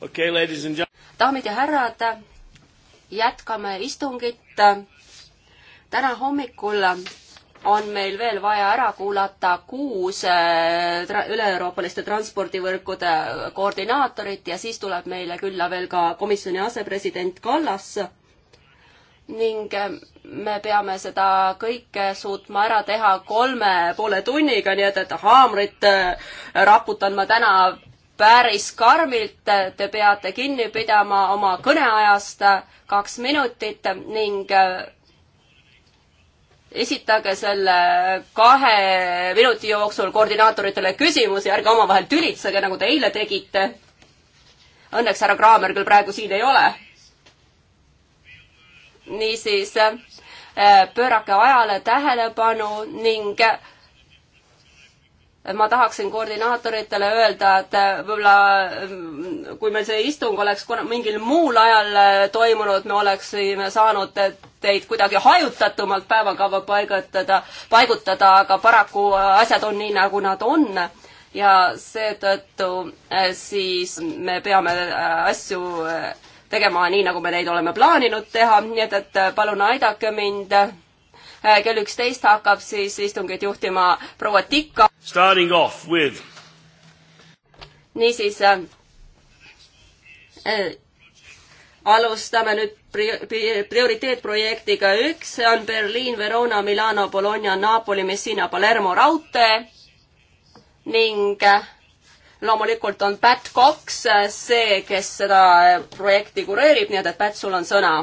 okay, ladies and gentlemen. daamid ja härrad, jätkame istungit. täna hommikul on meil veel vaja ära kuulata kuus eh, tra üle-euroopaliste transpordivõrkude koordinaatorit ja siis tuleb meile külla veel ka komisjoni asepresident Kallas. ning eh, me peame seda kõike suutma ära teha kolme poole tunniga, nii et, et haamrit eh, raputan ma täna päris karmilt, te peate kinni pidama oma kõneajast kaks minutit ning äh, esitage selle kahe minuti jooksul koordinaatoritele küsimusi, ärge omavahel tülitsege, nagu te eile tegite. Õnneks härra Kraamer küll praegu siin ei ole. niisiis äh, pöörake ajale tähelepanu ning äh, ma tahaksin koordinaatoritele öelda, et äh, võib-olla mm, kui meil see istung oleks mingil muul ajal äh, toimunud, me oleksime saanud teid kuidagi hajutatumalt päevakava paigutada, paigutada, aga paraku äh, asjad on nii, nagu nad on. ja seetõttu siis me peame asju tegema nii, nagu me neid oleme plaaninud teha, nii et, et palun aidake mind Äh, kell üksteist hakkab siis istungit juhtima proua Tikka. Starting off with. niisiis äh, äh, alustame nüüd pri-, prioriteetprojektiga üks, see on Berliin, Verona, Milano, Bologna, Napoli, Messina, Palermo raudtee ning äh, loomulikult on Pat Cox äh, see, kes seda projekti kureerib, nii et, et Pat, sul on sõna.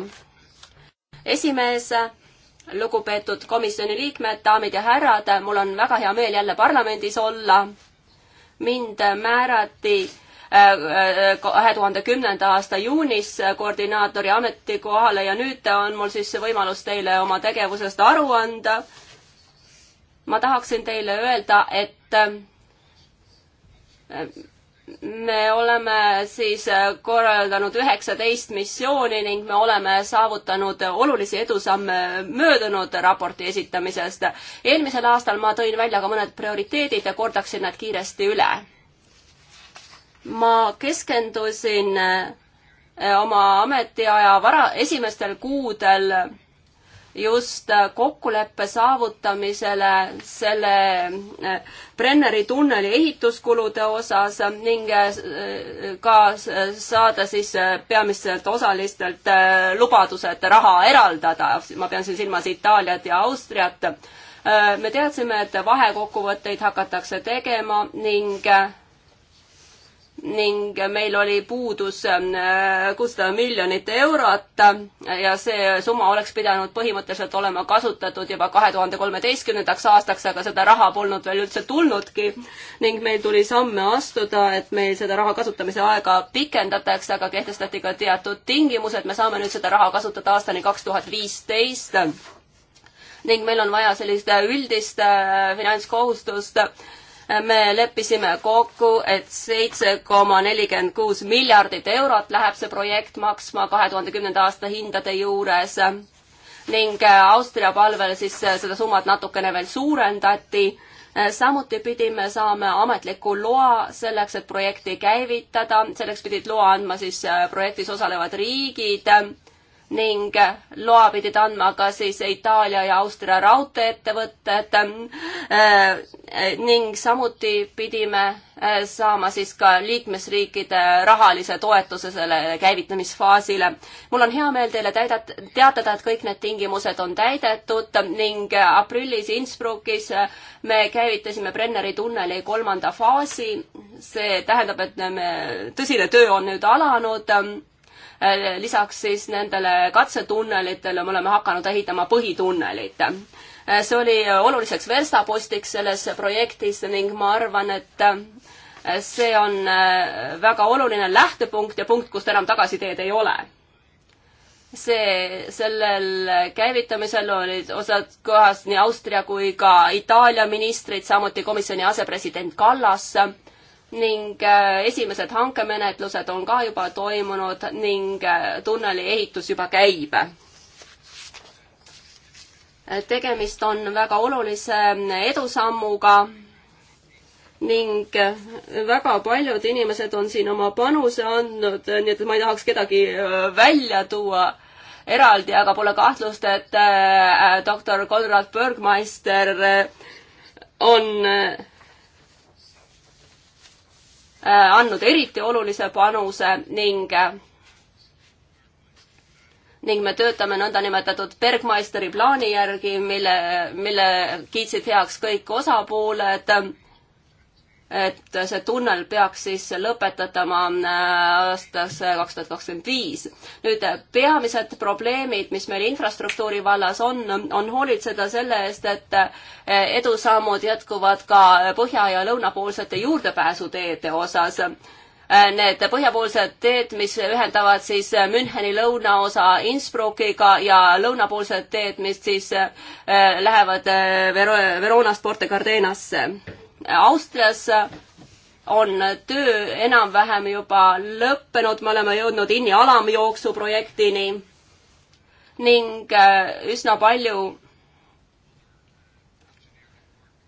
esimees lugupeetud komisjoni liikmed, daamid ja härrad, mul on väga hea meel jälle parlamendis olla. mind määrati äh, äh, kahe tuhande kümnenda aasta juunis koordinaatori ametikohale ja nüüd on mul siis võimalus teile oma tegevusest aru anda. ma tahaksin teile öelda, et äh, me oleme siis äh, korraldanud üheksateist missiooni ning me oleme saavutanud olulisi edusamme möödunud raporti esitamisest. eelmisel aastal ma tõin välja ka mõned prioriteedid ja kordaksin nad kiiresti üle. ma keskendusin äh, oma ametiaja vara, esimestel kuudel just kokkuleppe saavutamisele selle eh, Brenneri tunneli ehituskulude osas ning eh, ka saada siis eh, peamistelt osalistelt lubadused raha eraldada. ma pean siin silmas Itaaliat ja Austriat. me teadsime, et vahekokkuvõtteid hakatakse tegema ning ning meil oli puudus äh, kuussada miljonit eurot ja see summa oleks pidanud põhimõtteliselt olema kasutatud juba kahe tuhande kolmeteistkümnendaks aastaks, aga seda raha polnud veel üldse tulnudki. ning meil tuli samme astuda, et meil seda raha kasutamise aega pikendatakse, aga kehtestati ka teatud tingimused, me saame nüüd seda raha kasutada aastani kaks tuhat viisteist ning meil on vaja sellist üldist äh, finantskohustust äh, me leppisime kokku, et seitse koma nelikümmend kuus miljardit eurot läheb see projekt maksma kahe tuhande kümnenda aasta hindade juures ning Austria palvel siis seda summat natukene veel suurendati. samuti pidime saama ametliku loa selleks, et projekti käivitada, selleks pidid loa andma siis projektis osalevad riigid ning loa pidid andma ka siis Itaalia ja Austria raudteeettevõtted äh, ning samuti pidime äh, saama siis ka liikmesriikide rahalise toetuse sellele käivitamisfaasile. mul on hea meel teile täidat-, teatada, et kõik need tingimused on täidetud ning aprillis Innsbruckis me käivitasime Brenneri tunneli kolmanda faasi. see tähendab, et me, tõsine töö on nüüd alanud Äh, lisaks siis nendele katsetunnelitele me oleme hakanud ehitama põhitunnelit. Äh, see oli oluliseks verstapostiks selles projektis ning ma arvan, et äh, see on väga oluline lähtepunkt ja punkt, kust enam tagasiteed ei ole see, sellel käivitamisel olid osad kohas nii Austria kui ka Itaalia ministrid, samuti komisjoni asepresident Kallas ning äh, esimesed hankemenetlused on ka juba toimunud ning äh, tunneli ehitus juba käib. Äh, tegemist on väga olulise edusammuga ning väga paljud inimesed on siin oma panuse andnud, nii et ma ei tahaks kedagi välja tuua eraldi, aga pole kahtlust, et doktor Konrad Bergmeister on Äh, andnud eriti olulise panuse ning ning me töötame nõndanimetatud Bergmeisteri plaani järgi, mille, mille kiitsid heaks kõik osapooled et see tunnel peaks siis lõpetatama äh, aastaks äh, kaks tuhat kakskümmend viis. nüüd äh, peamised probleemid, mis meil infrastruktuuri vallas on, on hoolitseda selle eest, et edusammud jätkuvad ka põhja- ja lõunapoolsete juurdepääsuteede osas need põhjapoolsed teed, mis ühendavad siis Müncheni lõunaosa Innsbruckiga ja lõunapoolsed teed, mis siis lähevad Vero-, Veroonast Porte Cardenasse Austrias on töö enam-vähem juba lõppenud, me oleme jõudnud INI alamjooksu projektini ning äh, üsna palju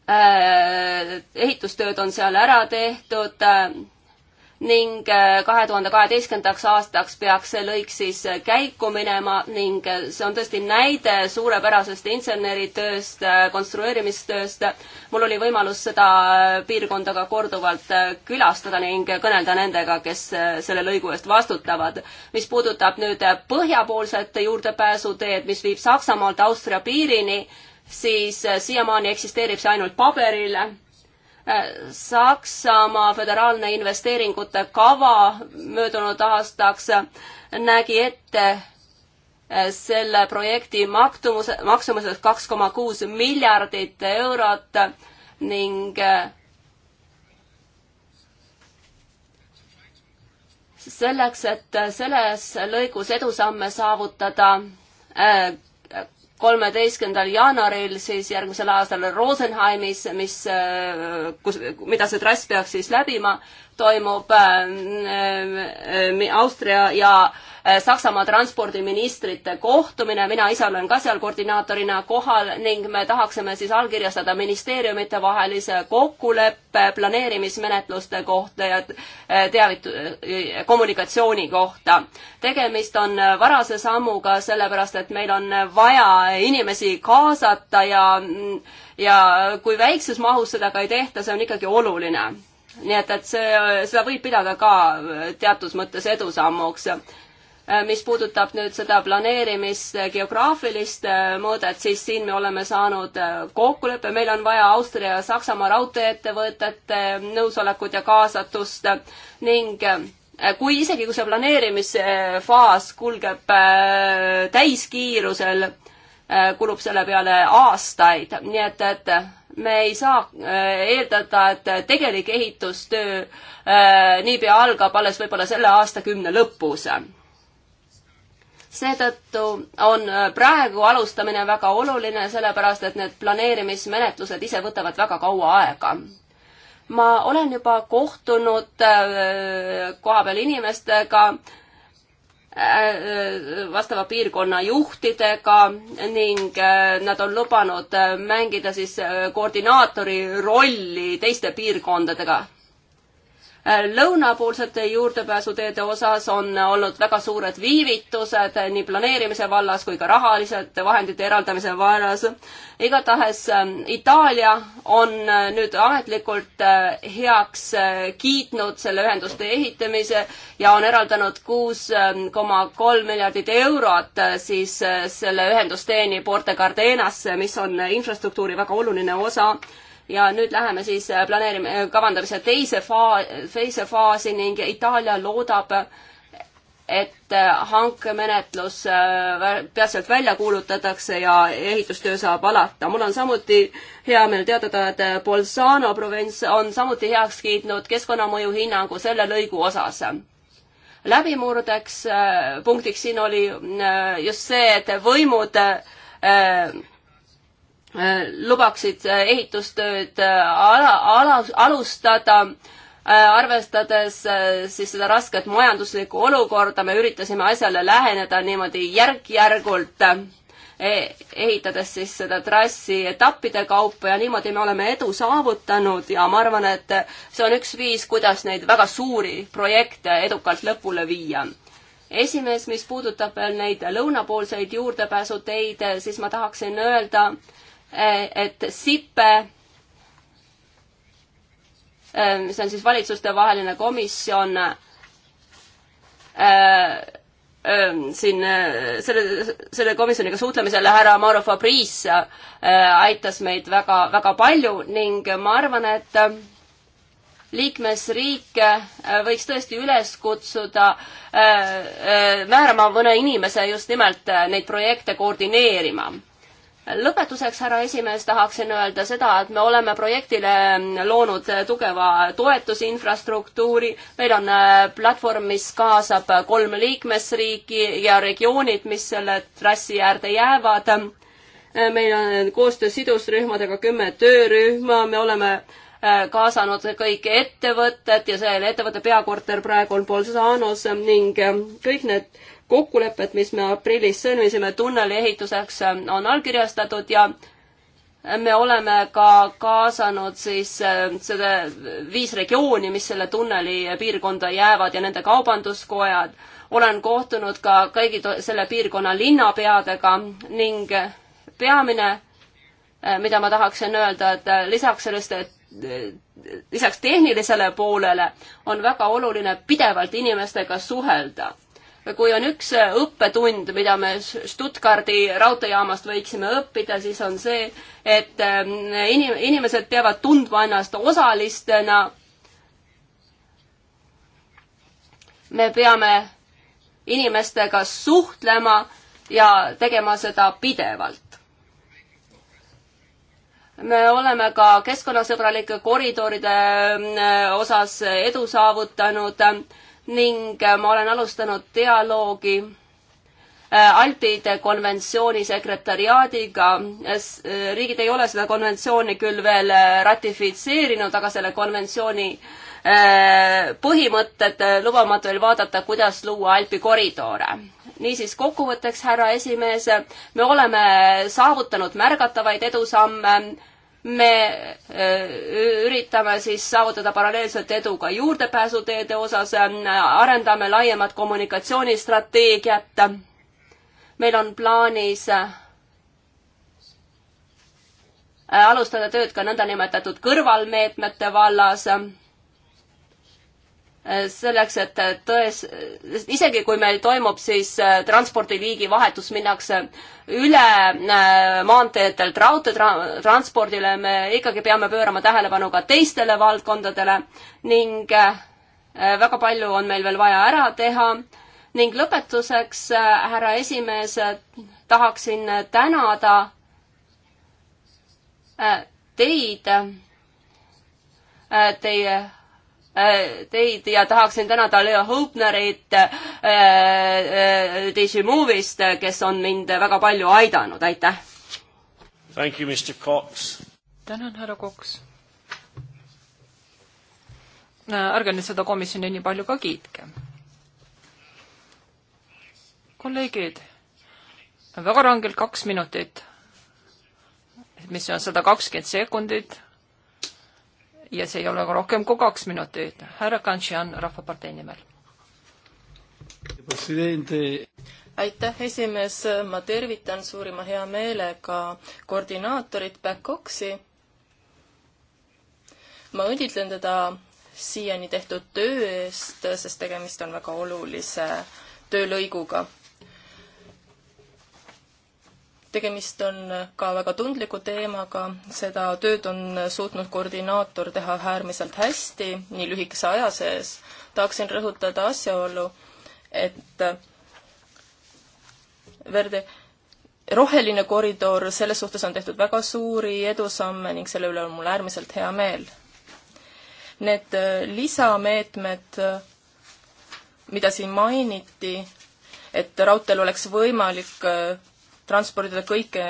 äh, ehitustööd on seal ära tehtud äh, ning äh, kahe tuhande kaheteistkümnendaks aastaks peaks see lõik siis äh, käiku minema ning äh, see on tõesti näide suurepärasest inseneritööst, konstrueerimistööst. mul oli võimalus seda piirkonda ka korduvalt külastada ning kõnelda nendega, kes selle lõigu eest vastutavad. mis puudutab nüüd põhjapoolset juurdepääsuteed, mis viib Saksamaalt Austria piirini, siis siiamaani eksisteerib see ainult paberile Saksamaa föderaalne investeeringute kava möödunud aastaks nägi ette eh, selle projekti maktumuse, maksumuseks kaks koma kuus miljardit eurot ning eh, selleks, et selles lõigus edusamme saavutada, eh, kolmeteistkümnendal jaanuaril siis järgmisel aastal Rosenheimis, mis, äh, kus, mida see trass peaks siis läbima toimub ähm, ähm, ähm, Austria ja äh, Saksamaa transpordiministrite kohtumine, mina ise olen ka seal koordinaatorina kohal ning me tahaksime siis allkirjastada ministeeriumite vahelise kokkuleppe planeerimismenetluste kohta ja äh, teavitu-, äh, kommunikatsiooni kohta. tegemist on varase sammuga, sellepärast et meil on vaja inimesi kaasata ja ja kui väikses mahus seda ka ei tehta, see on ikkagi oluline nii et, et see, seda võib pidada ka äh, teatud mõttes edusammuks äh, mis puudutab nüüd seda planeerimist, äh, geograafilist mõõdet, siis siin me oleme saanud kokkuleppe, meil on vaja Austria ja Saksamaa raudteeettevõtete nõusolekut ja kaasatust ning kui isegi, kui see planeerimisfaas kulgeb täiskiirusel, kulub selle peale aastaid, nii et, et me ei saa äh, eeldada, et tegelik ehitustöö äh, niipea algab alles võib-olla selle aastakümne lõpus. seetõttu on äh, praegu alustamine väga oluline, sellepärast et need planeerimismenetlused ise võtavad väga kaua aega ma olen juba kohtunud kohapeal inimestega, Äh, vastava piirkonna juhtidega ning äh, nad on lubanud äh, mängida siis koordinaatori rolli teiste piirkondadega Äh, lõunapoolsete juurdepääsuteede osas on olnud väga suured viivitused äh, nii planeerimise vallas kui ka rahalised vahendite eraldamise vallas. igatahes ähm, Itaalia on äh, nüüd ametlikult heaks kiitnud selle ühenduste ehitamise ja on eraldanud kuus ähm, koma kolm miljardit eurot siis selle ühendusteeni Porte Cardenasse, mis on infrastruktuuri väga oluline osa ja nüüd läheme siis äh, planeerime, äh, kavandamise teise faa-, teise faasi ning Itaalia loodab, et äh, hankemenetlus peatselt välja kuulutatakse ja ehitustöö saab alata. mul on samuti hea meel teatada, et Bolzano provints on samuti heaks kiitnud keskkonnamõju hinnangu selle lõigu osas. läbimurdeks punktiks siin oli just see, et võimud lubaksid ehitustööd äh, ala, ala, alustada, äh, arvestades äh, siis seda rasket majanduslikku olukorda, me üritasime asjale läheneda niimoodi järk-järgult, e-, ehitades siis seda trassi etappide kaupa ja niimoodi me oleme edu saavutanud ja ma arvan, et see on üks viis, kuidas neid väga suuri projekte edukalt lõpule viia esimees, mis puudutab veel neid lõunapoolseid juurdepääsuteid, siis ma tahaksin öelda, Eh, et SIPE, eh, see on siis valitsustevaheline komisjon, eh, siin selle, selle komisjoniga suhtlemisel härra Mauro Fabriis aitas meid väga, väga palju ning ma arvan, et liikmesriike võiks tõesti üles kutsuda määrama mõne inimese just nimelt neid projekte koordineerima lõpetuseks, härra esimees, tahaksin öelda seda, et me oleme projektile loonud tugeva toetusinfrastruktuuri, meil on äh, platvorm, mis kaasab kolm liikmesriiki ja regioonid, mis selle trassi äärde jäävad. Äh, meil on koostöös sidusrühmadega kümme töörühma, me oleme äh, kaasanud kõik ettevõtted ja selle ettevõtte peakorter praegu on Bolzanos ning kõik need kokkulepet, mis me aprillis sõlmisime tunneli ehituseks, on allkirjastatud ja me oleme ka kaasanud siis äh, seda viis regiooni, mis selle tunneli piirkonda jäävad ja nende kaubanduskojad. olen kohtunud ka kõigi selle piirkonna linnapeadega ning peamine, äh, mida ma tahaksin öelda, et äh, lisaks sellest, et lisaks tehnilisele poolele on väga oluline pidevalt inimestega suhelda kui on üks äh, õppetund, mida me Stuttgardi raudteejaamast võiksime õppida, siis on see, et ähm, inim-, inimesed peavad tundma ennast osalistena. me peame inimestega suhtlema ja tegema seda pidevalt me oleme ka keskkonnasõbralike koridoride mm, osas edu saavutanud ning äh, ma olen alustanud dialoogi äh, Alpide konventsiooni sekretariaadiga. Äh, riigid ei ole seda konventsiooni küll veel ratifitseerinud, aga selle konventsiooni põhimõtted lubavad veel vaadata, kuidas luua Alpi koridore. niisiis kokkuvõtteks, härra esimees, me oleme saavutanud märgatavaid edusamme me äh, üritame siis saavutada paralleelselt edu ka juurdepääsuteede osas, äh, arendame laiemat kommunikatsioonistrateegiat. meil on plaanis äh, alustada tööd ka nõndanimetatud kõrvalmeetmete vallas selleks, et tões, isegi kui meil toimub siis äh, transpordiliigi vahetus, minnakse üle äh, maanteedelt raudteetranspordile, me ikkagi peame pöörama tähelepanu ka teistele valdkondadele ning äh, väga palju on meil veel vaja ära teha. ning lõpetuseks, härra esimees, tahaksin tänada teid, teie Äh, teid ja tahaksin tänada Leo Hoopnerit äh, äh, DC Movie'st, kes on mind väga palju aidanud, aitäh! tänan, härra Cox! ärge nüüd seda komisjoni nii palju ka kiitke. kolleegid, väga rangelt kaks minutit, mis on sada kakskümmend sekundit ja see ei ole ka rohkem kui kaks minutit. härra Kanšian Rahvapartei nimel. aitäh, esimees, ma tervitan suurima heameelega koordinaatorit Back Oxi. ma õnnitlen teda siiani tehtud töö eest, sest tegemist on väga olulise töölõiguga tegemist on ka väga tundliku teemaga, seda tööd on suutnud koordinaator teha äärmiselt hästi nii lühikese aja sees. tahaksin rõhutada asjaolu, et Verde roheline koridor, selles suhtes on tehtud väga suuri edusamme ning selle üle on mul äärmiselt hea meel. Need äh, lisameetmed, äh, mida siin mainiti, et raudteel oleks võimalik äh, transpordida kõike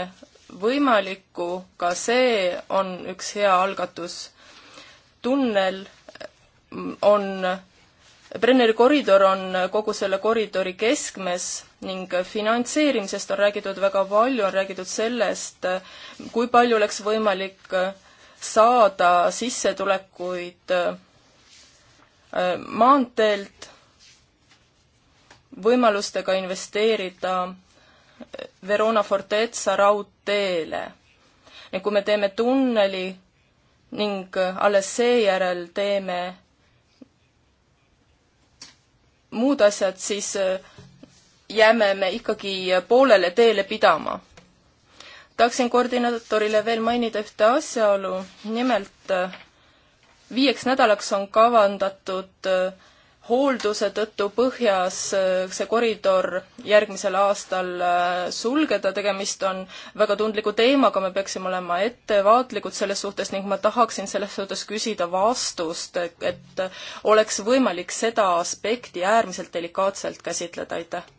võimalikku, ka see on üks hea algatus. tunnel on, Brenneri koridor on kogu selle koridori keskmes ning finantseerimisest on räägitud väga palju, on räägitud sellest, kui palju oleks võimalik saada sissetulekuid äh, maanteelt, võimalustega investeerida Verona Fortezza raudteele. ja kui me teeme tunneli ning alles seejärel teeme muud asjad, siis äh, jääme me ikkagi poolele teele pidama. tahaksin koordinaatorile veel mainida ühte asjaolu, nimelt äh, viieks nädalaks on kavandatud äh, hoolduse tõttu põhjas äh, see koridor järgmisel aastal äh, sulgeda, tegemist on väga tundliku teemaga, me peaksime olema ettevaatlikud selles suhtes ning ma tahaksin selles suhtes küsida vastust, et oleks võimalik seda aspekti äärmiselt delikaatselt käsitleda, aitäh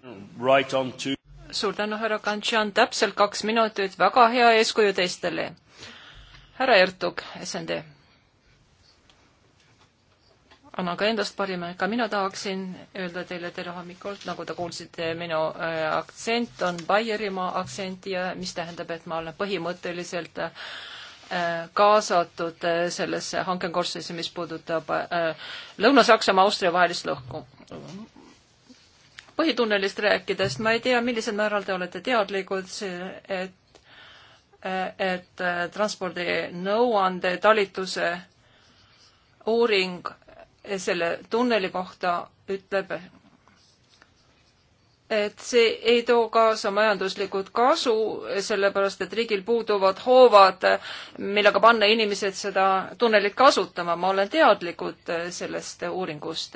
right! To... suur tänu, härra Kantšan, täpselt kaks minutit, väga hea eeskuju teistele. härra Ertug, SND annan ka endast parima, ka mina tahaksin öelda teile tere hommikul, nagu te kuulsite, minu äh, aktsent on Baierimaa aktsent ja mis tähendab, et ma olen põhimõtteliselt äh, kaasatud äh, sellesse hankekursusse, mis puudutab Lõuna-Saksamaa, Austria vahelist lõhku. põhitunnelist rääkides, ma ei tea, millisel määral te olete teadlikud, et et transpordi nõuande talituse uuring selle tunneli kohta ütleb, et see ei too kaasa majanduslikult kasu, sellepärast et riigil puuduvad hoovad, millega panna inimesed seda tunnelit kasutama. ma olen teadlikud äh, sellest uuringust.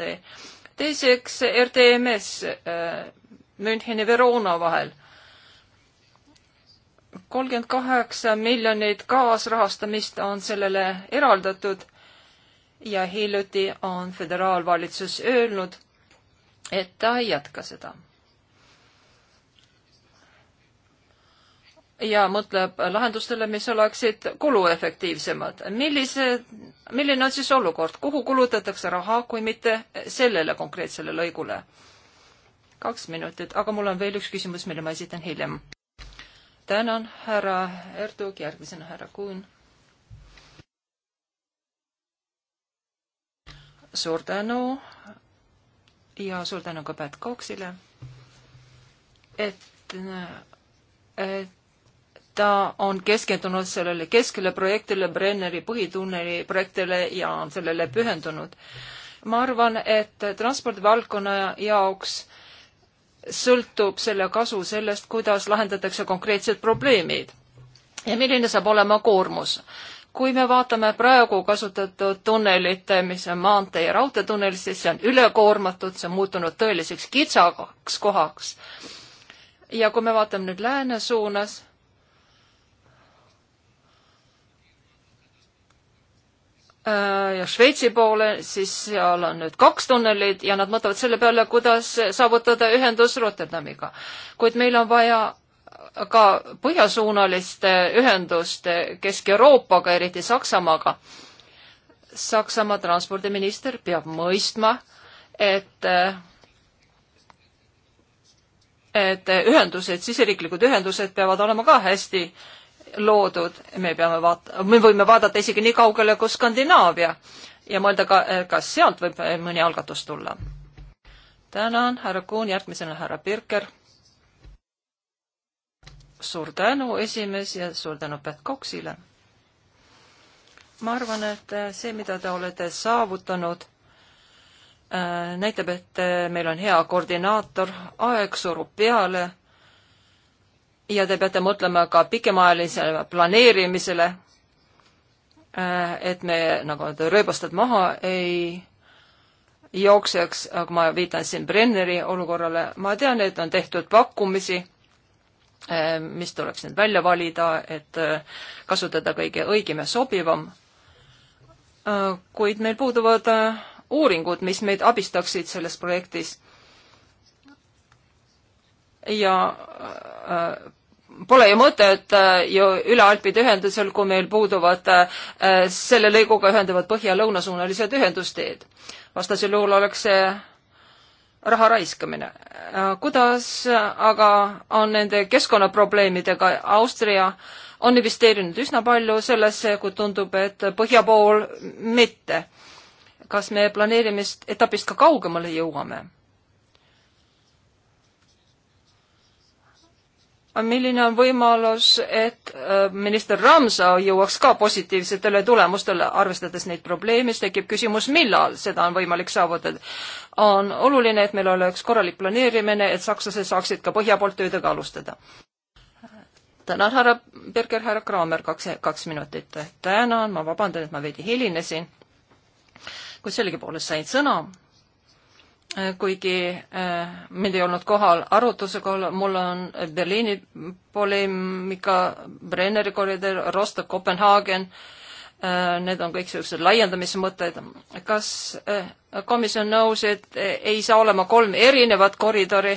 teiseks RTMS äh, Müncheni Verona vahel. kolmkümmend kaheksa miljonit kaasrahastamist on sellele eraldatud ja hiljuti on föderaalvalitsus öelnud, et ta ei jätka seda. ja mõtleb lahendustele, mis oleksid kuluefektiivsemad. millise, milline on siis olukord, kuhu kulutatakse raha, kui mitte sellele konkreetsele lõigule? kaks minutit, aga mul on veel üks küsimus, mille ma esitan hiljem. tänan, härra Ertug, järgmisena härra Kuhn suur tänu ja suur tänu ka Pat Coxile, et, et ta on keskendunud sellele keskele projektile, Brenneri põhitunneli projektile ja on sellele pühendunud. ma arvan, et transpordivaldkonna jaoks sõltub selle kasu sellest, kuidas lahendatakse konkreetsed probleemid ja milline saab olema koormus kui me vaatame praegu kasutatud tunnelit, mis on maantee ja raudteetunnel, siis see on ülekoormatud, see on muutunud tõeliseks kitsaks kohaks. ja kui me vaatame nüüd lääne suunas, äh, ja Šveitsi poole, siis seal on nüüd kaks tunnelit ja nad mõtlevad selle peale, kuidas saavutada ühendus Rotterdamiga. kuid meil on vaja ka põhjasuunaliste ühenduste Kesk-Euroopaga, eriti Saksamaaga. Saksamaa transpordiminister peab mõistma, et et ühendused, siseriiklikud ühendused peavad olema ka hästi loodud, me peame vaata-, me võime vaadata isegi nii kaugele kui Skandinaavia ja mõelda ka, kas sealt võib mõni algatus tulla. tänan, härra Kuhn, järgmisena härra Birker suur tänu, esimees, ja suur tänu Pat Coxile. ma arvan, et äh, see, mida te olete saavutanud, äh, näitab, et äh, meil on hea koordinaator, aeg surub peale ja te peate mõtlema ka pikemaajalisele planeerimisele, et me nagu rööbastad maha ei jookseks, aga ma viitan siin Brenneri olukorrale, ma tean, et on tehtud pakkumisi Eh, mis tuleks nüüd välja valida, et eh, kasutada kõige õigem ja sobivam. Eh, kuid meil puuduvad uuringud, mis meid abistaksid selles projektis. ja pole ju mõtet ju üle Alpide ühendusel, kui meil puuduvad selle lõiguga ühenduvad põhja-lõunasuunalised ühendusteed. vastasel juhul oleks see raha raiskamine. Äh, kuidas äh, aga on nende keskkonnaprobleemidega Austria on investeerinud üsna palju sellesse, kui tundub, et põhja pool mitte. kas me planeerimist etapist ka kaugemale jõuame? milline on võimalus, et äh, minister Ramsau jõuaks ka positiivsetele tulemustele, arvestades neid probleeme, siis tekib küsimus, millal seda on võimalik saavutada. on oluline, et meil oleks korralik planeerimine, et sakslased saaksid ka põhja poolt töödega alustada. tänan, härra Berger, härra Kraamer, kaks, kaks minutit. tänan, ma vabandan, et ma veidi hilinesin, kuid sellegipoolest sain sõna Äh, kuigi äh, mind ei olnud kohal arutusega, mul on Berliini poleemika, Brenneri koridor, Rostock, Kopenhaagen, äh, need on kõik niisugused laiendamismõtted. kas komisjon nõus, et ei saa olema kolm erinevat koridori,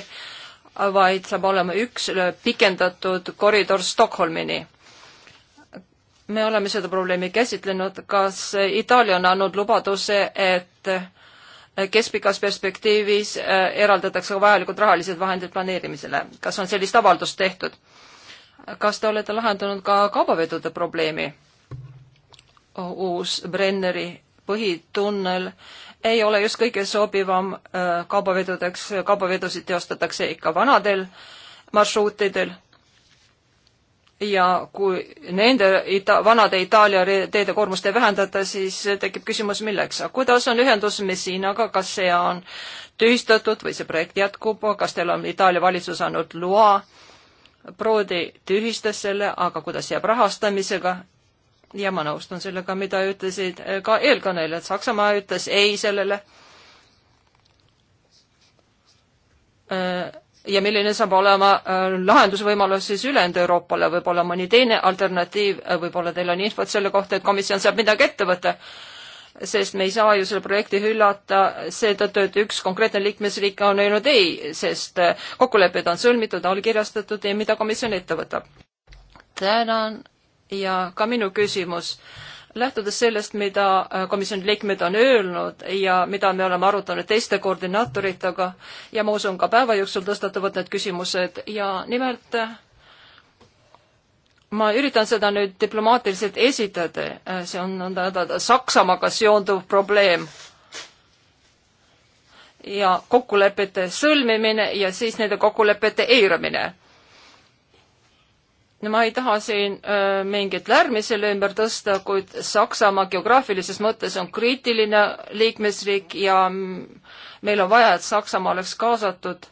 vaid saab olema üks pikendatud koridor Stockholmini? me oleme seda probleemi käsitlenud, kas Itaalia on andnud lubaduse, et keskpikas perspektiivis äh, eraldatakse ka vajalikud rahalised vahendid planeerimisele. kas on sellist avaldust tehtud? kas te olete lahendanud ka kaubavedude probleemi? uus Brenneri põhitunnel ei ole just kõige sobivam äh, kaubavedudeks, kaubavedusid teostatakse ikka vanadel marsruutidel ja kui nende ita-, vanade Itaalia teede koormust ei vähendata, siis tekib küsimus, milleks. kuidas on ühendus Messinaga, kas see on tühistatud või see projekt jätkub, kas teil on Itaalia valitsus andnud loa? Prodi tühistas selle, aga kuidas jääb rahastamisega? ja ma nõustun sellega, mida ütlesid eh, ka eelkõnelejad, Saksamaa ütles ei sellele äh, ja milline saab olema äh, lahendusvõimalus siis ülejäänud Euroopale, võib-olla mõni teine alternatiiv, äh, võib-olla teil on infot selle kohta, et komisjon saab midagi ette võtta sest me ei saa ju selle projekti hüllata seetõttu, et üks konkreetne liikmesriik on öelnud ei, sest äh, kokkulepped on sõlmitud, allkirjastatud ja mida komisjon ette võtab. tänan ja ka minu küsimus lähtudes sellest, mida äh, komisjoni liikmed on öelnud ja mida me oleme arutanud teiste koordinaatoritega ja ma usun, ka päeva jooksul tõstatuvad need küsimused ja nimelt äh, ma üritan seda nüüd diplomaatiliselt esitada, äh, see on nõnda öelda Saksamaaga seonduv probleem. ja kokkulepete sõlmimine ja siis nende kokkulepete eiramine ma ei taha siin öö, äh, mingit lärmi selle ümber tõsta, kuid Saksamaa geograafilises mõttes on kriitiline liikmesriik ja meil on vaja, et Saksamaa oleks kaasatud.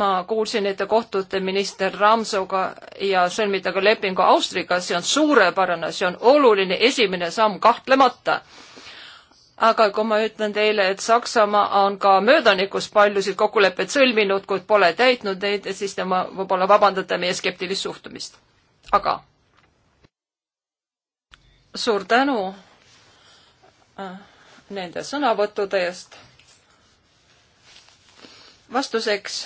ma kuulsin, et te kohtute minister Ramsoga ja sõlmite ka lepingu Austriaga, see on suurepärane, see on oluline esimene samm kahtlemata aga kui ma ütlen teile, et Saksamaa on ka möödanikus paljusid kokkuleppeid sõlminud, kuid pole täitnud neid, siis te ma võib-olla vabandate meie skeptilist suhtumist aga suur tänu äh, nende sõnavõttude eest. vastuseks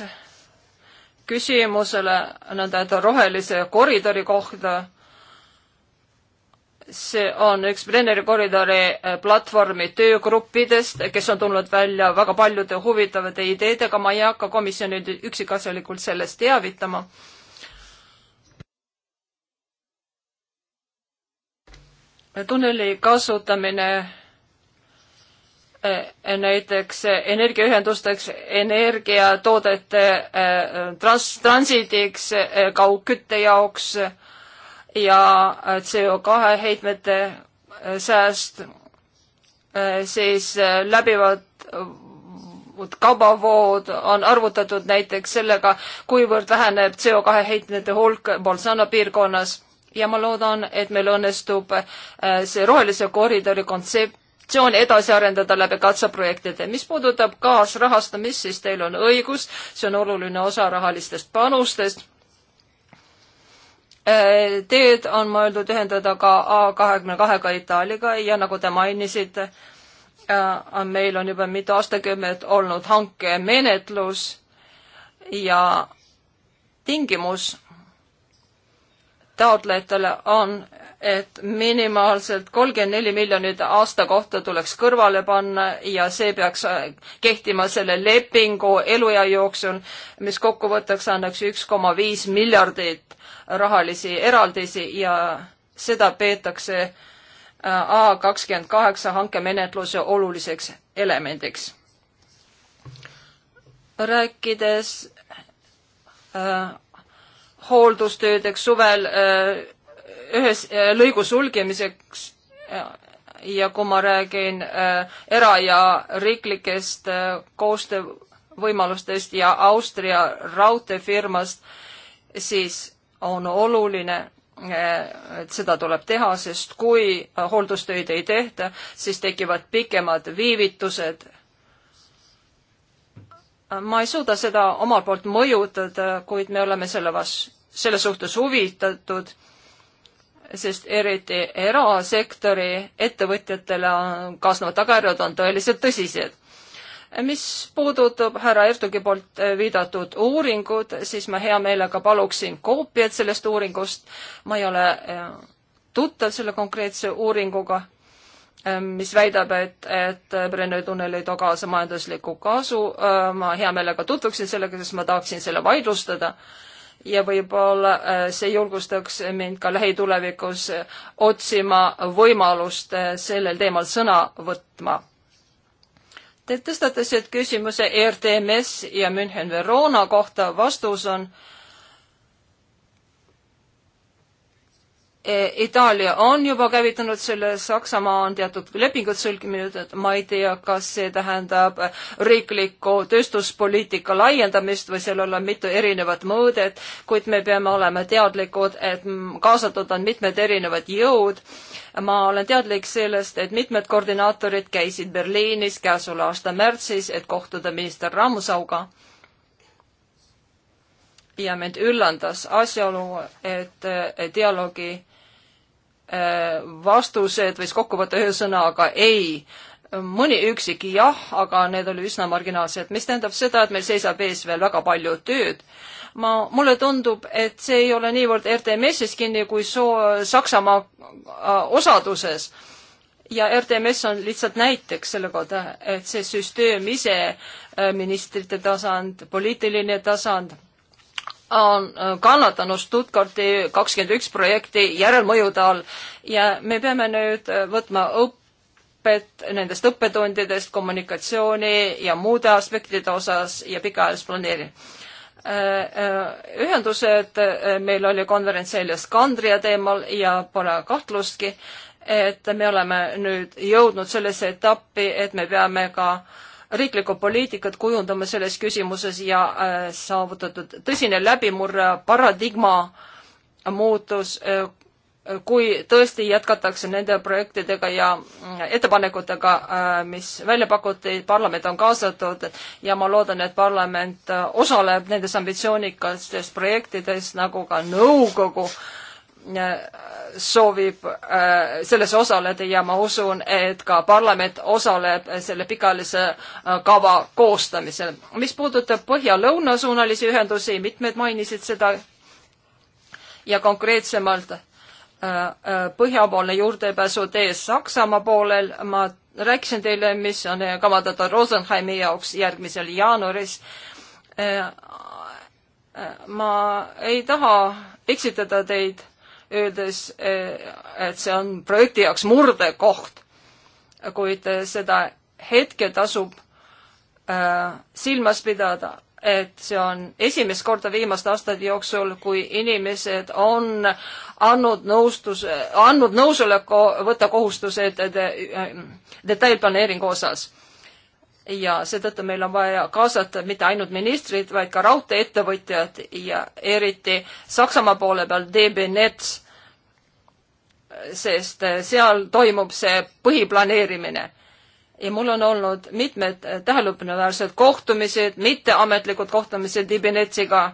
küsimusele nõnda-öelda rohelise koridori kohta. see on üks Brenneri koridori äh, platvormi töögruppidest, kes on tulnud välja väga paljude huvitavate ideedega, ma ei hakka komisjoni üksikasjalikult sellest teavitama tunneli kasutamine eh, näiteks energiaühendusteks, energiatoodete eh, trans-, transiidiks, eh, kaugkütte jaoks ja CO2 heitmete sääst, siis läbivad kaubavood on arvutatud näiteks sellega, kuivõrd väheneb CO2 heitmete hulk Bolzano piirkonnas ja ma loodan, et meil õnnestub äh, see rohelise koridori kontsept organisatsioon edasi arendada läbi katseprojektide. mis puudutab kaasrahastamist, siis teil on õigus, see on oluline osa rahalistest panustest. Äh, teed on mõeldud ühendada ka A kahekümne kahega Itaaliaga ja nagu te mainisite, äh, meil on juba mitu aastakümmet olnud hankemenetlus ja tingimus taotlejatele on, et minimaalselt kolmkümmend neli miljonit aasta kohta tuleks kõrvale panna ja see peaks äh, kehtima selle lepingu eluea jooksul, mis kokkuvõtteks annaks üks koma viis miljardit rahalisi eraldisi ja seda peetakse äh, A kakskümmend kaheksa hankemenetluse oluliseks elemendiks. rääkides äh, hooldustöödeks suvel äh, ühes äh, lõigu sulgemiseks ja kui ma räägin äh, era- ja riiklikest koostöövõimalustest ja Austria raudteefirmast, siis on oluline, et seda tuleb teha, sest kui hooldustöid ei tehta, siis tekivad pikemad viivitused. ma ei suuda seda omalt poolt mõjutada, kuid me oleme selle vastu selle suhtes huvitatud, sest eriti erasektori ettevõtjatele kaasnevad tagajärjed on tõeliselt tõsised. mis puudutab härra Ertugi poolt eh, viidatud uuringut, siis ma hea meelega paluksin koopiat sellest uuringust. ma ei ole eh, tuttav selle konkreetse uuringuga eh, mis väidab, et, et Brenne tunnel ei too kaasa majanduslikku kasu. ma hea meelega tutvuksin sellega, sest ma tahaksin selle vaidlustada ja võib-olla äh, see julgustaks mind ka lähitulevikus otsima võimalust äh, sellel teemal sõna võtma. Te tõstatasite küsimuse ERTMS ja München-Verona kohta, vastus on äh, Eh, Itaalia on juba käivitanud selle, Saksamaa on teatud lepingud sõlminud, et ma ei tea, kas see tähendab riikliku tööstuspoliitika laiendamist või seal on mitu erinevat mõõdet, kuid me peame olema teadlikud, et kaasatud on mitmed erinevad jõud. ma olen teadlik sellest, et mitmed koordinaatorid käisid Berliinis käesoleva aasta märtsis, et kohtuda minister Ramsauga ja mind üllandas asjaolu, et dialoogi Äh, vastused võis kokku võtta ühe sõnaga ei, mõni üksik jah, aga need olid üsna marginaalsed, mis tähendab seda, et meil seisab ees veel väga palju tööd. ma, mulle tundub, et see ei ole niivõrd RTMS-is kinni kui soo-, Saksamaa äh, osaduses ja RTMS on lihtsalt näiteks selle kohta, et see süsteem ise, äh, ministrite tasand, poliitiline tasand on äh, kannatanud Stuttgarti kakskümmend üks projekti järelmõjude all ja me peame nüüd äh, võtma õpet nendest õppetundidest kommunikatsiooni ja muude aspektide osas ja pikaajalist planeeri-. Äh, ühendused, meil oli konverents seljas Kandria teemal ja pole kahtlustki, et me oleme nüüd jõudnud sellesse etappi, et me peame ka äh, riiklikku poliitikat kujundama selles küsimuses ja äh, saavutatud tõsine läbimurre, paradigma muutus, äh, kui tõesti jätkatakse nende projektidega ja mm, ettepanekutega, äh, mis välja pakuti, parlament on kaasatud ja ma loodan, et parlament osaleb nendes ambitsioonikastes projektides, nagu ka nõukogu äh, soovib äh, selles osaleda ja ma usun, et ka parlament osaleb selle pikaajalise äh, kava koostamisel. mis puudutab põhja-lõunasuunalisi ühendusi, mitmed mainisid seda ja konkreetsemalt äh, põhjapoolne juurdepääsu tees Saksamaa poolel, ma rääkisin teile, mis on kavandatud Rosenheimi jaoks järgmisel jaanuaris. ma ei taha eksitada teid öeldes, e, et see on projekti jaoks murdekoht. kuid seda hetke tasub e, silmas pidada, et see on esimest korda viimaste aastate jooksul, kui inimesed on andnud nõustus, andnud nõusoleku võtta kohustused detailplaneeringu osas ja seetõttu meil on vaja kaasata mitte ainult ministrid, vaid ka raudtee-ettevõtjad ja eriti Saksamaa poole peal DB Nets, sest eh, seal toimub see põhiplaneerimine. ja mul on olnud mitmed eh, tähelepanuväärsed kohtumised, mitteametlikud kohtumised DB Netsiga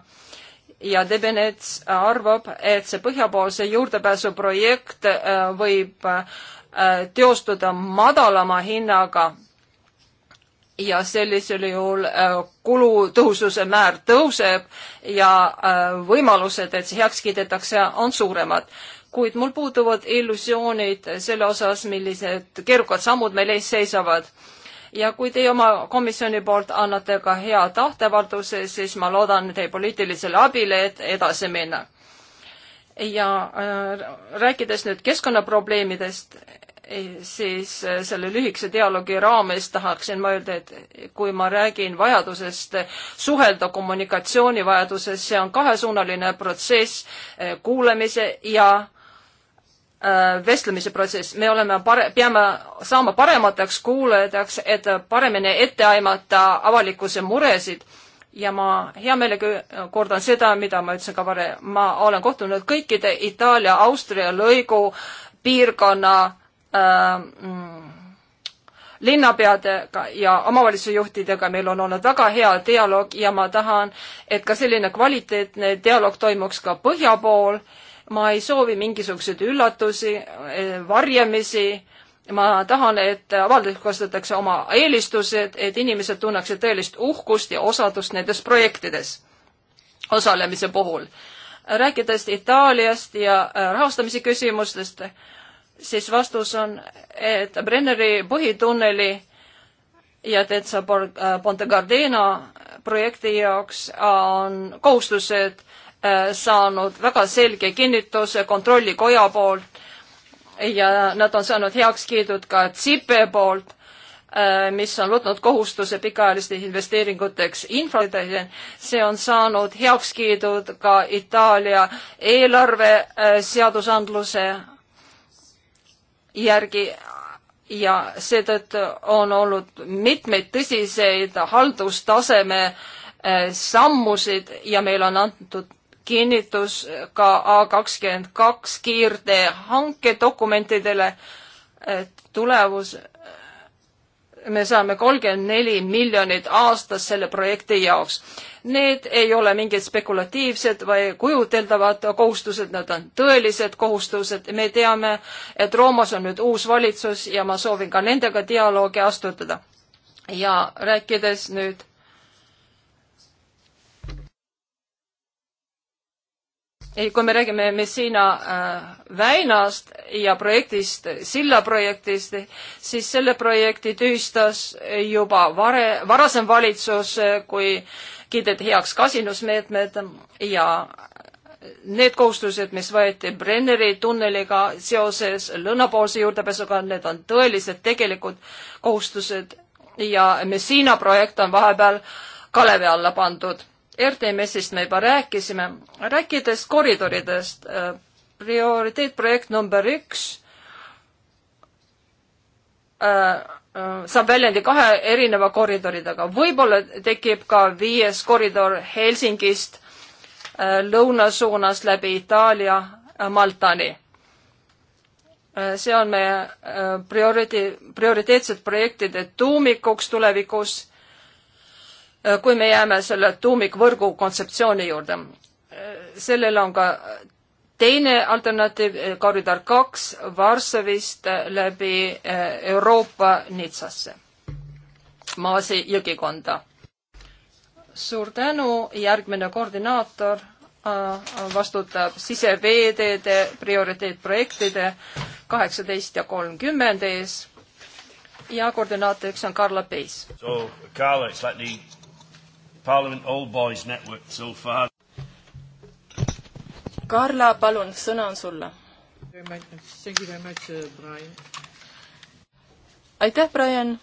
ja Debenets arvab, et see põhjapoolse juurdepääsu projekt eh, võib teostuda madalama hinnaga ja sellisel juhul äh, kulutõhususe määr tõuseb ja äh, võimalused, et see heaks kiidetakse, on suuremad. kuid mul puuduvad illusioonid selle osas, millised keerukad sammud meil ees seisavad. ja kui teie oma komisjoni poolt annate ka hea tahtevalduse, siis ma loodan teie poliitilisele abile, et edasi minna ja äh, rääkides nüüd keskkonnaprobleemidest, siis eh, selle lühikese dialoogi raames tahaksin ma öelda, et kui ma räägin vajadusest suhelda, kommunikatsioonivajadusest, see on kahesuunaline protsess, eh, kuulamise ja eh, vestlemise protsess, me oleme pare-, peame saama paremateks kuulajateks, et paremini ette aimata avalikkuse muresid ja ma hea meelega kordan seda, mida ma ütlesin ka varem, ma olen kohtunud kõikide Itaalia, Austria lõigu piirkonna Äh, mm, linnapeadega ja omavalitsuse juhtidega meil on olnud väga hea dialoog ja ma tahan, et ka selline kvaliteetne dialoog toimuks ka põhja pool. ma ei soovi mingisuguseid üllatusi, eh, varjamisi. ma tahan, et avalikustatakse oma eelistused, et inimesed tunneksid tõelist uhkust ja osadust nendes projektides osalemise puhul. rääkides Itaaliast ja eh, rahastamise küsimustest siis vastus on, et Brenneri põhitunneli ja Tetsa äh, Ponte Gardena projekti jaoks on kohustused äh, saanud väga selge kinnituse kontrollikoja poolt ja nad on saanud heakskiidud ka CIPE poolt, äh, mis on võtnud kohustuse pikaajaliste investeeringuteks infra-, see on saanud heakskiidud ka Itaalia eelarve seadusandluse järgi ja seetõttu on olnud mitmeid tõsiseid haldustaseme eh, sammusid ja meil on antud kinnitus ka A kakskümmend kaks kiirtee hankedokumentidele, et tulevus me saame kolmkümmend neli miljonit aastas selle projekti jaoks. Need ei ole mingid spekulatiivsed või kujuteldavad kohustused, nad on tõelised kohustused. me teame, et Roomas on nüüd uus valitsus ja ma soovin ka nendega dialoogi astutada. ja rääkides nüüd kui me räägime Messina äh, väinast ja projektist, sillaprojektist, siis selle projekti tühistas juba vare, varasem valitsus, kui kiideti heaks kasinusmeetmed ja need kohustused, mis võeti Brenneri tunneliga seoses lõunapoolse juurdepääsuga, need on tõelised tegelikud kohustused ja Messina projekt on vahepeal kalevi alla pandud RTMS-ist me juba rääkisime, rääkides koridoridest, äh, prioriteetprojekt number üks äh, äh, saab väljendi kahe erineva koridoridega, võib-olla tekib ka viies koridor Helsingist lõuna suunas läbi Itaalia Maltani. see on meie prioriti-, prioriteetsed projektide tuumikuks tulevikus Äh, kui me jääme selle tuumikvõrgu kontseptsiooni juurde. Äh, sellel on ka teine alternatiiv, koridor äh, kaks Varssavist läbi Euroopa Nitsasse, Maasi jõgikonda. suur tänu, järgmine koordinaator vastutab siseveeteede prioriteetprojektide kaheksateist ja kolmkümmend ees ja koordinaatoriks on Karla Peis. So Carla, it's like the Parliament All Boys Network so far. Karla, palun, sõna on sulle. Uh, aitäh, Brian.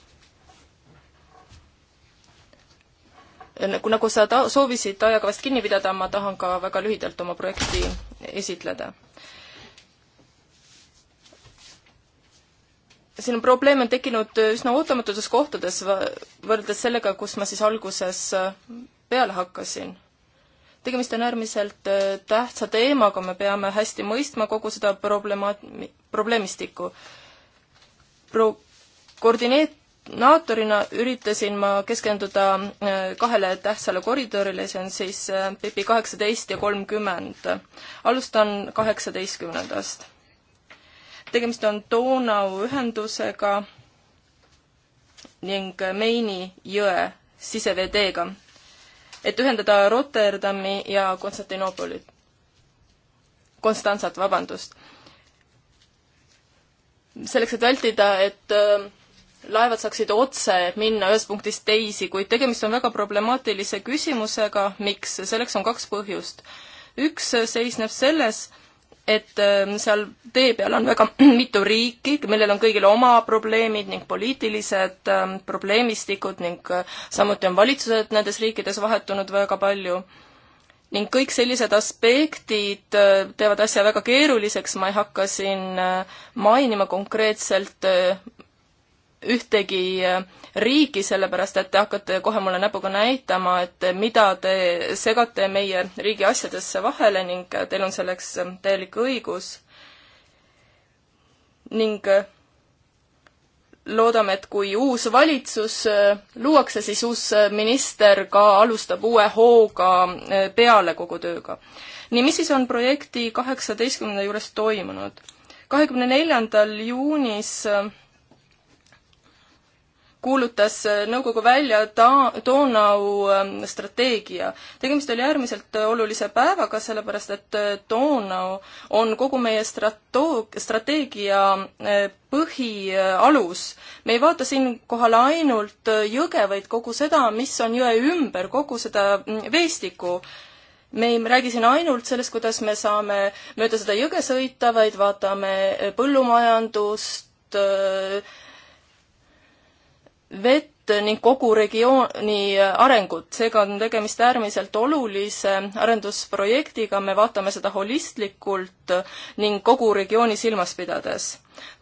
nagu, nagu sa ta-, soovisid ajakavast kinni pidada, ma tahan ka väga lühidalt oma projekti esitleda siin on probleeme tekkinud üsna ootamatutes kohtades võrreldes sellega, kus ma siis alguses äh, peale hakkasin. tegemist on äärmiselt äh, tähtsa teemaga, me peame hästi mõistma kogu seda problema-, probleemistikku. Pro-, koordinaatorina üritasin ma keskenduda äh, kahele tähtsale koridorile, see on siis PIPi kaheksateist ja kolmkümmend. alustan kaheksateistkümnendast tegemist on Donau ühendusega ning Meini jõe siseveeteega, et ühendada Rotterdami ja Konstantinoopolit. Konstantsat, vabandust. selleks, et vältida, et äh, laevad saaksid otse minna ühest punktist teisi, kuid tegemist on väga problemaatilise küsimusega, miks, selleks on kaks põhjust. üks seisneb selles, et ähm, seal tee peal on väga mitu riiki, millel on kõigil oma probleemid ning poliitilised ähm, probleemistikud ning äh, samuti on valitsused nendes riikides vahetunud väga palju. ning kõik sellised aspektid äh, teevad asja väga keeruliseks, ma ei hakka siin äh, mainima konkreetselt, ühtegi äh, riiki, sellepärast et te hakkate kohe mulle näpuga näitama, et mida te segate meie riigi asjadesse vahele ning äh, teil on selleks äh, täielik õigus. ning loodame, et kui uus valitsus luuakse, siis uus minister ka alustab uue hooga peale kogu tööga. nii, mis siis on projekti kaheksateistkümnenda juures toimunud? kahekümne neljandal juunis kuulutas äh, nõukogu välja ta-, Donau ähm, strateegia. tegemist oli äärmiselt äh, olulise päevaga, sellepärast et äh, Donau on kogu meie strato-, strateegia põhialus. me ei vaata siinkohal ainult jõge, vaid kogu seda, mis on jõe ümber, kogu seda mm, veestikku, me ei räägi siin ainult sellest, kuidas me saame mööda seda jõge sõita, vaid vaatame põllumajandust, vett ning kogu regiooni arengut, seega on tegemist äärmiselt olulise arendusprojektiga, me vaatame seda holistlikult ning kogu regiooni silmas pidades.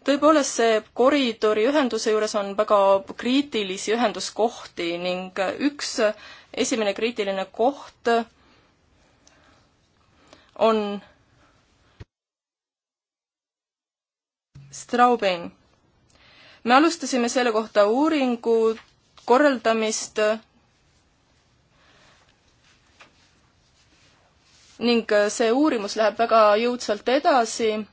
tõepoolest, see koridori ühenduse juures on väga kriitilisi ühenduskohti ning üks esimene kriitiline koht on Straubing me alustasime selle kohta uuringu korraldamist ning see uurimus läheb väga jõudsalt edasi.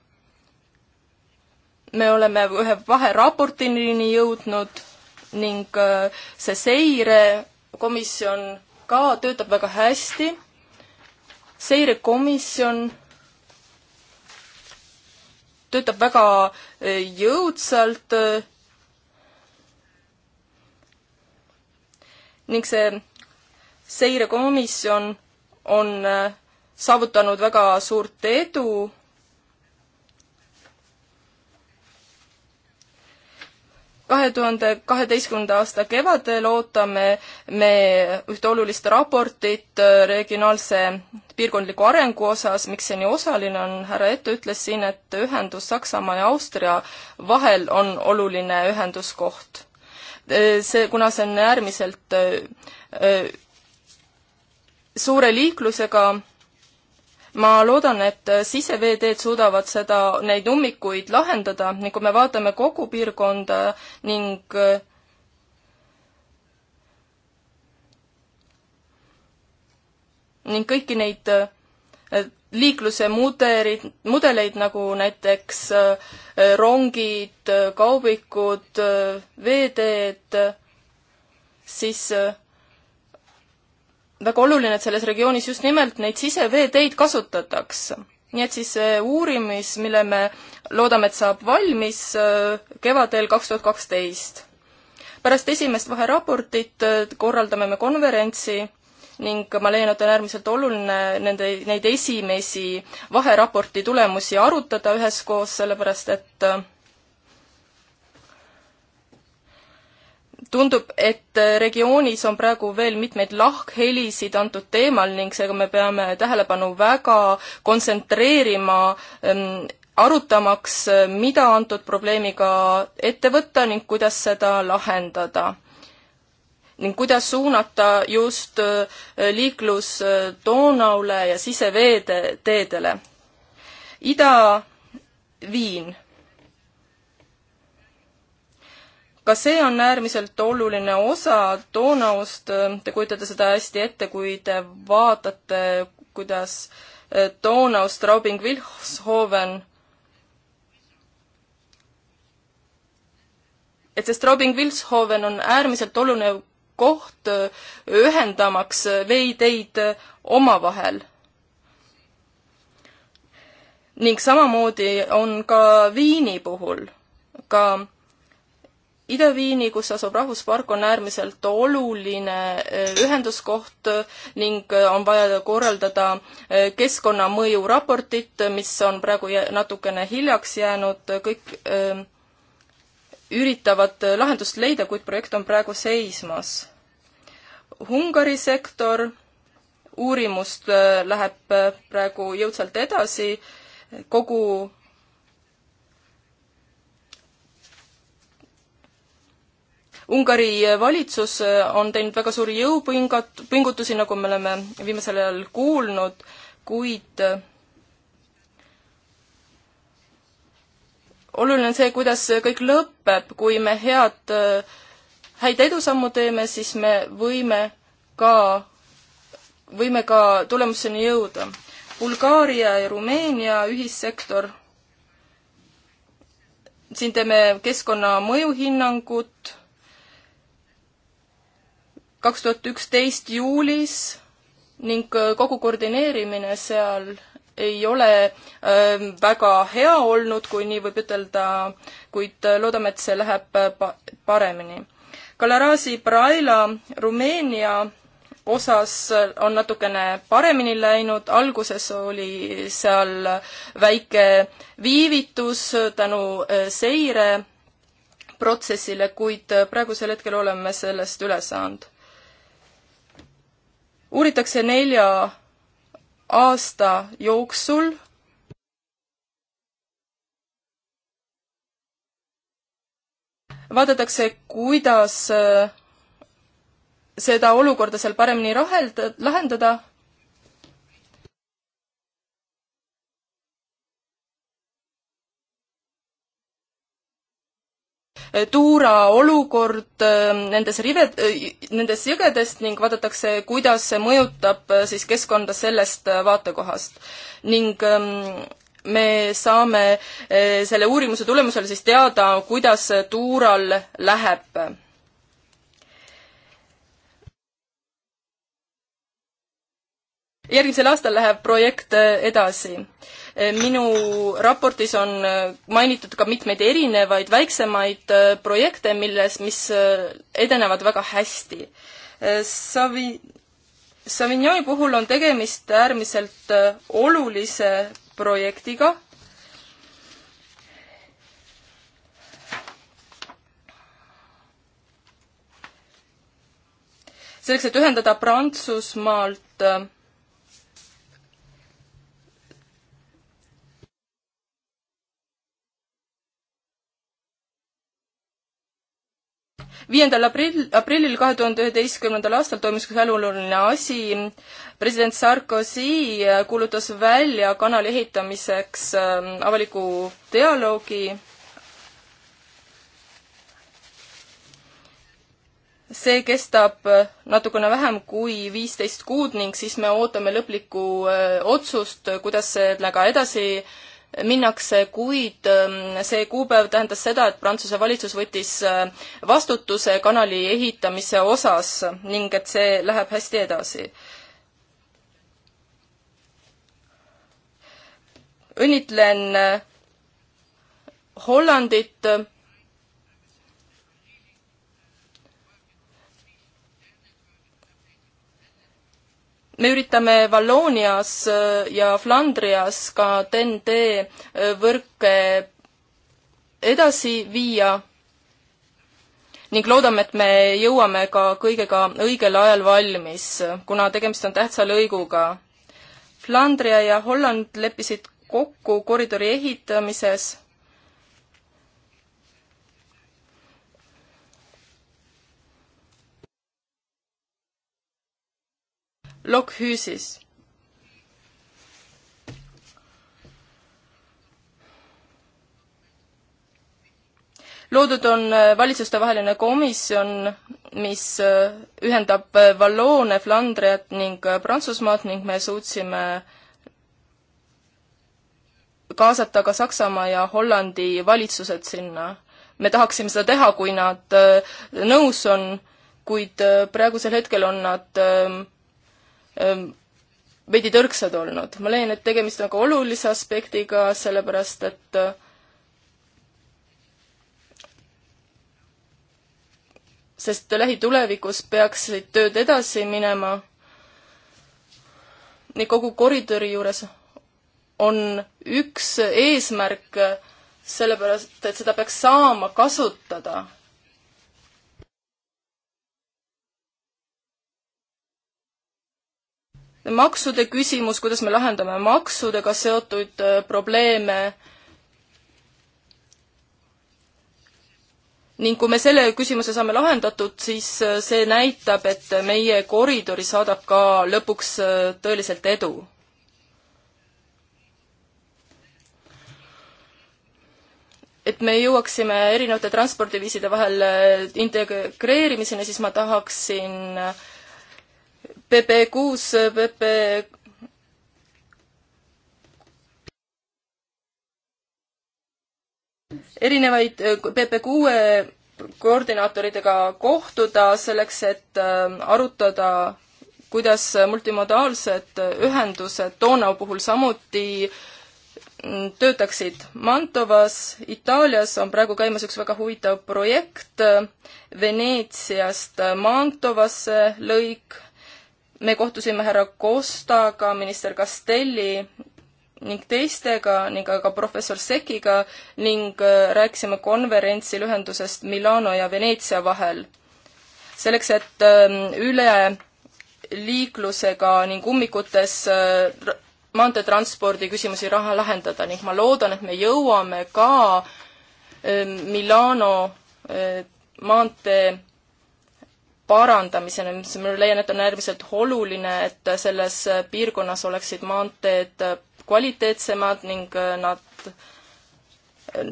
me oleme ühe vaheraportini jõudnud ning äh, see seirekomisjon ka töötab väga hästi. seirekomisjon töötab väga äh, jõudsalt äh, ning see seirekomisjon on äh, saavutanud väga suurt edu. kahe tuhande kaheteistkümnenda aasta kevadel ootame me ühte olulist raportit äh, regionaalse piirkondliku arengu osas, miks see nii osaline on, härra Ette ütles siin, et ühendus Saksamaa ja Austria vahel on oluline ühenduskoht Äh, see, kuna see on äärmiselt äh, äh, suure liiklusega, ma loodan, et siseveeteed suudavad seda, neid ummikuid lahendada ning kui me vaatame kogu piirkonda ning ning kõiki neid liikluse muderid, mudeleid nagu näiteks äh, rongid, äh, kaubikud, äh, veeteed, siis väga oluline, et selles regioonis just nimelt neid siseveeteid kasutataks. nii et siis see uurimis, mille me loodame, et saab valmis kevadel kaks tuhat kaksteist. pärast esimest vaheraportit korraldame me konverentsi ning ma leian, et on äärmiselt oluline nende, neid esimesi vaheraporti tulemusi arutada üheskoos, sellepärast et äh, tundub, et regioonis on praegu veel mitmeid lahkhelisid antud teemal ning seega me peame tähelepanu väga kontsentreerima ähm, arutamaks, äh, mida antud probleemiga ette võtta ning kuidas seda lahendada ning kuidas suunata just äh, liiklus Donaule äh, ja siseveede teedele. Ida-Viin. ka see on äärmiselt oluline osa Donaust, te kujutate seda hästi ette, kui te vaatate, kuidas Donaust äh, Raubing-Vilshoven et see Straubing-Wilshoven on äärmiselt oluline koht ühendamaks veeteid omavahel. ning samamoodi on ka Viini puhul, ka Ida-Viini, kus asub rahvuspark, on äärmiselt oluline ühenduskoht ning on vaja korraldada keskkonnamõju raportit, mis on praegu natukene hiljaks jäänud, kõik üritavad lahendust leida, kuid projekt on praegu seismas. Ungari sektor, uurimust äh, läheb äh, praegu jõudsalt edasi, kogu Ungari valitsus äh, on teinud väga suuri jõupingat-, pingutusi, nagu me oleme viimasel ajal kuulnud, kuid oluline on see, kuidas see kõik lõpeb, kui me head, äh, häid edusammu teeme, siis me võime ka, võime ka tulemuseni jõuda. Bulgaaria ja Rumeenia ühissektor, siin teeme keskkonna mõjuhinnangut, kaks tuhat üksteist juulis ning äh, kogu koordineerimine seal ei ole ähm, väga hea olnud, kui nii võib ütelda, kuid äh, loodame, et see läheb äh, paremini. Kalarasi Braila Rumeenia osas äh, on natukene paremini läinud, alguses oli seal väike viivitus tänu seire protsessile, kuid praegusel hetkel oleme sellest üle saanud. uuritakse nelja aasta jooksul vaadatakse, kuidas äh, seda olukorda seal paremini raheld-, lahendada Tuura olukord ähm, nendes rive, äh, nendes jõgedes ning vaadatakse, kuidas see mõjutab äh, siis keskkonda sellest äh, vaatekohast. ning ähm, me saame selle uurimuse tulemusel siis teada, kuidas Tuural läheb järgmisel aastal läheb projekt äh, edasi. Äh, minu raportis on äh, mainitud ka mitmeid erinevaid väiksemaid projekte, milles, mis edenevad väga hästi. Savi-, Savignoni puhul on tegemist äärmiselt olulise projektiga selleks, et ühendada Prantsusmaalt viiendal aprill, aprillil kahe tuhande üheteistkümnendal aastal toimus üks äluoluline asi. president Sarkozy äh, kuulutas välja kanali ehitamiseks äh, avaliku dialoogi see kestab äh, natukene vähem kui viisteist kuud ning siis me ootame lõplikku otsust, kuidas sellega edasi minnakse, kuid ähm, see kuupäev tähendas seda, et Prantsuse valitsus võttis äh, vastutuse kanali ehitamise osas ning et see läheb hästi edasi. õnnitlen äh, Hollandit me üritame Valloonias äh, ja Flandrias ka TEN-T äh, võrke edasi viia ning loodame, et me jõuame ka kõigega õigel ajal valmis, kuna tegemist on tähtsa lõiguga. Flandria ja Holland leppisid kokku koridori ehitamises Lokhüüsis. loodud on äh, valitsustevaheline komisjon, mis äh, ühendab äh, Valloone, Flandriat ning Prantsusmaad ning me suutsime kaasata ka Saksamaa ja Hollandi valitsused sinna. me tahaksime seda teha, kui nad nõus on, kuid praegusel hetkel on nad ähm, veidi tõrksad olnud. ma leian, et tegemist on väga olulise aspektiga, sellepärast et äh, sest lähitulevikus peaksid tööd edasi minema nii kogu koridori juures on üks eesmärk, sellepärast et seda peaks saama kasutada maksude küsimus, kuidas me lahendame maksudega seotud äh, probleeme ning kui me selle küsimuse saame lahendatud, siis äh, see näitab, et meie koridori saadab ka lõpuks äh, tõeliselt edu. et me jõuaksime erinevate transpordiviiside vahel integreerimiseni, siis ma tahaksin äh, PP kuus, PP erinevaid PP eh, kuue koordinaatoritega kohtuda selleks, et eh, arutada, kuidas multimodaalsed ühendused Donau puhul samuti mm, töötaksid. Mantovas Itaalias on praegu käimas üks väga huvitav projekt, Veneetsiast Mantovasse lõik, me kohtusime härra Kostaga, minister Castelli ning teistega ning aga professor Sekiga ning äh, rääkisime konverentsil ühendusest Milano ja Veneetsia vahel. selleks, et ähm, üle liiklusega ning ummikutes äh, maanteetranspordi küsimusi raha lahendada ning ma loodan, et me jõuame ka ähm, Milano äh, maantee parandamisele, mis ma leian, et on äärmiselt oluline, et selles piirkonnas oleksid maanteed kvaliteetsemad ning äh, nad,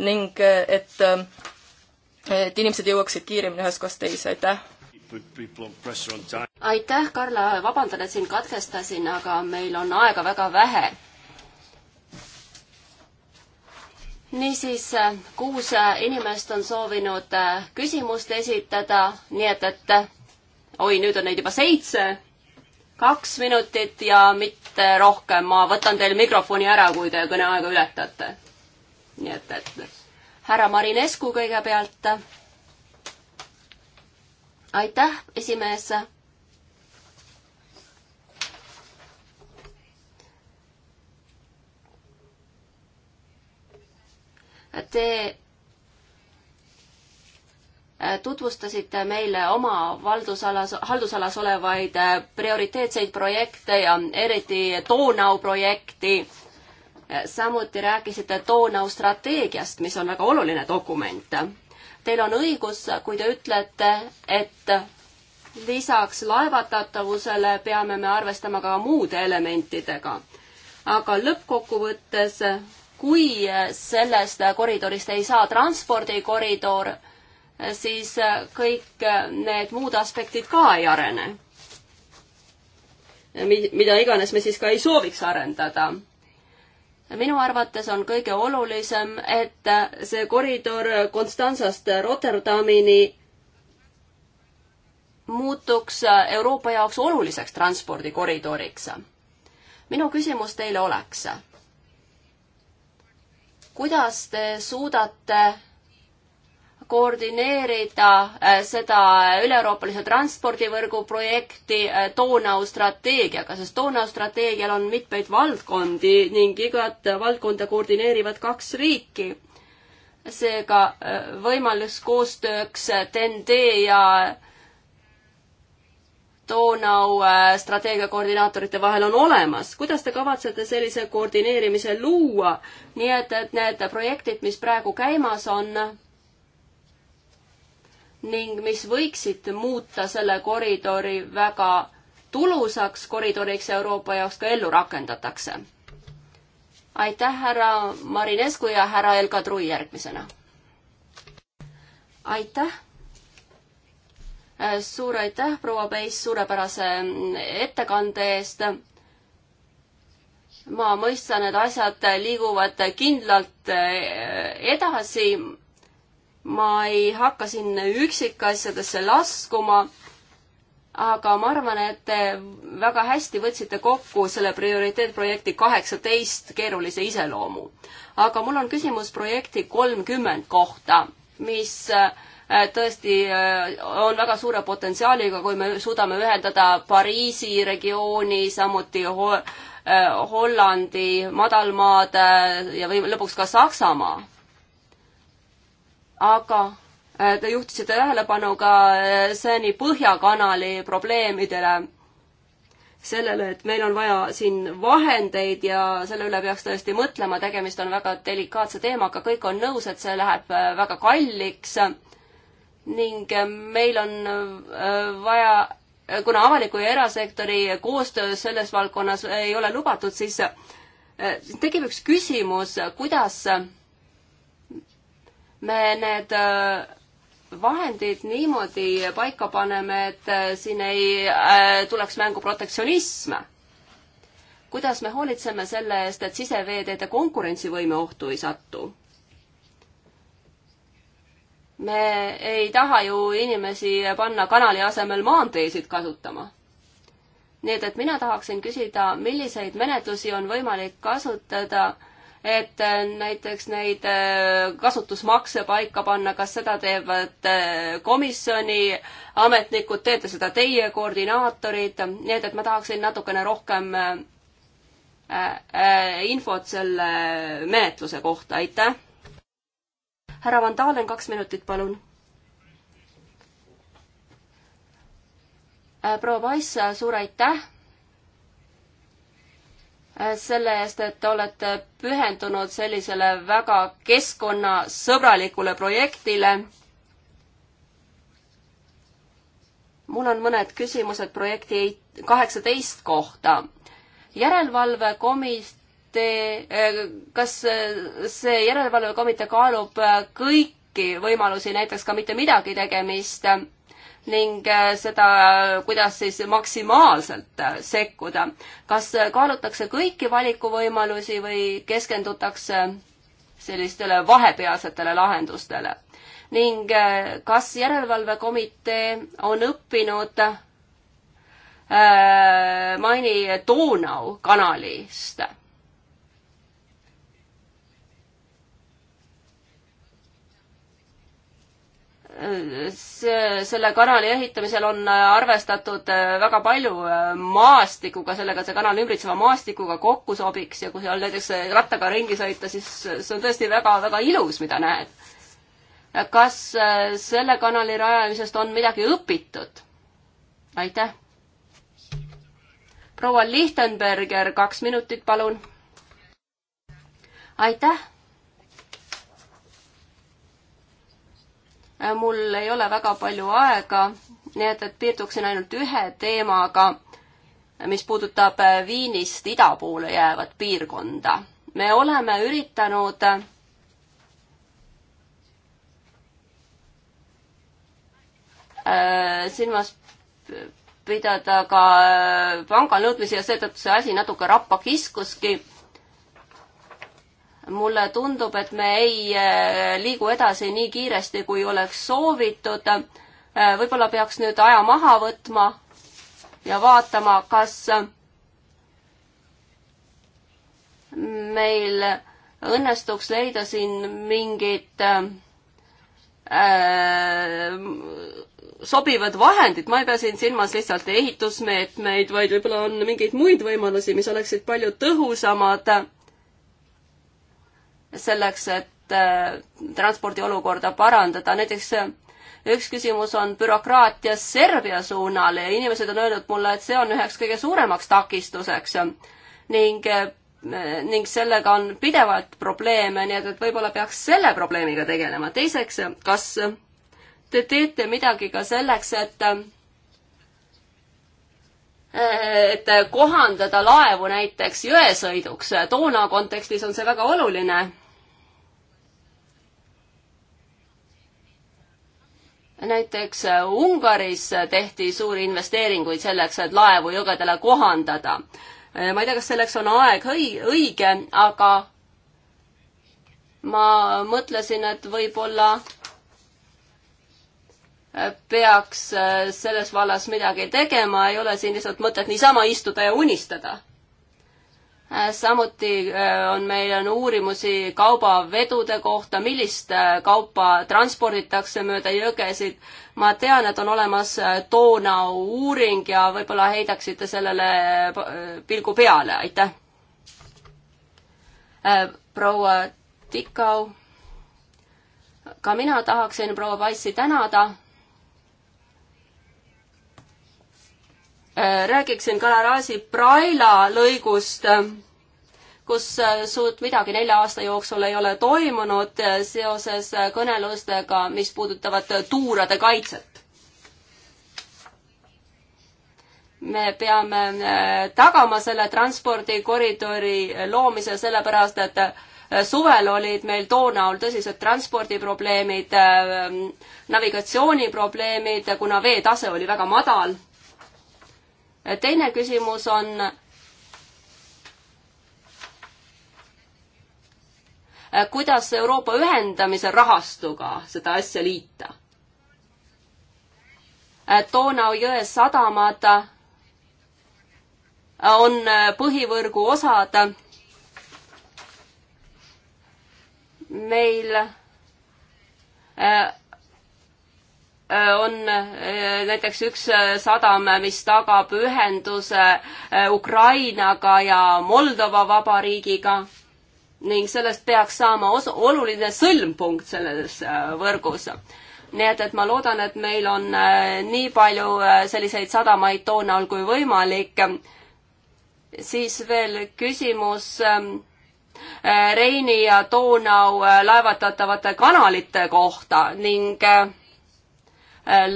ning äh, et, äh, et inimesed jõuaksid kiiremini ühest kohast teise, aitäh! aitäh, Karla, vabandan, et sind katkestasin, aga meil on aega väga vähe. niisiis, kuus inimest on soovinud küsimust esitada, nii et, et oi, nüüd on neid juba seitse, kaks minutit ja mitte rohkem, ma võtan teil mikrofoni ära, kui te kõneaega ületate. nii et, et härra Marinescu kõigepealt. aitäh, esimees. Te tutvustasite meile oma valdusalas, haldusalas olevaid äh, prioriteetseid projekte ja eriti Donau projekti. Äh, samuti rääkisite Donau strateegiast, mis on väga oluline dokument. Teil on õigus, kui te ütlete, et lisaks laevatatavusele peame me arvestama ka muude elementidega. aga lõppkokkuvõttes, kui sellest koridorist ei saa transpordikoridor, siis äh, kõik äh, need muud aspektid ka ei arene. mida iganes me siis ka ei sooviks arendada. minu arvates on kõige olulisem, et äh, see koridor Konstantsast Rotterdamini muutuks Euroopa jaoks oluliseks transpordikoridoriks. minu küsimus teile oleks, kuidas te suudate koordineerida äh, seda üle-euroopalise transpordivõrgu projekti äh, Donau strateegiaga, sest Donau strateegial on mitmeid valdkondi ning igat valdkonda koordineerivad kaks riiki. seega äh, võimalus koostööks TEN-T ja Donau strateegia koordinaatorite vahel on olemas. kuidas te kavatsete sellise koordineerimise luua, nii et, et need projektid, mis praegu käimas on, ning mis võiksid muuta selle koridori väga tulusaks koridoriks Euroopa jaoks ka ellu rakendatakse. aitäh, härra Marinescu ja härra Elka Trui järgmisena. aitäh. Äh, suur aitäh, proua Peis, suurepärase mm, ettekande eest. ma mõistan, et asjad liiguvad kindlalt äh, edasi ma ei hakka siin üksikasjadesse laskuma, aga ma arvan, et te väga hästi võtsite kokku selle prioriteetprojekti kaheksateist keerulise iseloomu. aga mul on küsimus projekti kolmkümmend kohta, mis äh, tõesti äh, on väga suure potentsiaaliga, kui me suudame ühendada Pariisi regiooni, samuti Ho äh, Hollandi madalmaad ja või lõpuks ka Saksamaa aga äh, te juhtisite tähelepanu ka äh, Sääni põhjakanali probleemidele, sellele, et meil on vaja siin vahendeid ja selle üle peaks tõesti mõtlema, tegemist on väga delikaatse teemaga, kõik on nõus, et see läheb äh, väga kalliks ning meil on vaja, kuna avaliku ja erasektori koostöö selles valdkonnas ei ole lubatud, siis tekib üks küsimus, kuidas me need äh, vahendid niimoodi paika paneme, et äh, siin ei äh, tuleks mängu protektsionism. kuidas me hoolitseme selle eest, et siseveeteede konkurentsivõime ohtu ei satu? me ei taha ju inimesi panna kanali asemel maanteesid kasutama. nii et, et mina tahaksin küsida, milliseid menetlusi on võimalik kasutada äh, et äh, näiteks neid äh, kasutusmakse paika panna, kas seda teevad äh, komisjoni ametnikud, teete seda teie, koordinaatorid, nii et, et ma tahaksin natukene rohkem infot selle menetluse kohta, aitäh. härra Van Dalen, kaks minutit, palun proua Paiss, suur aitäh! Äh, selle eest, et te olete pühendunud sellisele väga keskkonnasõbralikule projektile. mul on mõned küsimused projekti kaheksateist kohta. järelevalvekomitee, äh, kas äh, see järelevalvekomitee kaalub kõiki võimalusi, näiteks ka mitte midagi tegemist? ning äh, seda, kuidas siis maksimaalselt äh, sekkuda. kas äh, kaalutakse kõiki valikuvõimalusi või keskendutakse sellistele vahepealsetele lahendustele? ning kas Järelevalvekomitee on õppinud äh, Maini Donau kanalist? see, selle kanali ehitamisel on äh, arvestatud äh, väga palju äh, maastikuga, sellega, et see kanal ümbritseva maastikuga kokku sobiks ja kui seal näiteks rattaga ringi sõita, siis see on tõesti väga-väga ilus, mida näed. kas selle kanali rajamisest on midagi õpitud? aitäh. proua Lichtenberger, kaks minutit, palun. aitäh mul ei ole väga palju aega, nii et, et piirduksin ainult ühe teemaga, mis puudutab äh, Viinist ida poole jäävat piirkonda. me oleme üritanud äh, silmas pidada ka äh, panga nõudmisi ja seetõttu see asi natuke rappa kiskuski mulle tundub, et me ei äh, liigu edasi nii kiiresti, kui oleks soovitud. Äh, võib-olla peaks nüüd aja maha võtma ja vaatama, kas meil õnnestuks leida siin mingid äh, sobivad vahendid, ma ei pea siin silmas lihtsalt ehitusmeetmeid, vaid võib-olla on mingeid muid võimalusi, mis oleksid palju tõhusamad äh, selleks, et äh, transpordi olukorda parandada, näiteks äh, üks küsimus on bürokraatia Serbia suunal ja inimesed on öelnud mulle, et see on üheks kõige suuremaks takistuseks ning, äh, ning sellega on pidevalt probleeme, nii et, et võib-olla peaks selle probleemiga tegelema. teiseks, kas te teete midagi ka selleks, et et kohandada laevu näiteks jõesõiduks, toona kontekstis on see väga oluline näiteks äh, Ungaris äh, tehti suuri investeeringuid selleks, et laevu jõgedele kohandada. Äh, ma ei tea, kas selleks on aeg õige, aga ma mõtlesin, et võib-olla peaks selles vallas midagi tegema, ei ole siin lihtsalt mõtet niisama istuda ja unistada Äh, samuti äh, on meil on uurimusi kaubavedude kohta, millist äh, kaupa transporditakse mööda jõgesid. ma tean, et on olemas toona uuring ja võib-olla heidaksite sellele pilgu peale, aitäh. proua Tikau, ka mina tahaksin proua Paissi tänada Äh, räägiksin Kalarasi Praila lõigust, äh, kus äh, suurt midagi nelja aasta jooksul ei ole toimunud seoses kõnelustega, mis puudutavad tuurade kaitset. me peame tagama selle transpordikoridori loomise, sellepärast et suvel olid meil Toonaul tõsised transpordiprobleemid, navigatsiooniprobleemid, kuna veetase oli väga madal teine küsimus on kuidas Euroopa ühendamise rahastuga seda asja liita. Donau jõe sadamad on põhivõrgu osad. meil Äh, on äh, näiteks üks äh, sadam, mis tagab ühenduse Ukrainaga ja Moldova vabariigiga ning sellest peaks saama os-, oluline sõlmpunkt selles võrgus. nii et, et ma loodan, et meil on nii palju selliseid sadamaid too näol kui võimalik. siis veel küsimus ähm, Reini ja Donau laevatatavate kanalite kohta ning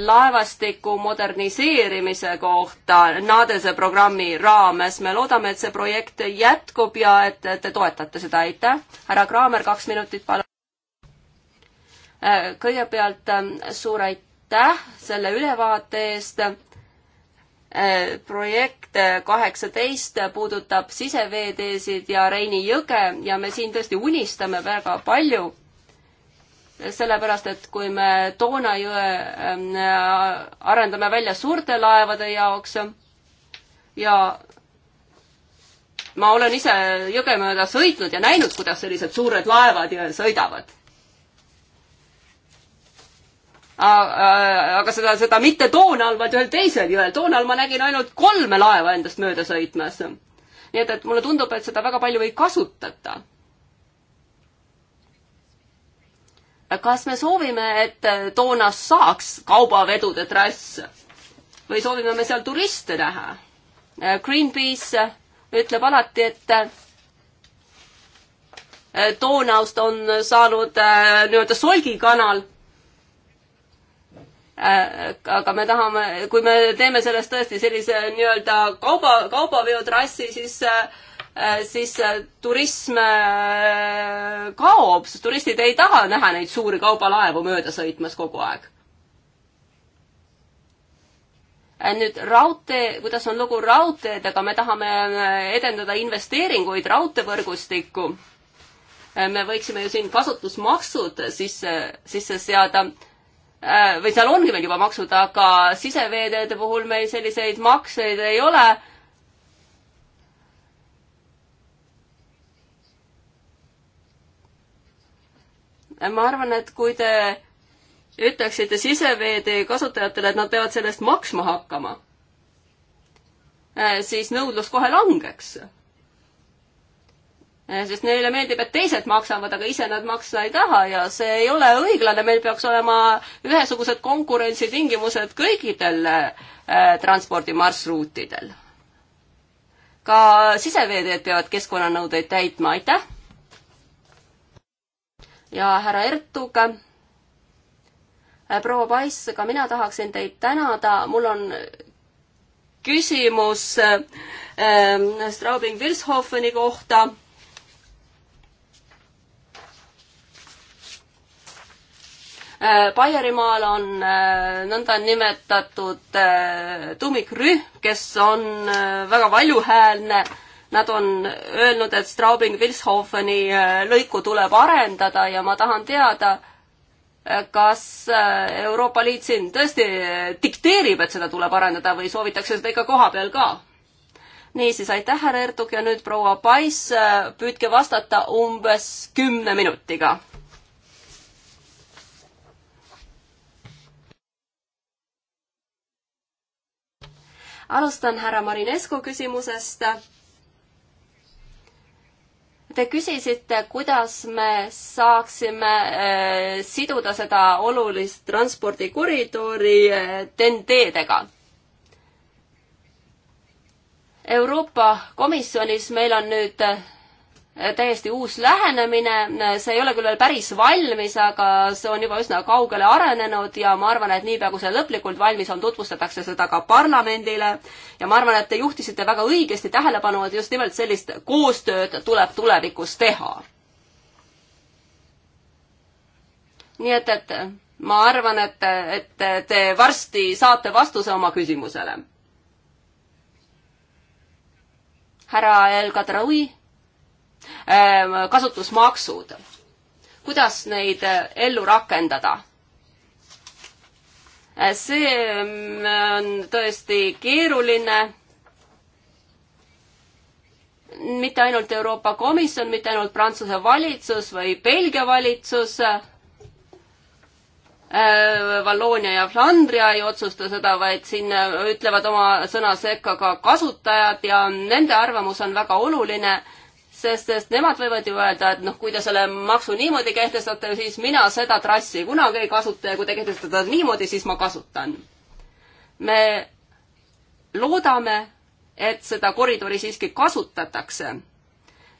laevastiku moderniseerimise kohta NADESE programmi raames. me loodame, et see projekt jätkub ja et te toetate seda, aitäh. härra Kraamer, kaks minutit, palun. kõigepealt äh, suur aitäh selle ülevaate eest. Äh, projekt kaheksateist puudutab siseveeteesid ja Reini jõge ja me siin tõesti unistame väga palju sellepärast et kui me Toona jõe ähm, arendame välja suurte laevade jaoks ja ma olen ise jõge mööda sõitnud ja näinud, kuidas sellised suured laevad jõel sõidavad. aga seda, seda mitte Toonal, vaid ühel teisel jõel. Toonal ma nägin ainult kolme laeva endast mööda sõitmas. nii et, et mulle tundub, et seda väga palju ei kasutata kas me soovime, et Donas äh, saaks kaubavedude trass või soovime me seal turiste näha? Äh, Greenpeace äh, ütleb alati, et Donaust on saanud nii-öelda solgikanal. aga me tahame, kui me teeme sellest tõesti sellise nii-öelda kauba, kaubaveotrassi, siis äh, Äh, siis äh, turism äh, kaob, sest turistid ei taha näha neid suuri kaubalaevu mööda sõitmas kogu aeg. nüüd raudtee, kuidas on lugu raudteedega, me tahame edendada investeeringuid raudteevõrgustikku. me võiksime ju siin kasutusmaksud sisse, sisse seada või seal ongi meil juba maksud, aga siseveeteede puhul meil selliseid makseid ei ole ma arvan, et kui te ütleksite siseveetee kasutajatele, et nad peavad selle eest maksma hakkama, eh, siis nõudlus kohe langeks. Eh, sest neile meeldib, et teised maksavad, aga ise nad maksta ei taha ja see ei ole õiglane, meil peaks olema ühesugused konkurentsitingimused kõikidel eh, transpordimarsruutidel. ka siseveeteed peavad keskkonnanõudeid täitma, aitäh! ja härra Ertug. proua Pais, ka mina tahaksin teid tänada, mul on küsimus äh, Straubing-Wilshofeni kohta. Äh, Baierimaal on äh, nõndanimetatud äh, tuumikrühm, kes on äh, väga valjuhäälne äh, Nad on öelnud, et Straubing-Wilshofeni äh, lõiku tuleb arendada ja ma tahan teada, äh, kas äh, Euroopa Liit siin tõesti dikteerib, et seda tuleb arendada või soovitakse seda ikka koha peal ka? niisiis, aitäh, härra Ertug ja nüüd proua Pais, püüdke vastata umbes kümne minutiga alustan härra Marinescu küsimusest. Te küsisite, kuidas me saaksime äh, siduda seda olulist transpordikoridori äh, TEN-teedega. Euroopa Komisjonis meil on nüüd äh, täiesti uus lähenemine, see ei ole küll veel päris valmis, aga see on juba üsna kaugele arenenud ja ma arvan, et niipea, kui see lõplikult valmis on, tutvustatakse seda ka parlamendile. ja ma arvan, et te juhtisite väga õigesti tähelepanu, et just nimelt sellist koostööd tuleb tulevikus teha. nii et, et ma arvan, et, et te varsti saate vastuse oma küsimusele. härra El Kadraoui Ähm, kasutusmaksud, kuidas neid äh, ellu rakendada? Äh, see mm, on tõesti keeruline mitte ainult Euroopa Komisjon, mitte ainult Prantsuse valitsus või Belgia valitsus, äh, Valloonia ja Flandria ei otsusta seda, vaid siin ütlevad oma sõna sekka ka kasutajad ja nende arvamus on väga oluline sest, sest nemad võivad ju öelda, et noh, kui te selle maksu niimoodi kehtestate, siis mina seda trassi kunagi ei kasuta ja kui te kehtestate niimoodi, siis ma kasutan. me loodame, et seda koridori siiski kasutatakse.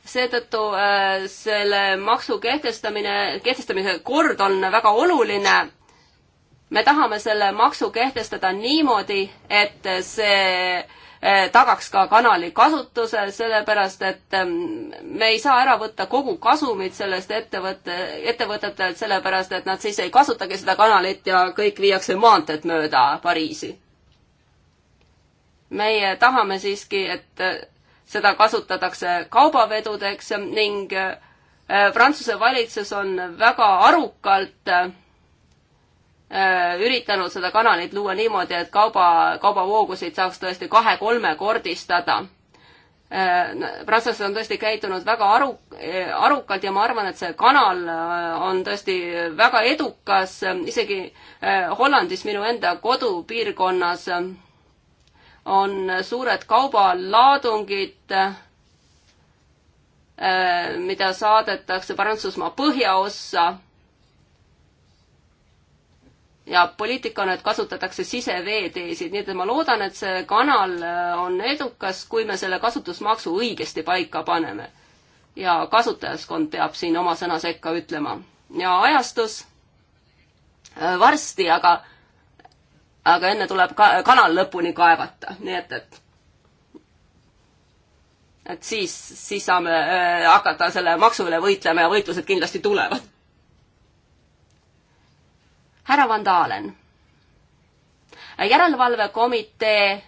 seetõttu äh, selle maksu kehtestamine, kehtestamise kord on väga oluline me tahame selle maksu kehtestada niimoodi, et see äh, Eh, tagaks ka kanali kasutuse, sellepärast et me ei saa ära võtta kogu kasumit sellest ettevõtte, ettevõtetelt, sellepärast et nad siis ei kasutagi seda kanalit ja kõik viiakse maanteed mööda Pariisi. meie tahame siiski, et eh, seda kasutatakse kaubavedudeks ning eh, Prantsuse valitsus on väga arukalt Äh, üritanud seda kanalit luua niimoodi, et kauba, kaubavoogusid saaks tõesti kahe-kolmekordistada. Äh, prantslased on tõesti käitunud väga aru, äh, arukalt ja ma arvan, et see kanal on tõesti väga edukas, isegi Hollandis, minu enda kodupiirkonnas, on suured kaubalaadungid, mida saadetakse Prantsusmaa põhjaossa ja poliitika on, et kasutatakse siseveeteesid, nii et ma loodan, et see kanal äh, on edukas, kui me selle kasutusmaksu õigesti paika paneme. ja kasutajaskond peab siin oma sõna sekka ütlema. ja ajastus äh, varsti, aga, aga enne tuleb ka kanal lõpuni kaevata, nii et, et et siis, siis saame äh, hakata selle maksu üle võitlema ja võitlused kindlasti tulevad härra Van Dalen. järelevalvekomitee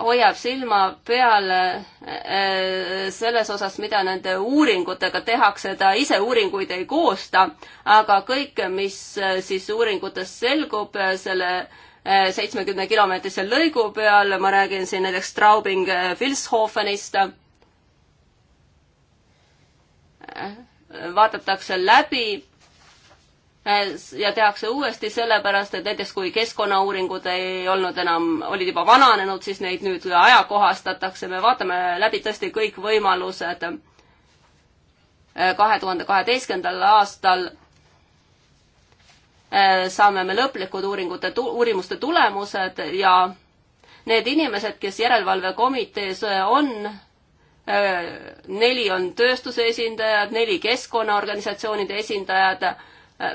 hoiab silma peal äh, äh, selles osas, mida nende uuringutega tehakse, ta ise uuringuid ei koosta, aga kõik, mis äh, siis uuringutest selgub selle seitsmekümne kilomeetrise lõigu peal, ma räägin siin näiteks Straubing-Vilshofenist, vaadatakse läbi Äh, ja tehakse uuesti sellepärast, et näiteks kui keskkonnauuringud ei olnud enam, olid juba vananenud, siis neid nüüd ajakohastatakse, me vaatame läbi tõesti kõik võimalused. Äh, kahe tuhande kaheteistkümnendal aastal äh, saame me lõplikud uuringute, uurimuste tulemused ja need inimesed, kes järelevalvekomitees on, neli on tööstuse esindajad, neli keskkonnaorganisatsioonide esindajad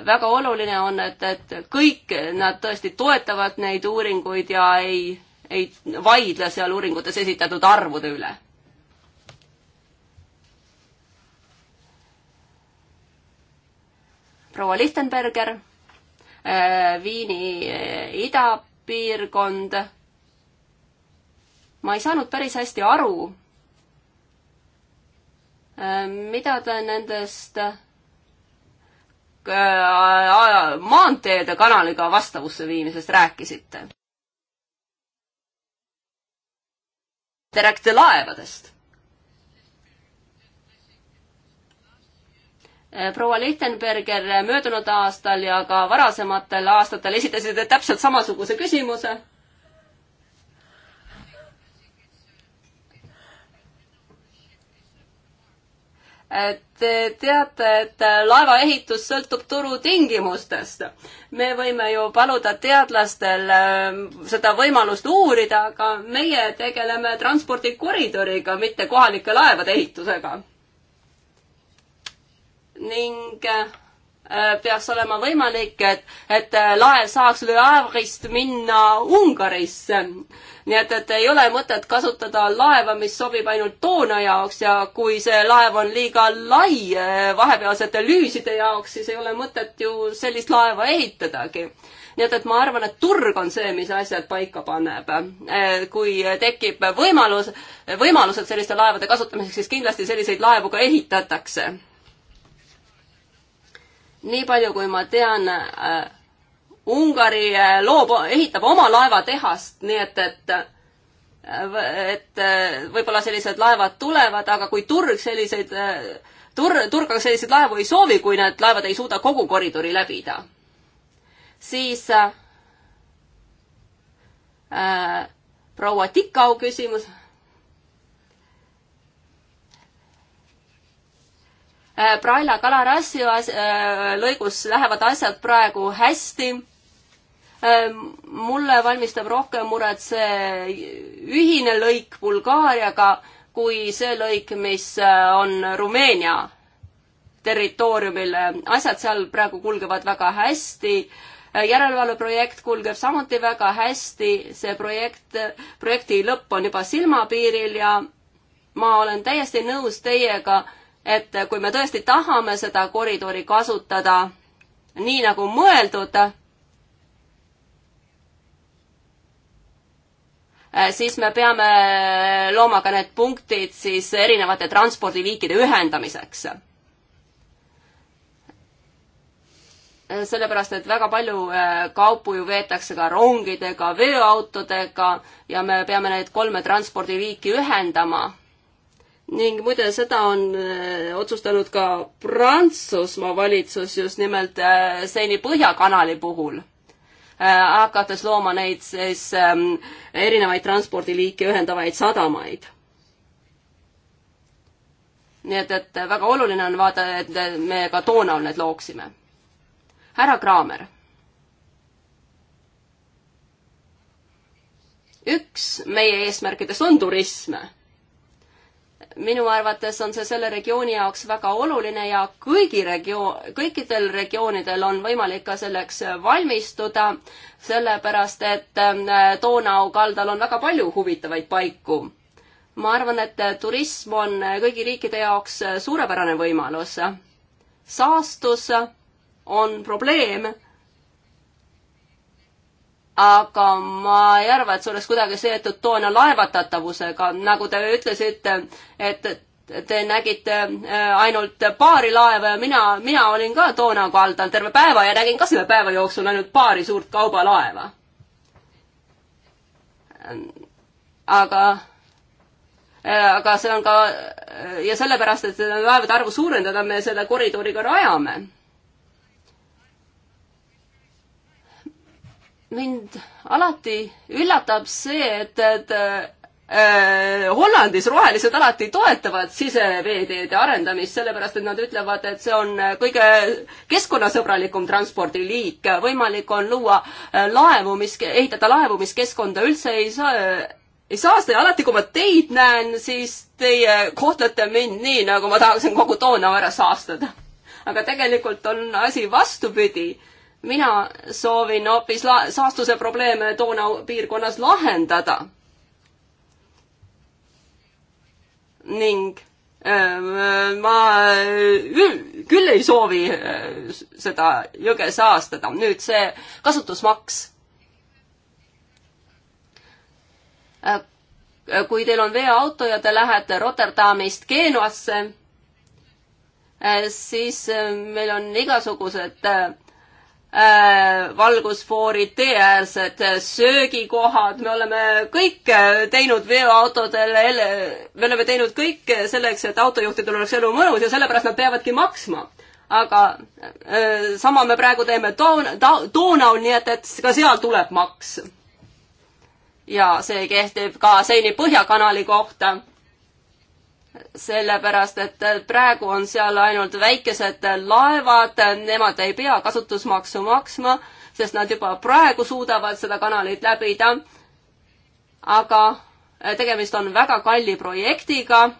väga oluline on, et, et kõik nad tõesti toetavad neid uuringuid ja ei, ei vaidle seal uuringutes esitatud arvude üle. proua Lichtenberger, äh, Viini äh, idapiirkond. ma ei saanud päris hästi aru, äh, mida te nendest Äh, maanteede kanaliga vastavusse viimisest rääkisite? Te räägite laevadest. Äh, proua Lichtenberger möödunud aastal ja ka varasematel aastatel esitasite täpselt samasuguse küsimuse Te teate, et laeva ehitus sõltub turutingimustest. me võime ju paluda teadlastel ähm, seda võimalust uurida, aga meie tegeleme transpordikoridoriga, mitte kohalike laevade ehitusega. ning äh, Äh, peaks olema võimalik, et, et äh, laev saaks Le Havre'ist minna Ungarisse. nii et, et ei ole mõtet kasutada laeva, mis sobib ainult toona jaoks ja kui see laev on liiga lai äh, vahepealsete lüüside jaoks, siis ei ole mõtet ju sellist laeva ehitadagi nii et, et ma arvan, et turg on see, mis asjad paika paneb. kui tekib võimalus, võimalused selliste laevade kasutamiseks, siis kindlasti selliseid laevu ka ehitatakse nii palju kui ma tean äh,, Ungari äh, loob, ehitab oma laevatehast, nii et, et äh, et äh, võib-olla sellised laevad tulevad, aga kui turg selliseid, tur-, turg aga selliseid laevu ei soovi, kui need laevad ei suuda kogu koridori läbida, siis äh, proua Tikau küsimus Äh, Praila kalarassio äh, lõigus lähevad asjad praegu hästi. Äh, mulle valmistab rohkem muret see ühine lõik Bulgaariaga kui see lõik, mis on Rumeenia territooriumil. asjad seal praegu kulgevad väga hästi järelevalveprojekt kulgeb samuti väga hästi, see projekt, projekti lõpp on juba silmapiiril ja ma olen täiesti nõus teiega, et kui me tõesti tahame seda koridori kasutada nii nagu mõeldud, eh, siis me peame looma ka need punktid siis erinevate transpordiliikide ühendamiseks. Eh, sellepärast, et väga palju eh, kaupu ju veetakse ka rongidega, veoautodega ja me peame need kolme transpordiliiki ühendama ning muide, seda on äh, otsustanud ka Prantsusmaa valitsus just nimelt äh, Seini põhjakanali puhul, äh, hakates looma neid siis ähm, erinevaid transpordiliike ühendavaid sadamaid nii et, et väga oluline on vaada, et me ka toonal need looksime. härra Kraamer. üks meie eesmärkidest on turism minu arvates on see selle regiooni jaoks väga oluline ja kõigi regioon, kõikidel regioonidel on võimalik ka selleks valmistuda, sellepärast et Donau ähm, kaldal on väga palju huvitavaid paiku. ma arvan, et turism on kõigi riikide jaoks suurepärane võimalus. saastus on probleem aga ma ei arva, et see oleks kuidagi seotud toona laevatatavusega, nagu te ütlesite, et te nägite äh, ainult paari laeva ja mina, mina olin ka toona kaldal terve päeva ja nägin ka selle päeva jooksul ainult paari suurt kaubalaeva. aga, äh, aga see on ka ja sellepärast, et laevade arvu suurendada, me selle koridori ka rajame mind alati üllatab see, et, et äh, Hollandis rohelised alati toetavad siseveeteede arendamist, sellepärast et nad ütlevad, et see on kõige keskkonnasõbralikum transpordiliik. võimalik on luua äh, laevu, mis, ehitada laevu, mis keskkonda üldse ei saa, äh, ei saasta ja alati, kui ma teid näen, siis teie kohtlete mind nii, nagu ma tahaksin kogu Donau ära saastada. aga tegelikult on asi vastupidi mina soovin hoopis la-, saastuse probleeme Donau piirkonnas lahendada. ning öö, ähm, ma öö, küll ei soovi öö, äh, seda jõge saastada. nüüd see kasutusmaks. Äh, kui teil on veoauto ja te lähete Rotterdamist Genuasse, äh, siis meil on igasugused öö, Äh, valgusfoorid, teeäärsed söögikohad, me oleme kõik äh, teinud veoautodel, me oleme teinud kõik selleks, et autojuhtidel oleks elu mõnus ja sellepärast nad peavadki maksma. aga öö, äh, sama me praegu teeme toon-, ta-, Donaul, nii et, et ka seal tuleb maks. ja see kehtib ka seini Põhjakanali kohta sellepärast et praegu on seal ainult väikesed laevad, nemad ei pea kasutusmaksu maksma, sest nad juba praegu suudavad seda kanalit läbida. aga äh, tegemist on väga kalli projektiga.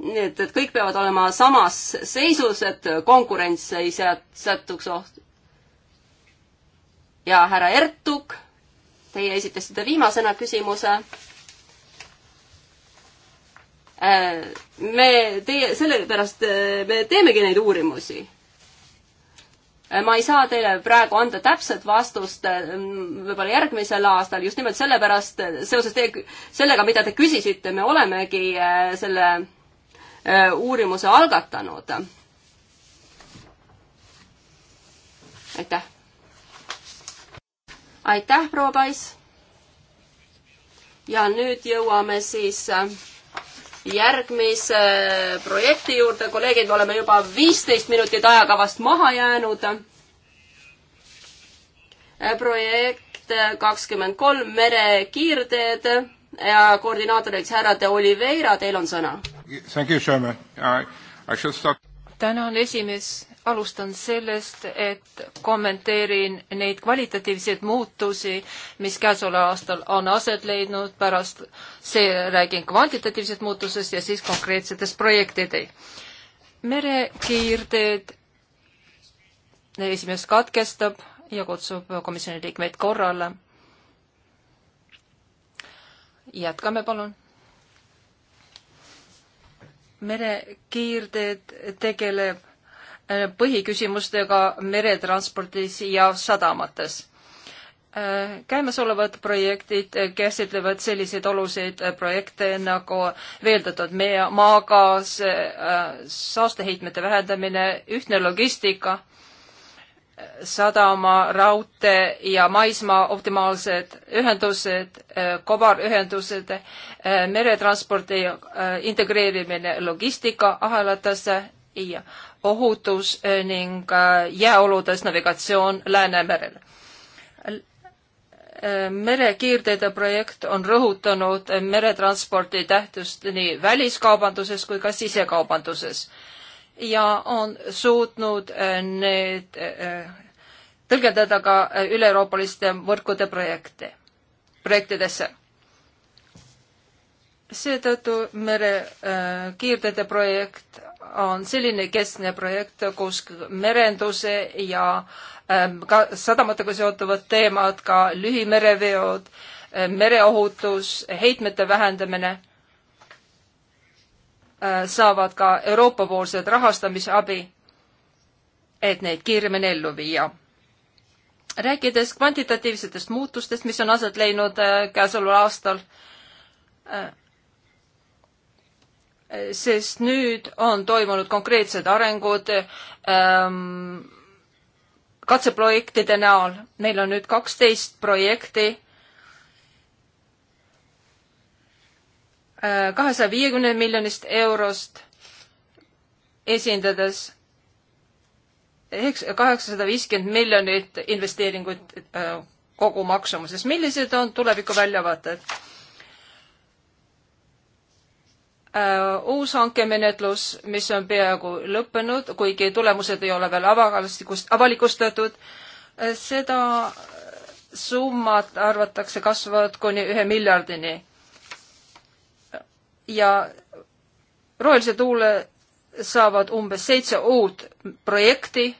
nii et, et kõik peavad olema samas seisus, et konkurents ei seat-, sattuks ohtu. ja härra Ertuk, teie esitasite viimasena küsimuse Äh, me teie, sellepärast äh, me teemegi neid uurimusi. Äh, ma ei saa teile praegu anda täpset vastust võib-olla järgmisel aastal just nimelt sellepärast, seoses teie, sellega, mida te küsisite, me olemegi selle uurimuse algatanud. aitäh. aitäh, proua Pais. ja nüüd jõuame siis järgmise äh, projekti juurde. kolleegid, me oleme juba viisteist minutit ajakavast maha jäänud. Äh, projekt äh, kakskümmend kolm merekiirteed ja koordinaatoriks härra De Oliveira, teil on sõna. tänan, esimees alustan sellest, et kommenteerin neid kvalitatiivseid muutusi, mis käesoleval aastal on aset leidnud, pärast see räägin kvantitatiivsest muutusest ja siis konkreetsetest projektidest. merekiirteed esimees katkestab ja kutsub komisjoni liikmeid korrale. jätkame, palun merekiirteed tegeleb Äh, põhiküsimustega meretranspordis ja sadamates. Äh, käimasolevad projektid käsitlevad selliseid oluliseid äh, projekte nagu veeldatud mee, maagaas, saasteheitmete vähendamine, ühtne logistika, sadama, raudtee ja maismaa optimaalsed ühendused, kobarühendused, meretranspordi integreerimine logistikaahelates ja ohutus eh, ning eh, jääoludes navigatsioon Läänemerel. Eh, merekiirteede projekt on rõhutanud meretranspordi tähtsust nii väliskaubanduses kui ka sisekaubanduses ja on suutnud need tõlgendada ka üle-euroopaliste võrkude projekte, projektidesse seetõttu merekiirteede projekt on selline keskne projekt, kus merenduse ja ähm, ka sadamatega seotuvad teemad, ka lühimereveod, äh, mereohutus, heitmete vähendamine äh, saavad ka Euroopa-poolsed rahastamisabi, et neid kiiremini ellu viia rääkides kvantitatiivsetest muutustest, mis on aset leidnud äh, käesoleval aastal, sest nüüd on toimunud konkreetsed arengud ähm, katseprojektide näol. meil on nüüd kaksteist projekti äh, kahesaja viiekümne miljonist eurost esindades kaheksasada viiskümmend miljonit investeeringuid äh, kogumaksumuses. millised on tuleviku väljavaated? Äh, uus hankemenetlus, mis on peaaegu lõppenud, kuigi tulemused ei ole veel avalikust, avalikustatud, äh, seda summat arvatakse kasvavat kuni ühe miljardini. ja rohelise tuule saavad umbes seitse uut projekti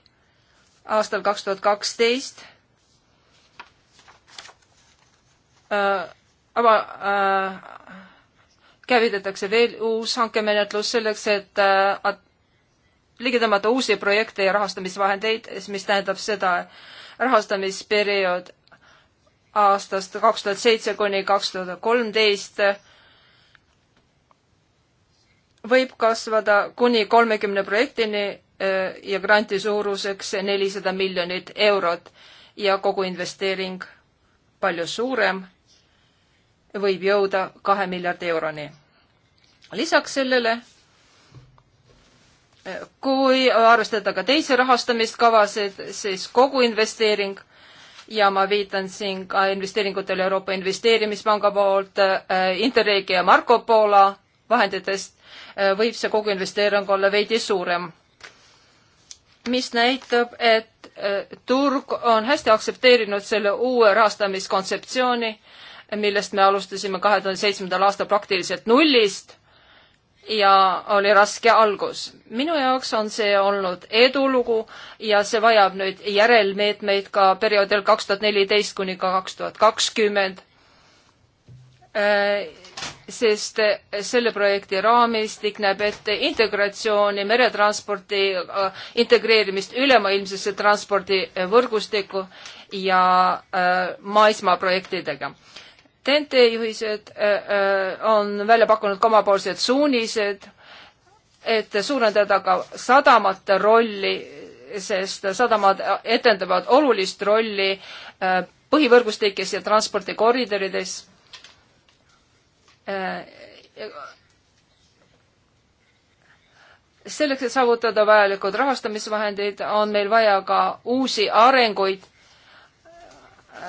aastal kaks tuhat kaksteist. Äh, ava- äh,, käivitatakse veel uus hankemenetlus selleks, et äh, ligi tõmmata uusi projekte ja rahastamisvahendeid, mis tähendab seda rahastamisperiood aastast kaks tuhat seitse kuni kaks tuhat kolmteist võib kasvada kuni kolmekümne projektini äh, ja granti suuruseks nelisada miljonit eurot ja kogu investeering palju suurem, võib jõuda kahe miljardi euroni lisaks sellele, kui arvestada ka teisi rahastamiskavasid, siis kogu investeering ja ma viitan siin ka investeeringutele Euroopa Investeerimispanga poolt, äh, Interregi ja Marco Polo vahenditest, äh, võib see kogu investeering olla veidi suurem. mis näitab, et äh, turg on hästi aktsepteerinud selle uue rahastamiskontseptsiooni, millest me alustasime kahe tuhande seitsmendal aastal praktiliselt nullist ja oli raske algus. minu jaoks on see olnud edulugu ja see vajab nüüd järelmeetmeid ka perioodil kaks tuhat neliteist kuni ka kaks tuhat kakskümmend. Äh, sest selle projekti raamistik näeb ette integratsiooni, meretransporti äh, integreerimist ülemaailmsesse transpordivõrgustikku ja äh, maismaaprojektidega TNT juhised äh, äh, on välja pakkunud ka omapoolsed suunised, et suurendada ka sadamate rolli, sest sadamad etendavad olulist rolli äh, põhivõrgustikes ja transpordikoridorides. selleks, et saavutada vajalikud rahastamisvahendid, on meil vaja ka uusi arenguid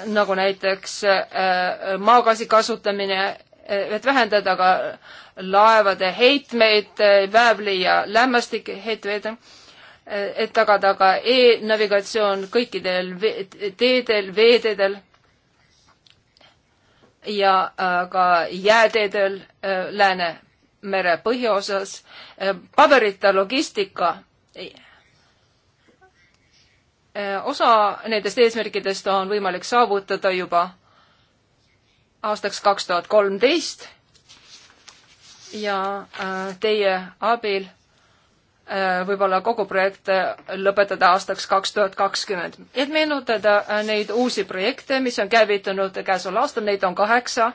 nagu näiteks äh, maagaasi kasutamine, äh, et vähendada ka laevade heitmeid, äh, väävli ja lämmastik heitmeid, et tagada ka e-navigatsioon kõikidel teedel, veeteedel ja ka jääteedel Läänemere põhjaosas, paberita logistika Äh, osa nendest eesmärkidest on võimalik saavutada juba aastaks kaks tuhat kolmteist ja äh, teie abil äh, võib-olla kogu projekt lõpetada aastaks kaks tuhat kakskümmend. et meenutada neid uusi projekte, mis on käivitunud käesoleval aastal, neid on kaheksa.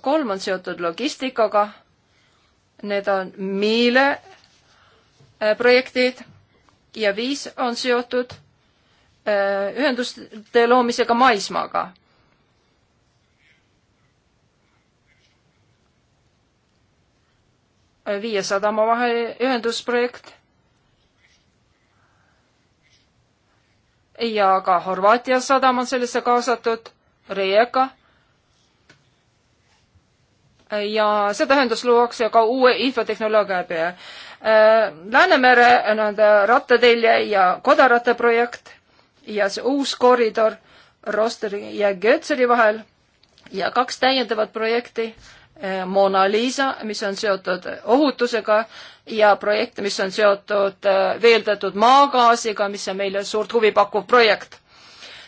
kolm on seotud logistikaga. Need on Miile projektid ja viis on seotud äh, ühenduste loomisega maismaaga. viie sadama vahel ühendusprojekt ja ka Horvaatia sadam on sellesse kaasatud, Rijeka. ja seda ühendust luuakse ka uue infotehnoloogia peale. Äh, Läänemere äh, nii-öelda rattatelje ja kodaratta projekt ja see uus koridor Rosteri ja Götseri vahel ja kaks täiendavat projekti äh, Mona Lisa, mis on seotud ohutusega ja projekt, mis on seotud veeldatud maagaasiga, mis on meile suurt huvi pakkuv projekt.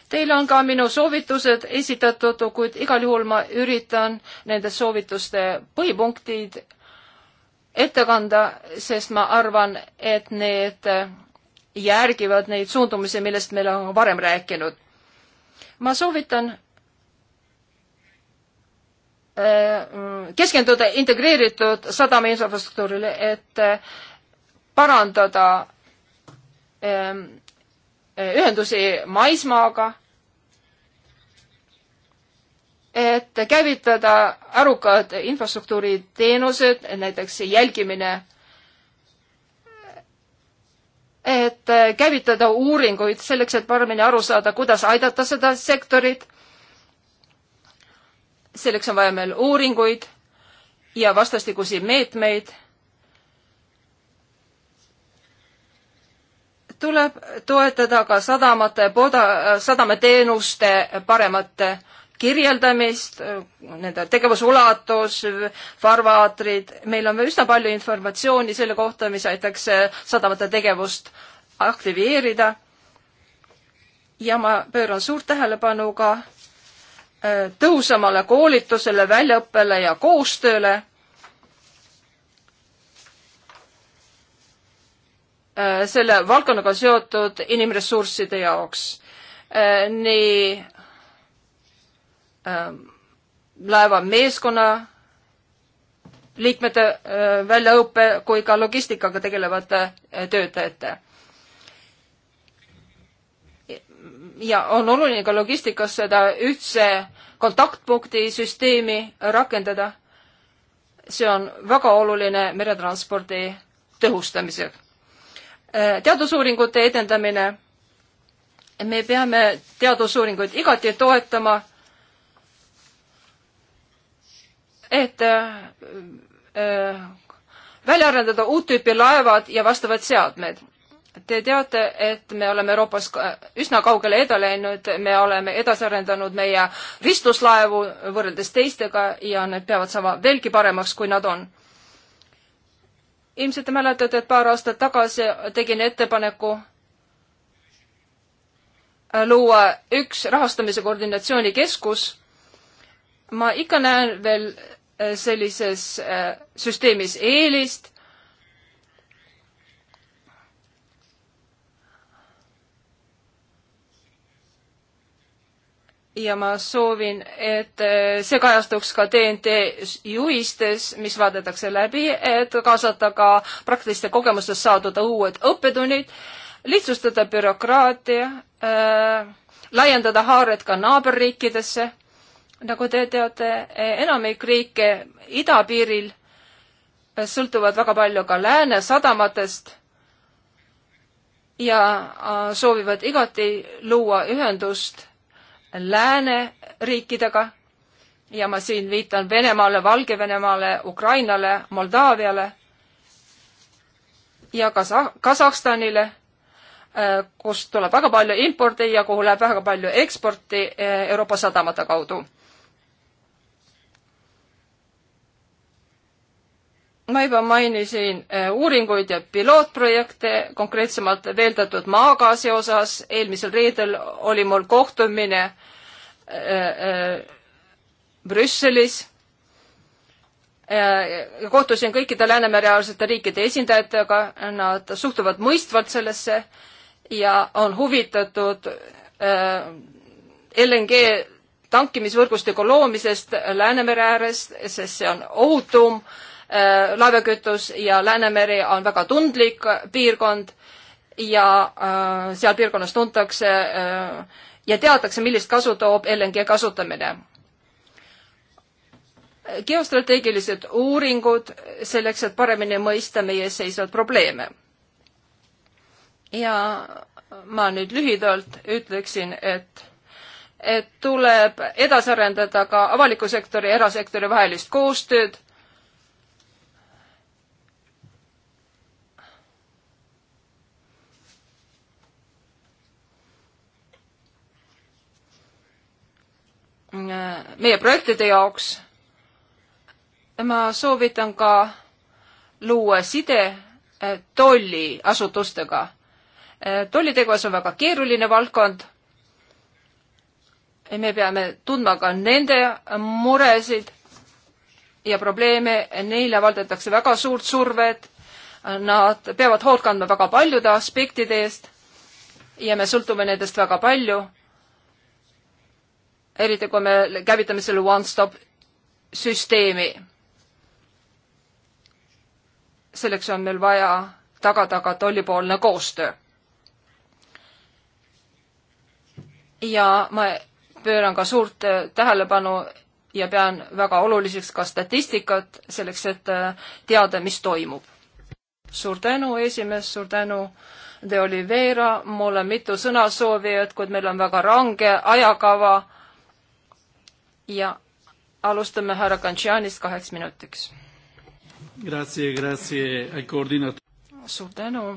Teile on ka minu soovitused esitatud, kuid igal juhul ma üritan nende soovituste põhipunktid ette kanda, sest ma arvan, et need järgivad neid suundumusi, millest me oleme varem rääkinud. ma soovitan äh, keskenduda integreeritud sadama infrastruktuurile, et äh, parandada äh, ühendusi maismaaga et käivitada arukad infrastruktuuri teenused, näiteks jälgimine, et käivitada uuringuid selleks, et paremini aru saada, kuidas aidata seda sektorit. selleks on vaja meil uuringuid ja vastastikusi meetmeid. tuleb toetada ka sadamate, sadamate teenuste paremat kirjeldamist, nende tegevusulatus, farvaatrid, meil on üsna palju informatsiooni selle kohta, mis aitaks sadamate tegevust aktiveerida. ja ma pööran suurt tähelepanu ka äh, tõhusamale koolitusele, väljaõppele ja koostööle. Äh, selle valdkonnaga seotud inimressursside jaoks äh, nii Ähm, laeva meeskonna liikmete äh, väljaõppe kui ka logistikaga tegelevate äh, töötajate. ja on oluline ka logistikas seda ühtse kontaktpunkti süsteemi rakendada. see on väga oluline meretranspordi tõhustamisel. Äh, teadusuuringute edendamine. me peame teadusuuringuid igati toetama et äh, äh, välja arendada uut tüüpi laevad ja vastavad seadmed. Te teate, et me oleme Euroopas äh, üsna kaugele edu läinud, me oleme edasi arendanud meie ristuslaevu võrreldes teistega ja need peavad saama veelgi paremaks, kui nad on. ilmselt te mäletate, et paar aastat tagasi tegin ettepaneku luua üks rahastamise koordinatsioonikeskus. ma ikka näen veel Äh, sellises äh, süsteemis eelist. ja ma soovin, et äh, see kajastuks ka TNT juhistes, mis vaadatakse läbi, et kaasata ka praktiliste kogemustest saadud uued õppetunnid, lihtsustada bürokraatia äh,, laiendada haaret ka naaberriikidesse nagu te teate, enamik riike idapiiril eh, sõltuvad väga palju ka lääne sadamatest ja eh, soovivad igati luua ühendust lääneriikidega ja ma siin viitan Venemaale, Valgevenemaale, Ukrainale, Moldaaviale ja ka Kasahstanile, eh, kust tuleb väga palju impordi ja kuhu läheb väga palju eksporti Euroopa sadamate kaudu ma juba mainisin äh, uuringuid ja pilootprojekte, konkreetsemalt veeldatud maagaasi osas. eelmisel reedel oli mul kohtumine äh, äh, Brüsselis. kohtusin kõikide Läänemere-äärsete riikide esindajatega, nad suhtuvad mõistvalt sellesse ja on huvitatud LNG tankimisvõrgustiku loomisest Läänemere ääres, sest see on ohutum äh, Äh, laevakütus ja Läänemeri on väga tundlik piirkond ja äh, seal piirkonnas tuntakse äh, ja teatakse, millist kasu toob LNG kasutamine. geostrateegilised uuringud selleks, et paremini mõista meie ees seisvaid probleeme. ja ma nüüd lühidalt ütleksin, et et tuleb edasi arendada ka avaliku sektori ja erasektori vahelist koostööd Äh, meie projektide jaoks. ma soovitan ka luua side äh, tolliasutustega. Äh, tollitegevus on väga keeruline valdkond. me peame tundma ka nende muresid ja probleeme, neile avaldatakse väga suurt survet. Nad peavad hoolt kandma väga paljude aspektide eest ja me sõltume nendest väga palju eriti kui me käivitame selle one-stop süsteemi. selleks on meil vaja tagada ka tollipoolne koostöö. ja ma pööran ka suurt äh, tähelepanu ja pean väga oluliseks ka statistikat selleks, et äh, teada, mis toimub. suur tänu, esimees, suur tänu, De Oliveira, mul on mitu sõnasoovijat, kuid meil on väga range ajakava ja alustame härra Kantšanist kaheks minutiks. Grazie, grazie, koordinaat-. suur tänu.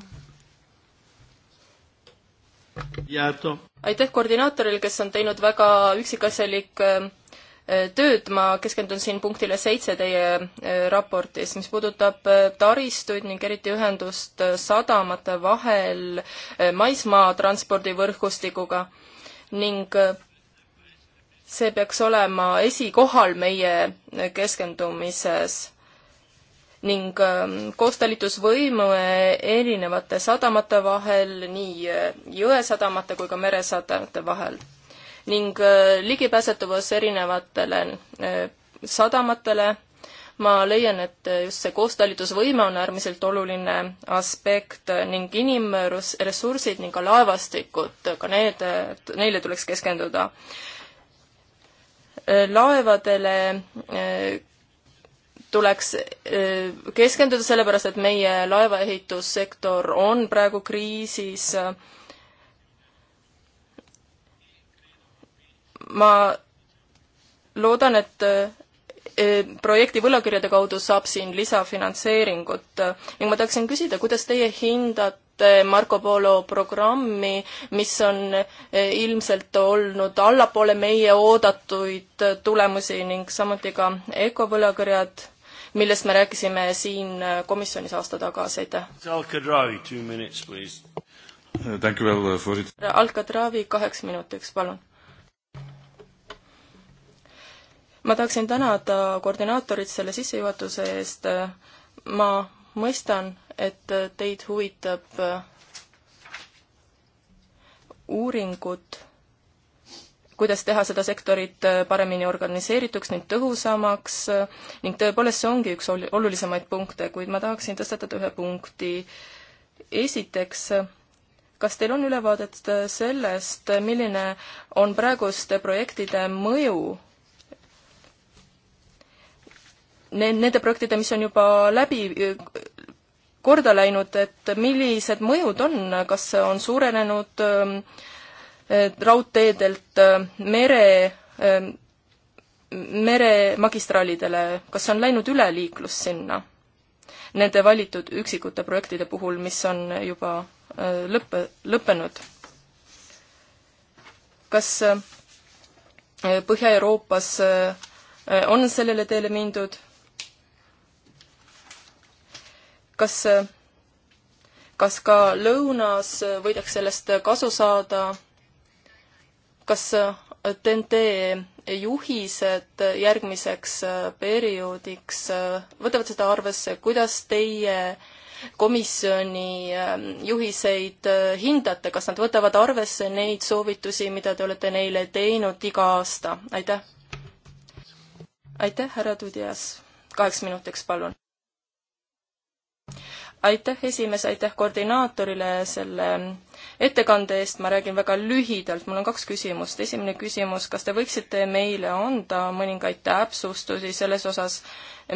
aitäh koordinaatorile, kes on teinud väga üksikasjalik äh, äh, tööd, ma keskendun siin punktile seitse teie äh, raportis, mis puudutab taristuid ning eriti ühendust sadamate vahel maismaatranspordi võrgustikuga ning see peaks olema esikohal meie keskendumises ning ähm, koostalitusvõime erinevate sadamate vahel, nii äh, jõesadamate kui ka meresadamate vahel. ning äh, ligipääsetavus erinevatele äh, sadamatele, ma leian, et just see koostalitusvõime on äärmiselt oluline aspekt ning inimressursid ning ka laevastikud, ka need, neile tuleks keskenduda laevadele äh, tuleks äh, keskenduda, sellepärast et meie laevaehitussektor on praegu kriisis. ma loodan, et äh, projekti võlakirjade kaudu saab siin lisafinantseeringut ning ma tahaksin küsida, kuidas teie hindate Eh, Marco Polo programmi, mis on eh, ilmselt olnud allapoole meie oodatuid eh, tulemusi ning samuti ka ökovõlakirjad, millest me rääkisime siin komisjonis aasta tagasi, aitäh. Alcatravi kaheks minutiks, palun ma tahaksin tänada koordinaatorit selle sissejuhatuse eest, ma mõistan, et äh, teid huvitab äh, uuringud, kuidas teha seda sektorit äh, paremini organiseerituks ning tõhusamaks ning tõepoolest see ongi üks olulisemaid punkte, kuid ma tahaksin tõstatada ühe punkti. esiteks, kas teil on ülevaadet sellest, milline on praeguste projektide mõju ne-, nende projektide, mis on juba läbi korda läinud, et millised mõjud on, kas on suurenenud ähm, raudteedelt ähm, mere, ähm, meremagistraalidele, kas on läinud üleliiklus sinna? Nende valitud üksikute projektide puhul, mis on juba äh, lõppe, lõppenud. kas äh, Põhja-Euroopas äh, on sellele teele mindud? kas, kas ka lõunas võidakse sellest kasu saada? kas TNT juhised järgmiseks perioodiks võtavad seda arvesse, kuidas teie komisjoni juhiseid hindate, kas nad võtavad arvesse neid soovitusi, mida te olete neile teinud iga aasta, aitäh! aitäh, härra Tudjas, kaheks minutiks palun! aitäh, esimees, aitäh koordinaatorile selle ettekande eest, ma räägin väga lühidalt, mul on kaks küsimust. esimene küsimus, kas te võiksite meile anda mõningaid täpsustusi selles osas,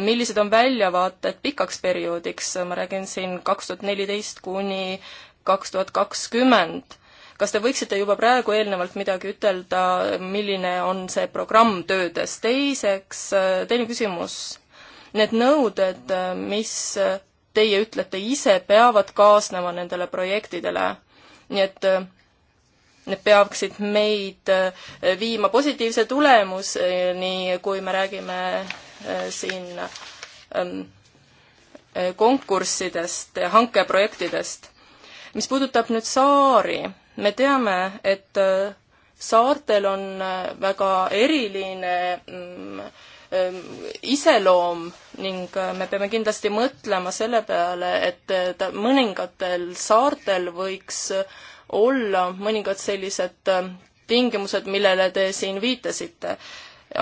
millised on väljavaated pikaks perioodiks, ma räägin siin kaks tuhat neliteist kuni kaks tuhat kakskümmend. kas te võiksite juba praegu eelnevalt midagi ütelda, milline on see programm töödes? teiseks, teine küsimus, need nõuded, mis teie ütlete ise, peavad kaasnema nendele projektidele. nii et äh, need peaksid meid äh, viima positiivse tulemuseni, äh, kui me räägime siin ähm, konkurssidest ja hankeprojektidest. mis puudutab nüüd saari, me teame, et saartel on väga eriline mm, Ähm, iseloom ning äh, me peame kindlasti mõtlema selle peale, et äh, ta mõningatel saartel võiks äh, olla mõningad sellised tingimused, millele te siin viitasite.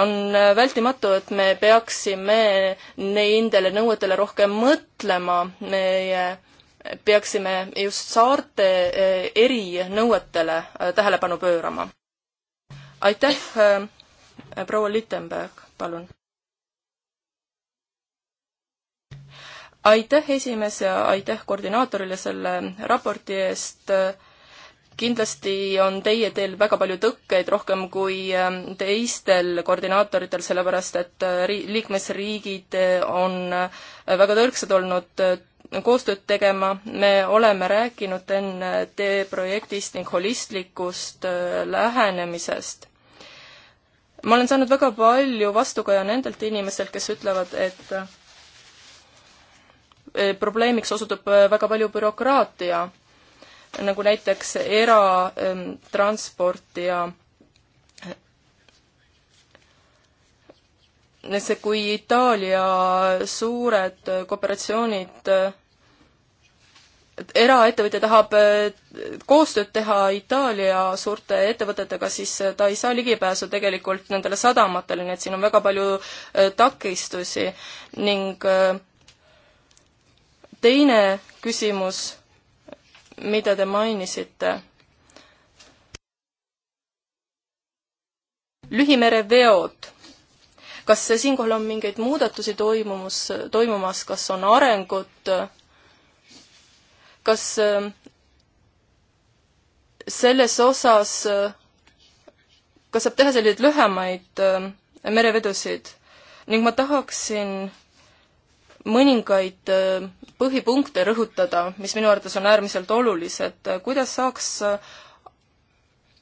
on vältimatu, et me peaksime nendele nõuetele rohkem mõtlema, meie peaksime just saarte erinõuetele tähelepanu pöörama. aitäh, proua Littenberg! palun. aitäh, esimees, ja aitäh koordinaatorile selle raporti eest kindlasti on teie teel väga palju tõkkeid, rohkem kui ähm, teistel koordinaatoritel, sellepärast et äh, ri-, liikmesriigid äh, on äh, väga tõrksad olnud koostööd tegema, me oleme rääkinud enne teie projektist ning holistlikust lähenemisest ma olen saanud väga palju vastukaja nendelt inimestelt, kes ütlevad, et probleemiks osutub väga palju bürokraatia, nagu näiteks eratransport ähm, ja see, kui Itaalia suured kooperatsioonid eraettevõtja tahab äh, koostööd teha Itaalia suurte ettevõtetega, siis äh, ta ei saa ligipääsu tegelikult nendele sadamatele, nii et siin on väga palju äh, takistusi ning teine küsimus, mida te mainisite, lühimereveod kas siinkohal on mingeid muudatusi toimumas, toimumas, kas on arengut kas ähm, selles osas, äh, kas saab teha selliseid lühemaid ähm, merevedusid ning ma tahaksin mõningaid ähm, põhipunkte rõhutada, mis minu arvates on äärmiselt olulised, kuidas saaks äh,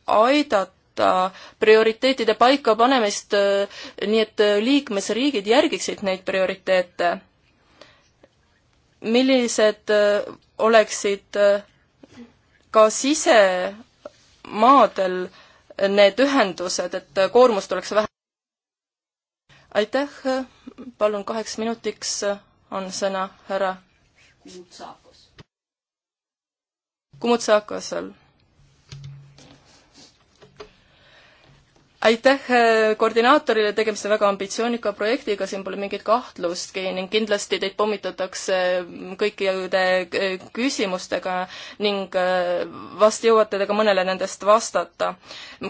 aidata prioriteetide paikapanemist äh, nii, et liikmesriigid järgiksid neid prioriteete millised oleksid äh, ka sisemaadel need ühendused, et äh, koormust oleks vähe. aitäh, äh, palun kaheks minutiks on sõna härra Kumutsakos. Kumutsakosel aitäh äh, koordinaatorile, tegemist on väga ambitsioonika projektiga, siin pole mingit kahtlustki ning kindlasti teid pommitatakse äh, kõikide äh, küsimustega ning vast jõuate te ka mõnele nendest vastata.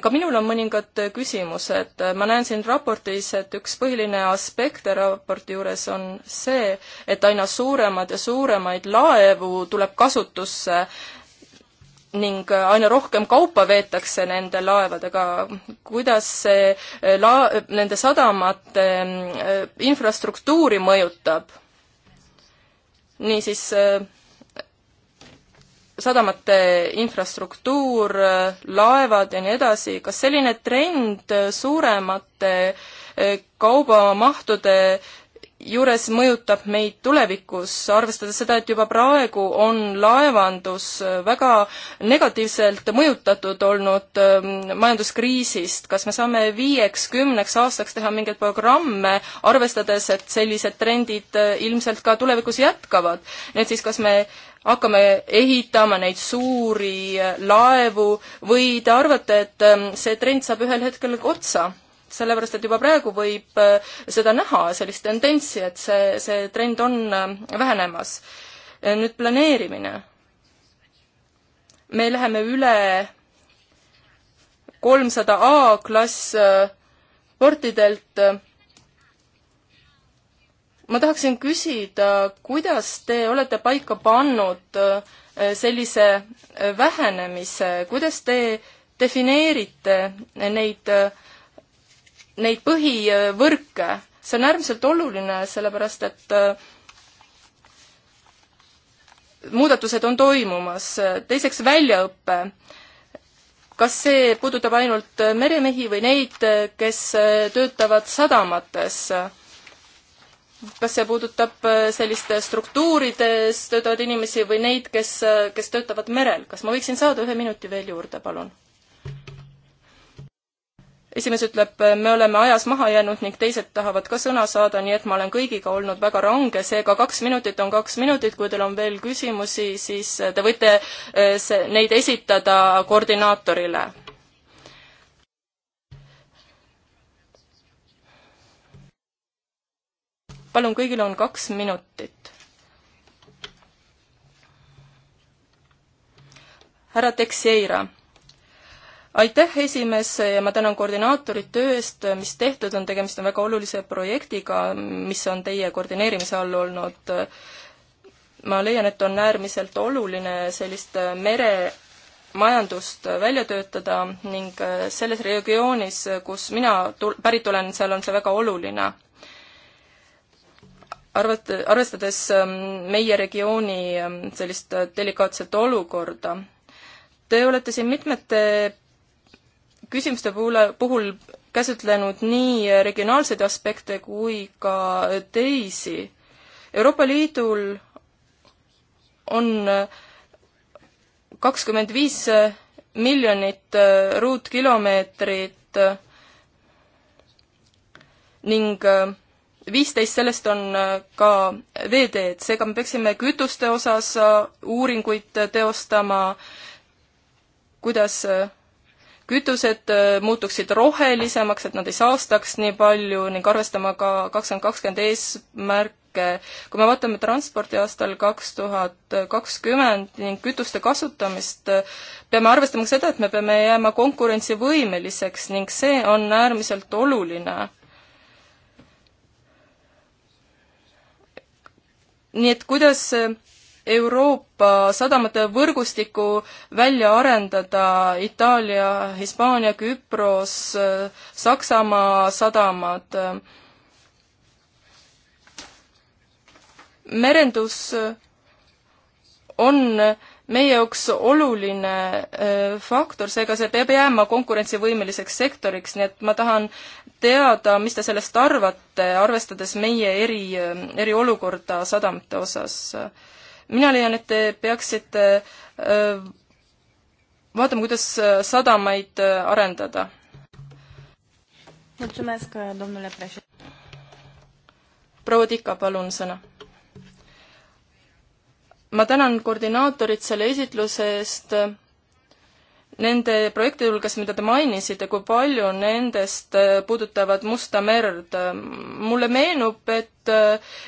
ka minul on mõningad küsimused. ma näen siin raportis, et üks põhiline aspekt raporti juures on see, et aina suuremad ja suuremaid laevu tuleb kasutusse ning aina rohkem kaupa veetakse nende laevadega, kuidas see la-, nende sadamate äh, infrastruktuuri mõjutab? niisiis, äh, sadamate infrastruktuur, äh, laevad ja nii edasi, kas selline trend suuremate kaubamahtude juures mõjutab meid tulevikus, arvestades seda, et juba praegu on laevandus äh, väga negatiivselt mõjutatud olnud ähm, majanduskriisist, kas me saame viieks-kümneks aastaks teha mingeid programme, arvestades, et sellised trendid äh, ilmselt ka tulevikus jätkavad? nii et siis kas me hakkame ehitama neid suuri äh, laevu või te arvate, et ähm, see trend saab ühel hetkel otsa? sellepärast et juba praegu võib äh, seda näha, sellist tendentsi, et see, see trend on äh, vähenemas. nüüd planeerimine. me läheme üle kolmsada A-klass äh, portidelt. ma tahaksin küsida, kuidas te olete paika pannud sellise vähenemise, kuidas te defineerite neid äh, neid põhivõrke. see on äärmiselt oluline, sellepärast et äh, muudatused on toimumas. teiseks väljaõpe. kas see puudutab ainult meremehi või neid, kes töötavad sadamates? kas see puudutab selliste struktuurides töötavaid inimesi või neid, kes, kes töötavad merel? kas ma võiksin saada ühe minuti veel juurde, palun? esimees ütleb, me oleme ajas maha jäänud ning teised tahavad ka sõna saada, nii et ma olen kõigiga olnud väga range, seega kaks minutit on kaks minutit, kui teil on veel küsimusi, siis te võite eh, neid esitada koordinaatorile. palun, kõigil on kaks minutit. härra Teixeira aitäh, esimees, ja ma tänan koordinaatorit töö eest, mis tehtud on, tegemist on väga olulise projektiga, mis on teie koordineerimise all olnud. ma leian, et on äärmiselt oluline sellist meremajandust välja töötada ning selles regioonis, kus mina tul-, pärit olen, seal on see väga oluline arvat-, arvestades ähm, meie regiooni ähm, sellist delikaatset olukorda. Te olete siin mitmete küsimuste puhul, puhul käsitlenud nii regionaalseid aspekte kui ka teisi. Euroopa Liidul on kakskümmend viis miljonit ruutkilomeetrit ning viisteist sellest on ka veeteed, seega me peaksime kütuste osas uuringuid teostama, kuidas kütused äh, muutuksid rohelisemaks, et nad ei saastaks nii palju ning arvestama ka kakskümmend kakskümmend eesmärke. kui me vaatame transpordi aastal kaks tuhat kakskümmend ning kütuste kasutamist, peame arvestama ka seda, et me peame jääma konkurentsivõimeliseks ning see on äärmiselt oluline nii et kuidas äh, Euroopa sadamate võrgustiku välja arendada Itaalia, Hispaania, Küpros, Saksamaa sadamad. merendus on meie jaoks oluline äh, faktor, seega see peab jääma konkurentsivõimeliseks sektoriks, nii et ma tahan teada, mis te sellest arvate, arvestades meie eri, äh, eriolukorda sadamate osas mina leian, et te peaksite äh, vaatama, kuidas äh, sadamaid äh, arendada. proua Tika, palun sõna. ma tänan koordinaatorit selle esitluse eest nende projektide hulgas, mida te mainisite, kui palju nendest puudutavad Musta merd? mulle meenub, et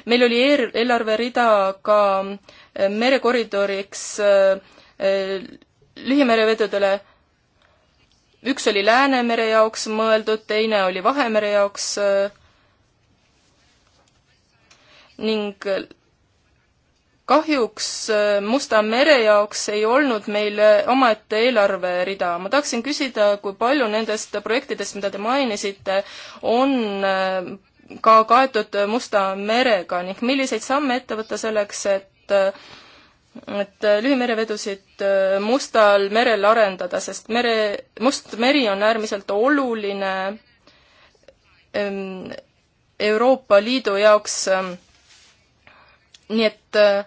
meil oli eelarverida ka merekoridoriks äh, äh, lühimerevedudele. üks oli Läänemere jaoks mõeldud, teine oli Vahemere jaoks äh, ning kahjuks Musta mere jaoks ei olnud meil omaette eelarverida. ma tahaksin küsida, kui palju nendest projektidest, mida te mainisite, on ka kaetud Musta merega ning milliseid samme ette võtta selleks, et et et lühimerevedusid äh, Mustal merel arendada, sest mere, Must meri on äärmiselt oluline ähm, Euroopa Liidu jaoks. Ähm, nii et äh,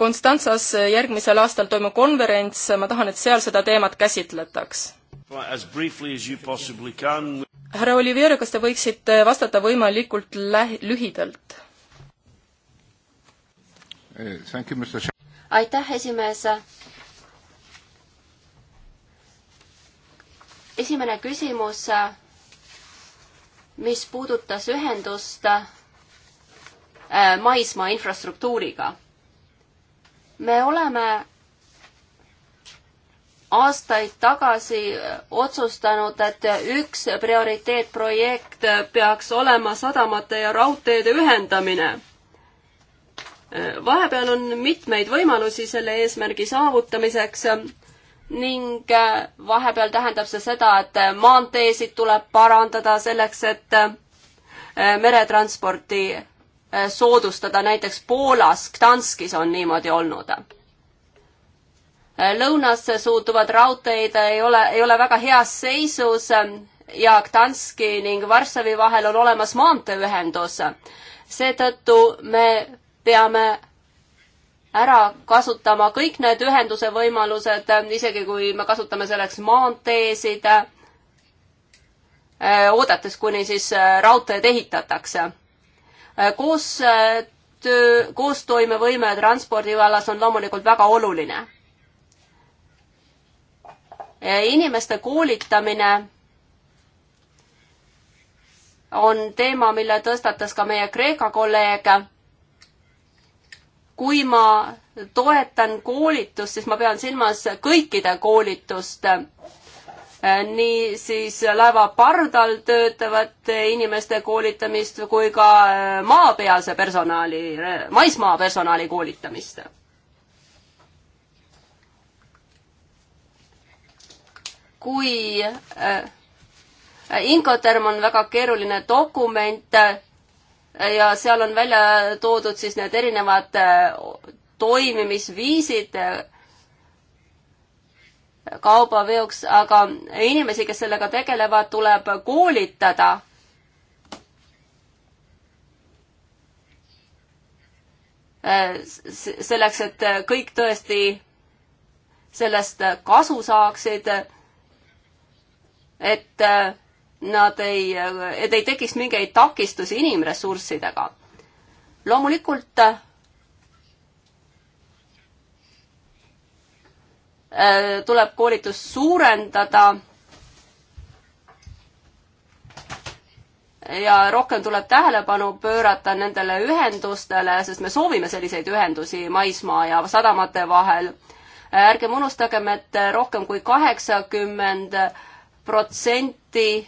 Konstantsas järgmisel aastal toimub konverents, ma tahan, et seal seda teemat käsitletaks. härra Olivier, kas te võiksite vastata võimalikult läh-, lühidalt? aitäh, esimees. esimene küsimus, mis puudutas ühendust äh, maismaa infrastruktuuriga. me oleme aastaid tagasi otsustanud, et üks prioriteetprojekt peaks olema sadamate ja raudteede ühendamine vahepeal on mitmeid võimalusi selle eesmärgi saavutamiseks ning äh, vahepeal tähendab see seda, et maanteesid tuleb parandada selleks, et äh, meretransporti äh, soodustada, näiteks Poolas, Gdanskis on niimoodi olnud. lõunasse suutuvad raudteed ei ole, ei ole väga heas seisus ja Gdanski ning Varssavi vahel on olemas maanteeühendus. seetõttu me peame ära kasutama kõik need ühenduse võimalused, isegi kui me kasutame selleks maanteesid, eh, oodates, kuni siis eh, raudteed ehitatakse. Eh, koos töö, koostoimevõime transpordi vallas on loomulikult väga oluline. inimeste koolitamine on teema, mille tõstatas ka meie Kreeka kolleeg kui ma toetan koolitust, siis ma pean silmas kõikide koolitust, nii siis laeva pardal töötavate inimeste koolitamist kui ka maapealse personali, maismaa personali koolitamist. kui äh, Incoterm on väga keeruline dokument, ja seal on välja toodud siis need erinevad äh, toimimisviisid äh, kaubaveoks, aga inimesi, kes sellega tegelevad, tuleb koolitada. Äh, selleks, et kõik tõesti sellest kasu saaksid. et nad ei, et ei tekiks mingeid takistusi inimressurssidega. loomulikult äh, tuleb koolitust suurendada ja rohkem tuleb tähelepanu pöörata nendele ühendustele, sest me soovime selliseid ühendusi maismaa ja sadamate vahel. ärgem unustagem, et rohkem kui kaheksakümmend protsenti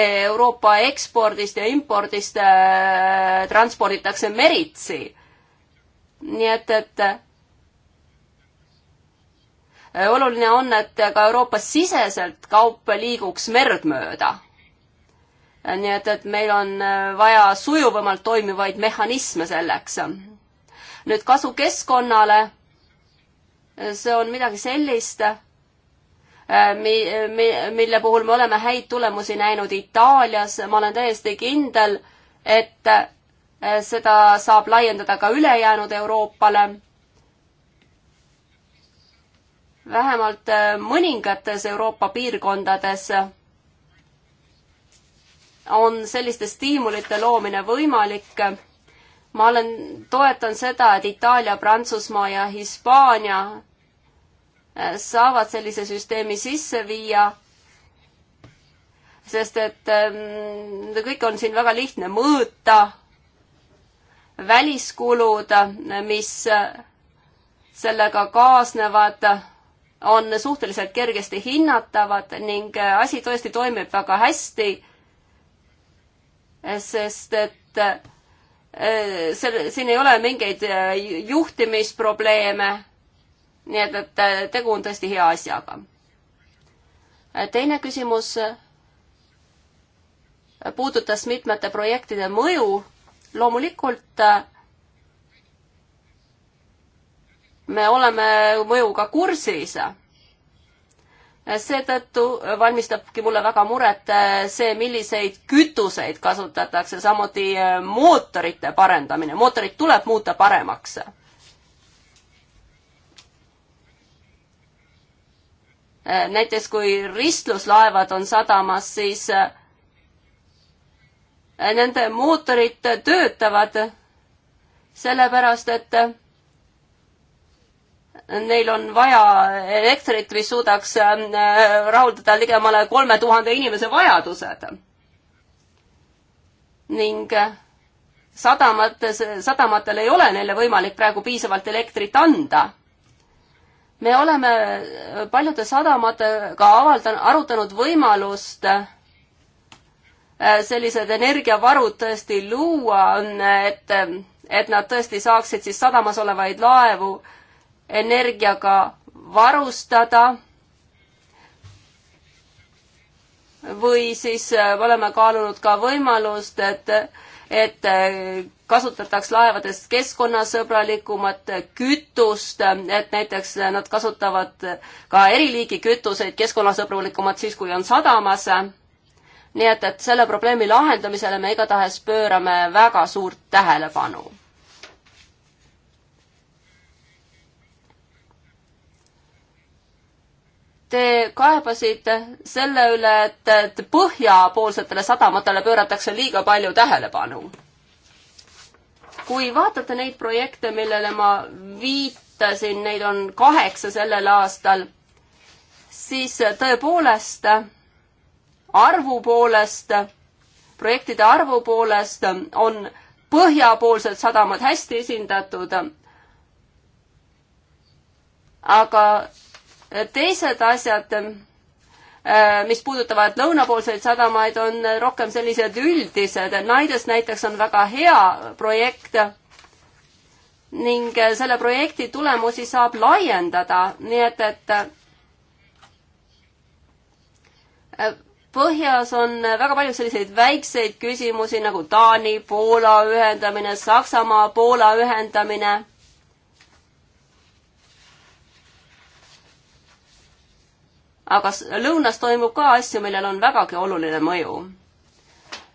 Euroopa ekspordist ja impordist äh, transporditakse meritsi. nii et, et äh, oluline on, et ka Euroopa siseselt kaup liiguks merd mööda. Äh, nii et, et meil on äh, vaja sujuvamalt toimivaid mehhanisme selleks. nüüd kasu keskkonnale, äh, see on midagi sellist Äh, mi-, mi-, mille puhul me oleme häid tulemusi näinud Itaalias, ma olen täiesti kindel, et äh, seda saab laiendada ka ülejäänud Euroopale. vähemalt äh, mõningates Euroopa piirkondades on selliste stiimulite loomine võimalik. ma olen, toetan seda, et Itaalia, Prantsusmaa ja Hispaania saavad sellise süsteemi sisse viia, sest et ähm, kõik on siin väga lihtne mõõta, väliskulud, mis äh, sellega kaasnevad, on suhteliselt kergesti hinnatavad ning äh, asi tõesti toimib väga hästi, sest et äh, seal, siin ei ole mingeid juhtimisprobleeme nii et, et äh, tegu on tõesti hea asjaga. Äh, teine küsimus äh, puudutas mitmete projektide mõju. loomulikult me oleme mõjuga kursis. seetõttu valmistabki mulle väga muret see, milliseid kütuseid kasutatakse, samuti mootorite parendamine. mootorid tuleb muuta paremaks Äh, näiteks kui ristluslaevad on sadamas, siis äh, nende mootorid töötavad sellepärast, et äh, neil on vaja elektrit, mis suudaks rahuldada ligemale kolme tuhande inimese vajadused. ning sadamates, sadamatel ei ole neile võimalik praegu piisavalt elektrit anda me oleme äh, paljude sadamatega avaldanud, arutanud võimalust äh, sellised energiavarud tõesti luua, et, et nad tõesti saaksid siis sadamas olevaid laevu energiaga varustada. või siis äh, oleme kaalunud ka võimalust, et, et kasutataks laevades keskkonnasõbralikumat kütust, et näiteks nad kasutavad ka eriliigi kütuseid keskkonnasõbralikumat siis, kui on sadamas. nii et, et selle probleemi lahendamisele me igatahes pöörame väga suurt tähelepanu. Te kaebasite selle üle, et põhjapoolsetele sadamatele pööratakse liiga palju tähelepanu kui vaatate neid projekte, millele ma viitasin, neid on kaheksa sellel aastal, siis tõepoolest arvu poolest, projektide arvu poolest on põhjapoolsed sadamad hästi esindatud. aga teised asjad Äh, mis puudutavad lõunapoolseid sadamaid, on rohkem sellised üldised. Naides näiteks on väga hea projekt ning selle projekti tulemusi saab laiendada, nii et, et äh, põhjas on väga palju selliseid väikseid küsimusi nagu Taani, Poola ühendamine, Saksamaa, Poola ühendamine aga lõunas toimub ka asju, millel on vägagi oluline mõju.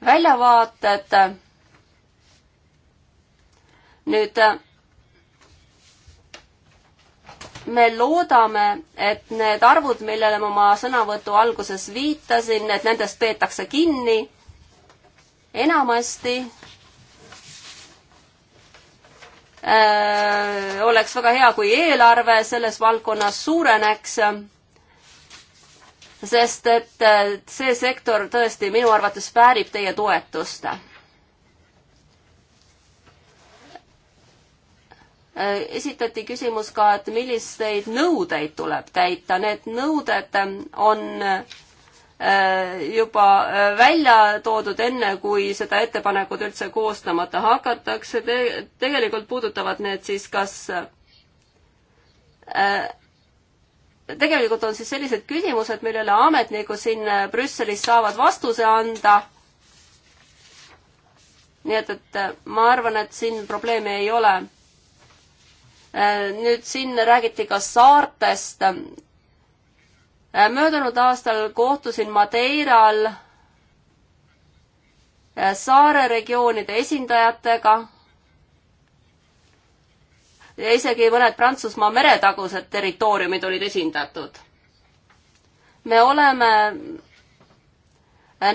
väljavaated nüüd me loodame, et need arvud, millele ma oma sõnavõtu alguses viitasin, et nendest peetakse kinni. enamasti öö, äh, oleks väga hea, kui eelarve selles valdkonnas suureneks sest et äh, see sektor tõesti minu arvates väärib teie toetust. Äh, esitati küsimus ka, et milliseid nõudeid tuleb täita, need nõuded on äh, juba välja toodud, enne kui seda ettepanekut üldse koostamata hakatakse Te. tegelikult puudutavad need siis kas tegelikult on siis sellised küsimused, millele ametnikud siin äh, Brüsselis saavad vastuse anda. nii et, et äh, ma arvan, et siin probleemi ei ole. Äh, nüüd siin räägiti ka saartest. möödunud aastal kohtusin Madeiral saare regioonide esindajatega ja isegi mõned Prantsusmaa meretagused territooriumid olid esindatud. me oleme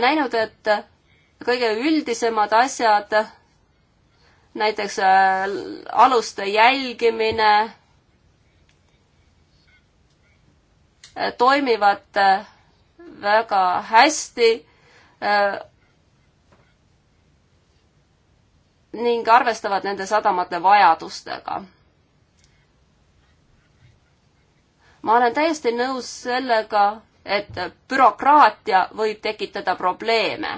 näinud, et kõige üldisemad asjad, näiteks äh, aluste jälgimine, äh, toimivad äh, väga hästi ning arvestavad nende sadamate vajadustega ma olen täiesti nõus sellega, et bürokraatia võib tekitada probleeme.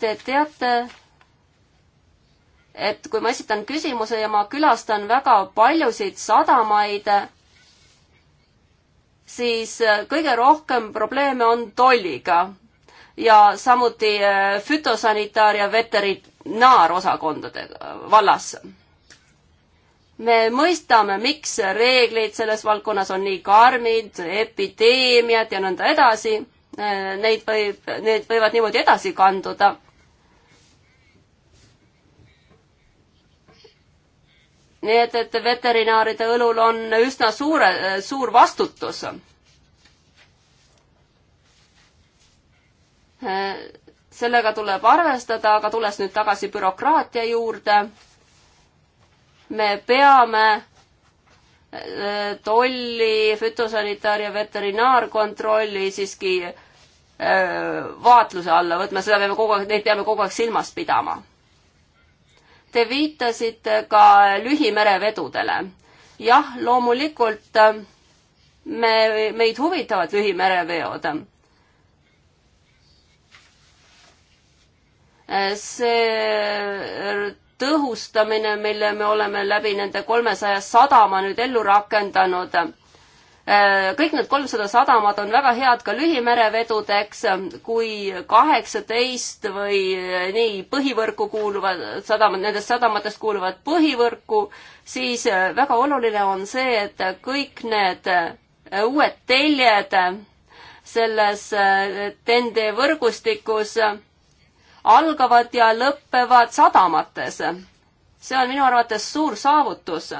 Te teate, et kui ma esitan küsimuse ja ma külastan väga paljusid sadamaid, siis kõige rohkem probleeme on tolliga ja samuti eh, fütosanitaar- ja veterinaarosakondade vallas me mõistame, miks reeglid selles valdkonnas on nii karmid, epideemiad ja nõnda edasi. Äh, neid võib, need võivad niimoodi edasi kanduda. nii et, et veterinaaride õlul on üsna suure, äh, suur vastutus. Äh, sellega tuleb arvestada, aga tulles nüüd tagasi bürokraatia juurde me peame äh, tolli, fütosanitaar- ja veterinaarkontrolli siiski äh, vaatluse alla võtma, seda peame kogu aeg, neid peame kogu aeg silmas pidama. Te viitasite ka lühimerevedudele. jah, loomulikult äh, me, meid huvitavad lühimereveod. see tõhustamine, mille me oleme läbi nende kolmesaja sadama nüüd ellu rakendanud. Äh, kõik need kolmsada sadamat on väga head ka lühimerevedudeks, kui kaheksateist või äh, nii põhivõrku kuuluvad sadamad, nendest sadamatest kuuluvad põhivõrku, siis äh, väga oluline on see, et kõik need uued teljed selles TEN-T võrgustikus algavad ja lõppevad sadamates. see on minu arvates suur saavutus.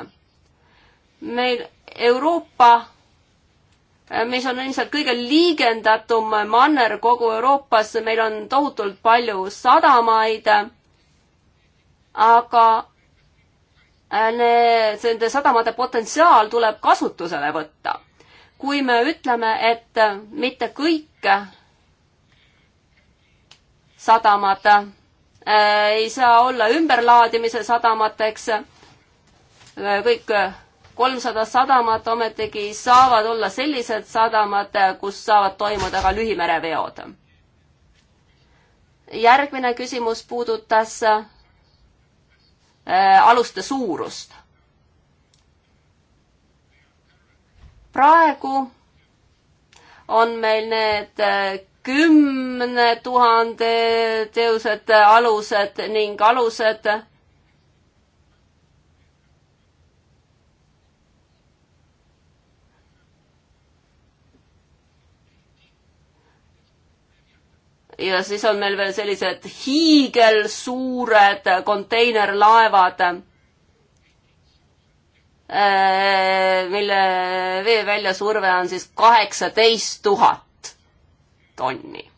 meil Euroopa, mis on ilmselt kõige liigendatum manner kogu Euroopas, meil on tohutult palju sadamaid, aga äh, nende sadamate potentsiaal tuleb kasutusele võtta. kui me ütleme, et mitte kõik sadamad äh, ei saa olla ümberlaadimise sadamateks. Äh, kõik kolmsada sadamat ometigi saavad olla sellised sadamad, kus saavad toimuda ka lühimereveod. järgmine küsimus puudutas äh, aluste suurust. praegu on meil need kümne tuhande teosed alused ning alused ja siis on meil veel sellised hiigelsuured konteinerlaevad, äh, mille veeväljasurve on siis kaheksateist tuhat tonni.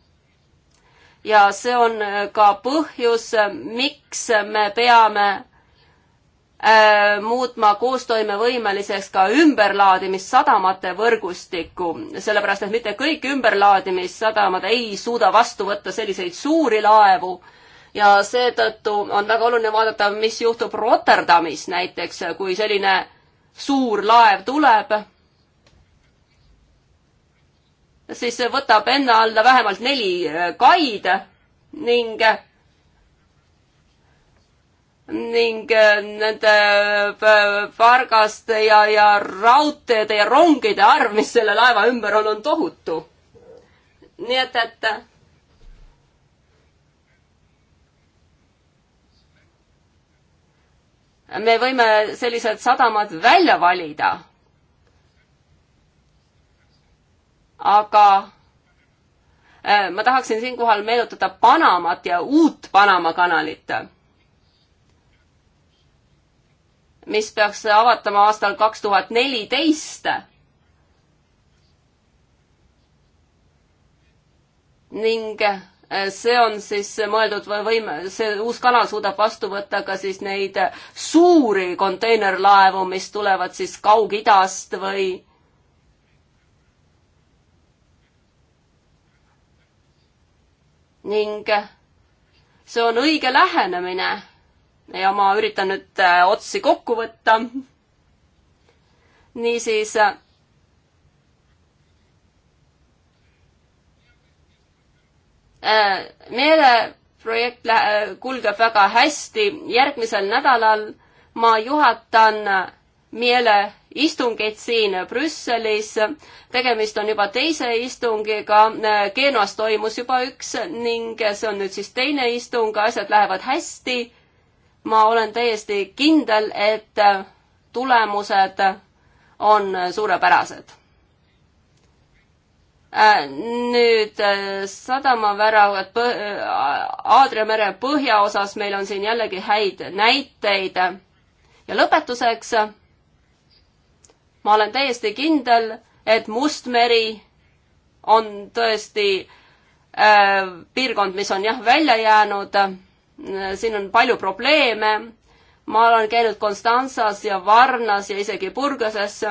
ja see on äh, ka põhjus, äh, miks me peame äh, muutma koostoimevõimeliseks ka ümberlaadimissadamate võrgustikku, sellepärast et mitte kõik ümberlaadimissadamad ei suuda vastu võtta selliseid suuri laevu ja seetõttu on väga oluline vaadata, mis juhtub Rotterdamis näiteks, kui selline suur laev tuleb siis see võtab enda alla vähemalt neli äh, kaid ning ning äh, nende vargaste äh, ja, ja raudteede ja rongide arv, mis selle laeva ümber on, on tohutu. nii et, et me võime sellised sadamad välja valida aga äh, ma tahaksin siinkohal meenutada Panamat ja uut Panama kanalit, mis peaks avatama aastal kaks tuhat neliteist. ning äh, see on siis mõeldud või võime, see uus kanal suudab vastu võtta ka siis neid suuri konteinerlaevu, mis tulevad siis Kaug-Idast või ning see on õige lähenemine. ja ma üritan nüüd äh, otsi kokku võtta. niisiis. Äh, meeleprojekt äh, kulgeb väga hästi. järgmisel nädalal ma juhatan meele istungit siin Brüsselis. tegemist on juba teise istungiga, Genos toimus juba üks ning see on nüüd siis teine istung, asjad lähevad hästi. ma olen täiesti kindel, et tulemused on suurepärased äh, nüüd äh, sadamaväravad äh, Aadria mere põhjaosas meil on siin jällegi häid näiteid. ja lõpetuseks ma olen täiesti kindel, et Mustmeri on tõesti äh, piirkond, mis on jah, välja jäänud äh,. siin on palju probleeme. ma olen käinud Konstantsas ja Varnas ja isegi Burgases.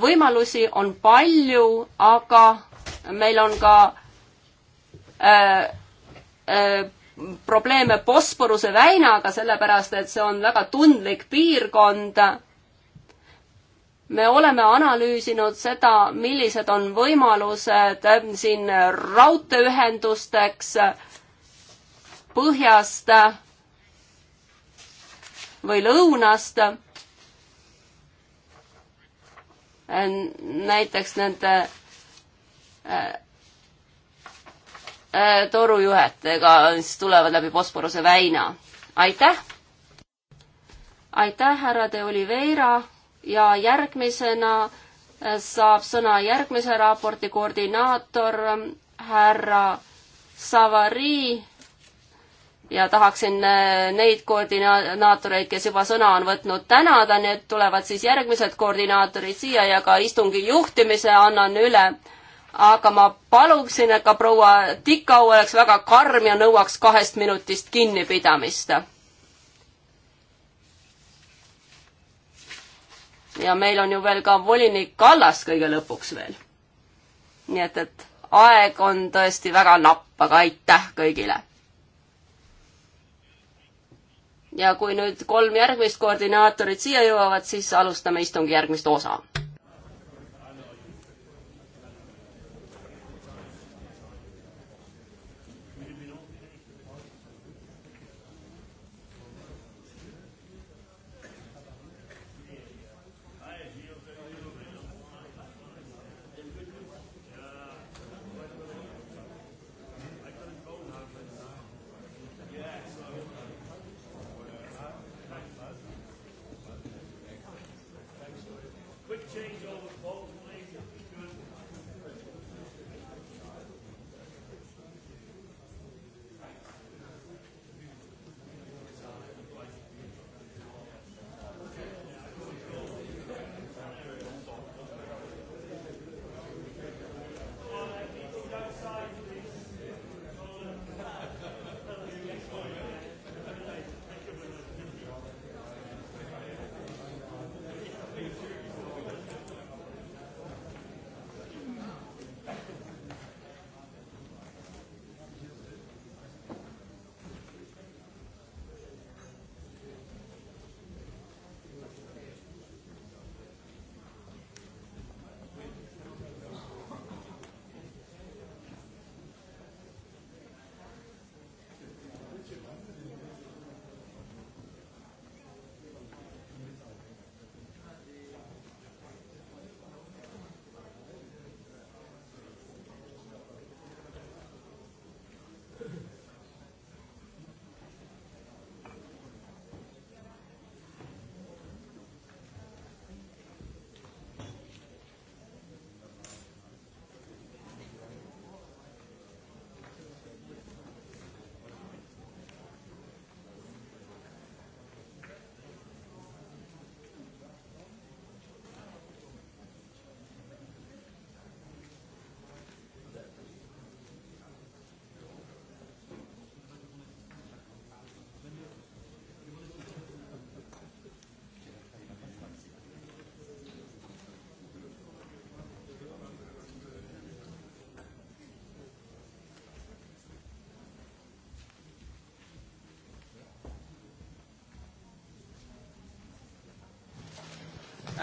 võimalusi on palju, aga meil on ka äh, äh, probleeme Bosporuse väinaga, sellepärast et see on väga tundlik piirkond äh, me oleme analüüsinud seda, millised on võimalused äh, siin raudteeühendusteks põhjast äh, või lõunast. Äh, näiteks nende torujuhetega, mis tulevad läbi Bosporuse väina. aitäh! aitäh, härra De Oliveira! ja järgmisena äh, saab sõna järgmise raporti koordinaator ähm, härra Savari ja tahaksin äh, neid koordinaatoreid, kes juba sõna on võtnud, tänada, need tulevad siis järgmised koordinaatorid siia ja ka istungi juhtimise annan üle. aga ma paluksin, et ka proua Tikau oleks väga karm ja nõuaks kahest minutist kinnipidamist ja meil on ju veel ka volinik Kallas kõige lõpuks veel. nii et, et aeg on tõesti väga napp, aga aitäh kõigile. ja kui nüüd kolm järgmist koordinaatorit siia jõuavad, siis alustame istungi järgmist osa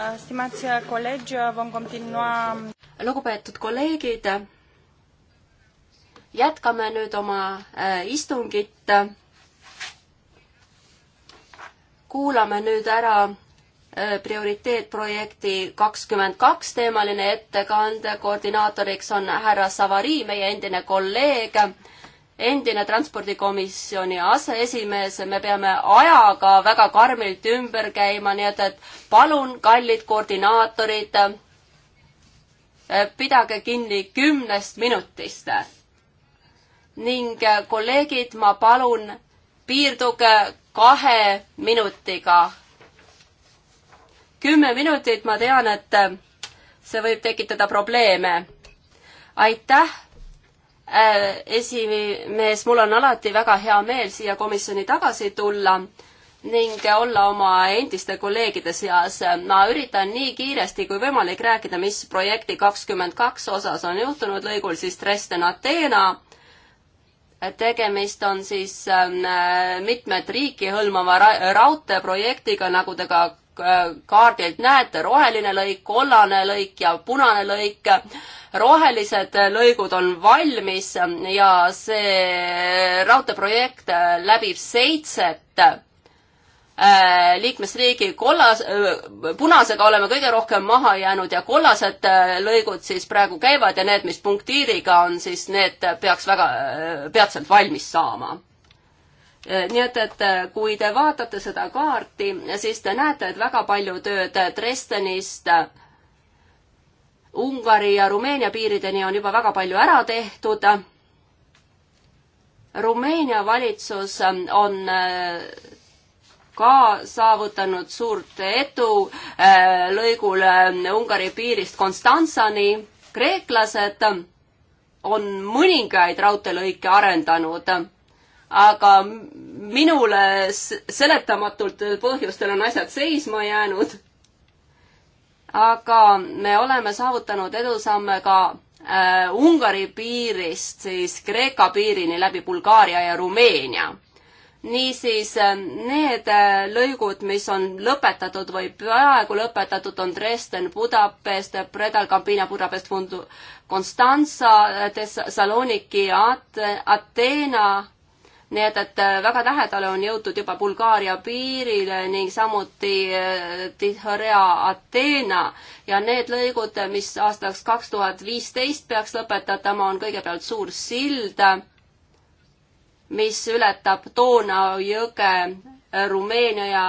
Uh, stimați uh, colegi, uh, vom continua... Um, Lugupeetud kolleegid, jätkame nüüd oma äh, istungit. Kuulame nüüd ära äh, prioriteetprojekti kakskümmend kaks teemaline ettekande, koordinaatoriks on härra Savari, meie endine kolleeg endine transpordikomisjoni aseesimees, me peame ajaga väga karmilt ümber käima, nii et, et palun, kallid koordinaatorid, pidage kinni kümnest minutist. ning kolleegid, ma palun, piirduge kahe minutiga. kümme minutit, ma tean, et see võib tekitada probleeme. aitäh Äh, esimees, mul on alati väga hea meel siia komisjoni tagasi tulla ning olla oma endiste kolleegide seas. ma üritan nii kiiresti kui võimalik rääkida, mis projekti kakskümmend kaks osas on juhtunud lõigul siis Dresden Ateena. tegemist on siis ähm, mitmed riiki hõlmava raudteeprojektiga, nagu te ka kaardilt näete, roheline lõik, kollane lõik ja punane lõik. rohelised lõigud on valmis ja see raudteeprojekt läbib seitset äh, liikmesriigi kollas, äh, punasega oleme kõige rohkem maha jäänud ja kollased äh, lõigud siis praegu käivad ja need, mis punktiiriga on, siis need peaks väga peatselt valmis saama Eh, nii et, et eh, kui te vaatate seda kaarti, siis te näete, et väga palju tööd eh, Dresdenist Ungari ja Rumeenia piirideni on juba väga palju ära tehtud. Rumeenia valitsus on ka saavutanud suurt edu lõigul Ungari piirist Konstantsani. kreeklased on mõningaid raudteelõike arendanud aga minule seletamatult põhjustel on asjad seisma jäänud. aga me oleme saavutanud edusamme ka äh, Ungari piirist siis Kreeka piirini läbi Bulgaaria ja Rumeenia niisiis äh, need äh, lõigud, mis on lõpetatud või peaaegu lõpetatud, on Dresden, Budapest, Predal, Campina, Budapest, Konstantsa, Thessaloniki, Ateena nii et, et äh, väga lähedale on jõutud juba Bulgaaria piirile ning samuti äh, Tiharea Ateena ja need lõigud, mis aastaks kaks tuhat viisteist peaks lõpetatama, on kõigepealt suur sild, mis ületab Donau jõge äh, Rumeenia ja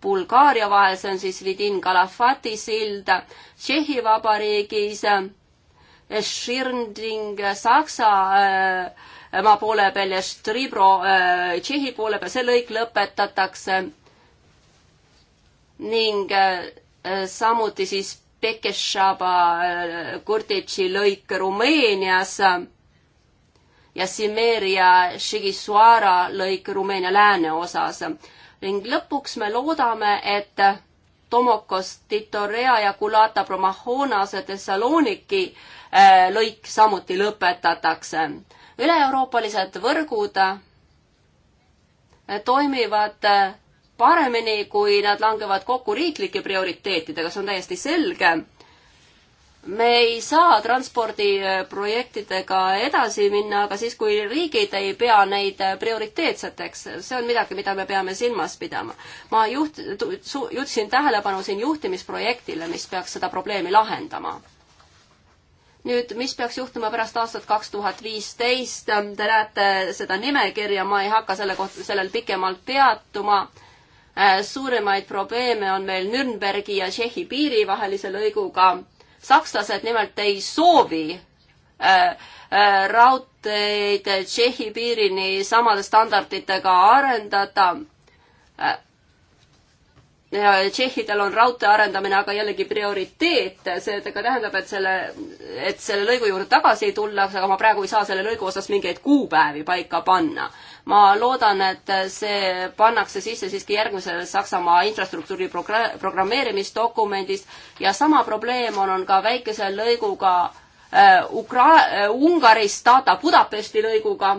Bulgaaria vahel, see on siis Vidin Kalafati sild, Tšehhi Vabariigis, Schirnding Saksa äh, maa poole peal ja Štribro äh, Tšehhi poole peal, see lõik lõpetatakse. ning äh, samuti siis Pekešaba äh, Kurtitši lõik Rumeenias ja Simeeria Šigisuara lõik Rumeenia lääneosas. ning lõpuks me loodame, et Tomokos, Titorea ja Kulata Promahonas ja Thessaloniki lõik samuti lõpetatakse üle-euroopalised võrgud eh, toimivad eh, paremini, kui nad langevad kokku riiklike prioriteetidega, see on täiesti selge. me ei saa transpordiprojektidega edasi minna, aga siis, kui riigid ei pea neid eh, prioriteetseteks, see on midagi, mida me peame silmas pidama. ma juht-, juhtisin tähelepanu siin juhtimisprojektile, mis peaks seda probleemi lahendama nüüd, mis peaks juhtuma pärast aastat kaks tuhat viisteist, te näete seda nimekirja, ma ei hakka selle kohta, sellel pikemalt peatuma. Äh, suurimaid probleeme on meil Nürnbergi ja Tšehhi piiri vahelise lõiguga. sakslased nimelt ei soovi äh, äh, raudteid Tšehhi piirini samade standarditega arendada tšehhidel on raudtee arendamine aga jällegi prioriteet, seega tähendab, et selle, et selle lõigu juurde tagasi ei tulla, aga ma praegu ei saa selle lõigu osas mingeid kuupäevi paika panna. ma loodan, et see pannakse sisse siiski järgmises Saksamaa infrastruktuuri progra-, programmeerimisdokumendis ja sama probleem on, on ka väikese lõiguga äh, Ukra- äh,, Ungaris Tata Budapesti lõiguga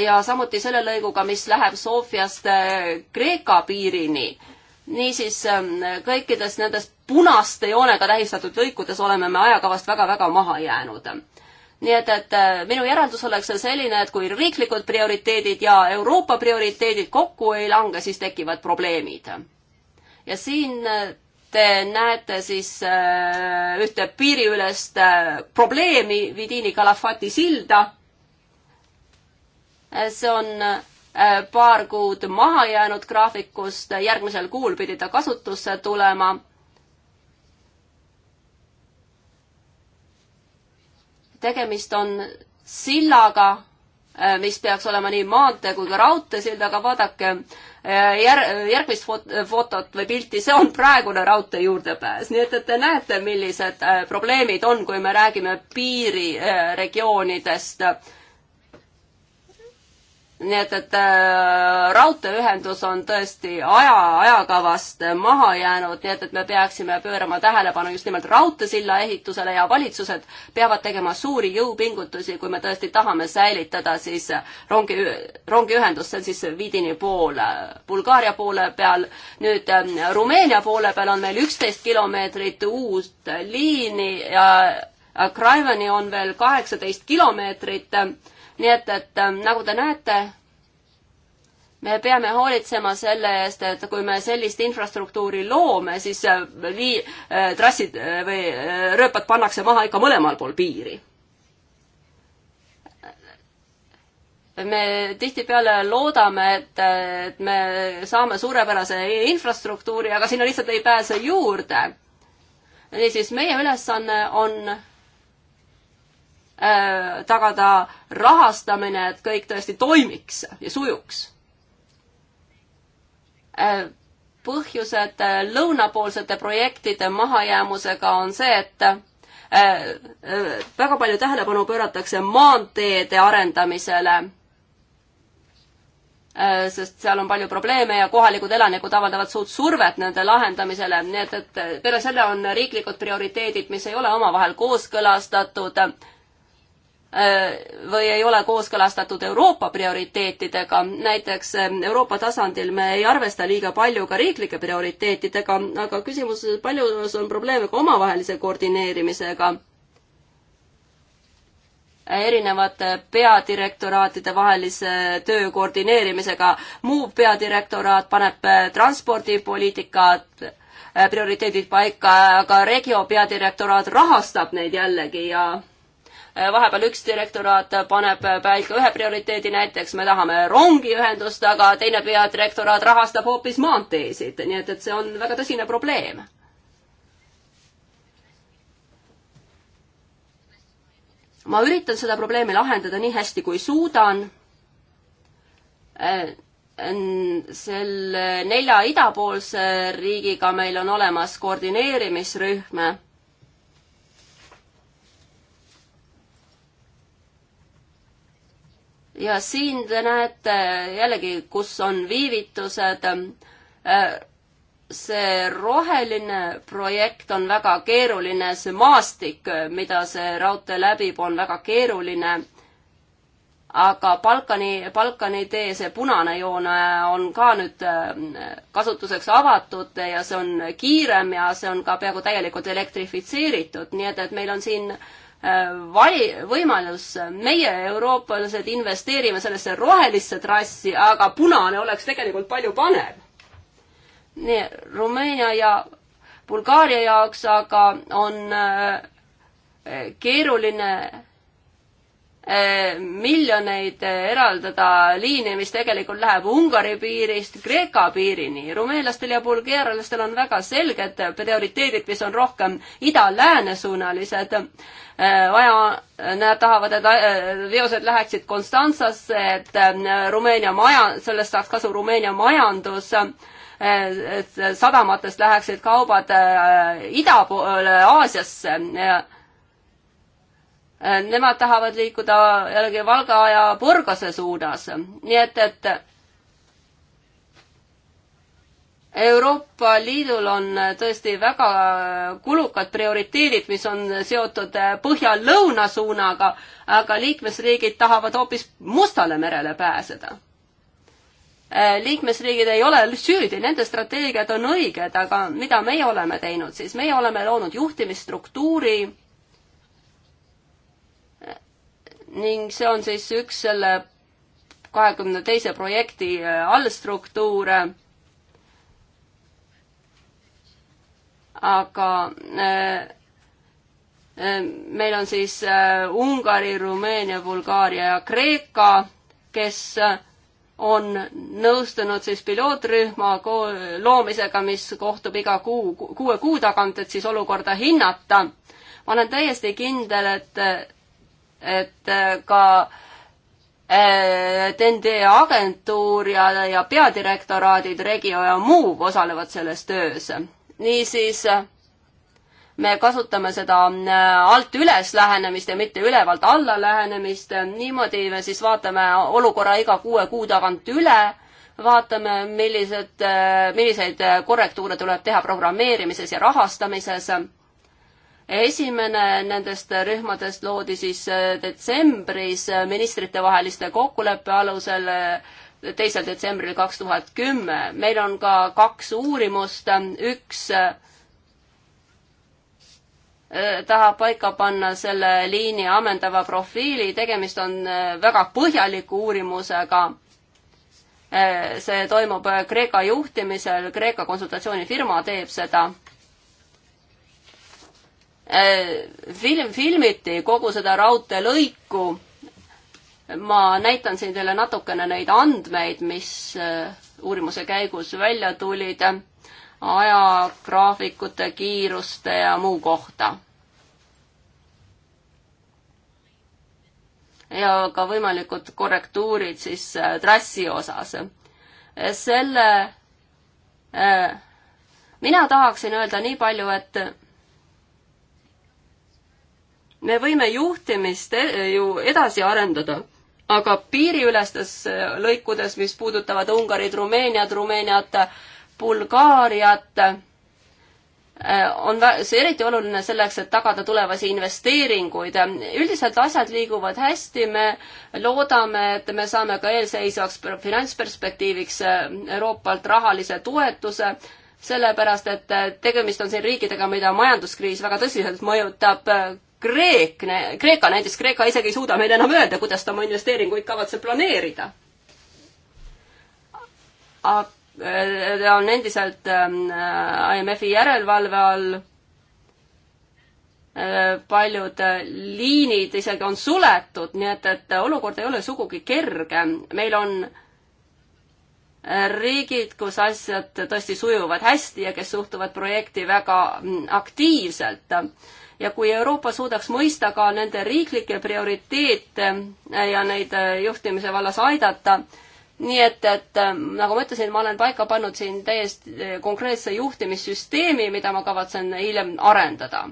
ja samuti selle lõiguga, mis läheb Sofiast äh, Kreeka piirini. niisiis ähm, kõikides nendes punaste joonega tähistatud lõikudes oleme me ajakavast väga-väga maha jäänud nii et, et äh, minu järeldus oleks selline, et kui riiklikud prioriteedid ja Euroopa prioriteedid kokku ei lange, siis tekivad probleemid. ja siin äh, te näete siis ühte piiriülest probleemi, Vidini Kalafati silda see on äh, paar kuud maha jäänud graafikust, järgmisel kuul pidi ta kasutusse tulema. tegemist on sillaga, äh, mis peaks olema nii maantee kui ka raudteesildaga, vaadake äh, jär-, järgmist fot-, fotot või pilti, see on praegune raudtee juurdepääs, nii et, et te näete, millised probleemid on, kui me räägime piiriregioonidest äh, nii et, et äh, raudteeühendus on tõesti aja, ajakavast maha jäänud, nii et, et me peaksime pöörama tähelepanu just nimelt raudteesilla ehitusele ja valitsused peavad tegema suuri jõupingutusi, kui me tõesti tahame säilitada siis rongi, rongiühendust, see on siis Vidini pool, Bulgaaria poole peal. nüüd ähm, Rumeenia poole peal on meil üksteist kilomeetrit uut liini ja Krajvani on veel kaheksateist kilomeetrit nii et, et ähm, nagu te näete, me peame hoolitsema selle eest, et kui me sellist infrastruktuuri loome, siis äh, vii-, äh, trassid äh, või rööpad pannakse maha ikka mõlemal pool piiri. me tihtipeale loodame, et, et me saame suurepärase infrastruktuuri, aga sinna lihtsalt ei pääse juurde. niisiis, meie ülesanne on Äh, tagada rahastamine, et kõik tõesti toimiks ja sujuks. Äh, põhjused äh, lõunapoolsete projektide mahajäämusega on see, et väga palju tähelepanu pööratakse maanteede arendamisele sest seal on palju probleeme ja kohalikud elanikud avaldavad suurt survet nende lahendamisele, nii et, et peale selle on riiklikud prioriteedid, mis ei ole omavahel kooskõlastatud. Äh, või ei ole kooskõlastatud Euroopa prioriteetidega. näiteks äh, Euroopa tasandil me ei arvesta liiga palju ka riiklike prioriteetidega, aga küsimus, paljus on probleeme ka omavahelise koordineerimisega. erinevate peadirektoraatide vahelise töö koordineerimisega. muu peadirektoraat paneb äh, transpordipoliitikat prioriteedid paika, aga Regio peadirektoraat rahastab neid jällegi ja Eh, vahepeal üks direktoraat paneb paika ühe prioriteedi, näiteks me tahame rongiühendust, aga teine peadirektoraat rahastab hoopis maanteesid, nii et, et see on väga tõsine probleem. ma üritan seda probleemi lahendada nii hästi, kui suudan. Eh, selle nelja idapoolse riigiga meil on olemas koordineerimisrühm ja siin te näete jällegi, kus on viivitused. Äh, see roheline projekt on väga keeruline, see maastik, mida see raudtee läbib, on väga keeruline aga Balkani, Balkani tee, see punane joon on ka nüüd äh, kasutuseks avatud ja see on kiirem ja see on ka peaaegu täielikult elektrifitseeritud, nii et, et meil on siin äh, vali, võimalus, meie, eurooplased, investeerime sellesse rohelisse trassi, aga punane oleks tegelikult palju panev. nii, Rumeenia ja Bulgaaria jaoks aga on äh, keeruline Eh, miljoneid eh, eraldada liine, mis tegelikult läheb Ungari piirist Kreeka piirini. rumeenlastel ja bulgeerlastel on väga selged prioriteedid, mis on rohkem ida-lääne suunalised. Eh, vaja, nad tahavad, et veosed läheksid Konstantsasse, et Rumeenia maja, sellest saaks kasu Rumeenia majandus et sadamatest läheksid kaubad ida poole Aasiasse ja Äh, nemad tahavad liikuda jällegi Valga ja Burgase suunas, nii et, et Euroopa Liidul on tõesti väga kulukad prioriteedid, mis on seotud põhja-lõuna suunaga, aga liikmesriigid tahavad hoopis Mustale merele pääseda. Äh, liikmesriigid ei ole süüdi, nende strateegiad on õiged, aga mida meie oleme teinud siis? meie oleme loonud juhtimisstruktuuri ning see on siis üks selle kahekümne teise projekti äh, allstruktuure. aga äh, äh, meil on siis Ungari, Rumeenia, Bulgaaria ja Kreeka, kes on nõustunud siis pilootrühma loomisega, mis kohtub iga kuu, kuue kuu tagant, et siis olukorda hinnata. ma olen täiesti kindel, et et äh, ka TNT äh, agentuur ja, ja peadirektoraadid, Regio ja muu osalevad selles töös. niisiis me kasutame seda äh, alt üles lähenemist ja mitte ülevalt alla lähenemist. niimoodi me siis vaatame olukorra iga kuue kuu tagant üle, vaatame, millised, milliseid korrektuure tuleb teha programmeerimises ja rahastamises esimene nendest rühmadest loodi siis äh, detsembris äh, ministritevaheliste kokkuleppe alusel, äh, teisel detsembril kaks tuhat kümme. meil on ka kaks uurimust, üks tahab paika panna selle liini ammendava profiili, tegemist on väga põhjaliku uurimusega see toimub Kreeka juhtimisel, Kreeka konsultatsioonifirma teeb seda. Äh, film, filmiti kogu seda raudteelõiku. ma näitan siin teile natukene neid andmeid, mis äh, uurimuse käigus välja tulid ajagraafikute, kiiruste ja muu kohta. ja ka võimalikud korrektuurid siis äh, trassi osas. selle, mina tahaksin öelda nii palju, et me võime juhtimist e-, ju edasi arendada, aga piiriülestes e, lõikudes, mis puudutavad Ungarit, Rumeeniat, Rumeeniat, Bulgaariat, e, on see eriti oluline selleks, et tagada tulevasi investeeringuid. üldiselt asjad liiguvad hästi, me loodame, et me saame ka eelseisvaks finantsperspektiiviks Euroopalt rahalise toetuse sellepärast et tegemist on siin riikidega, mida majanduskriis väga tõsiselt mõjutab. Kreek, Kreeka näiteks, Kreeka isegi ei suuda meile enam öelda, kuidas ta oma investeeringuid kavatseb planeerida. Äh, ta on endiselt ähm, äh, IMF-i järelevalve all. Äh, paljud liinid isegi on suletud, nii et, et olukord ei ole sugugi kerge. meil on riigid, kus asjad tõesti sujuvad hästi ja kes suhtuvad projekti väga mm, aktiivselt ja kui Euroopa suudaks mõista ka nende riiklikke prioriteete äh, ja neid äh, juhtimise vallas aidata, nii et, et äh, nagu ma ütlesin, ma olen paika pannud siin täiesti konkreetse juhtimissüsteemi, mida ma kavatsen hiljem arendada.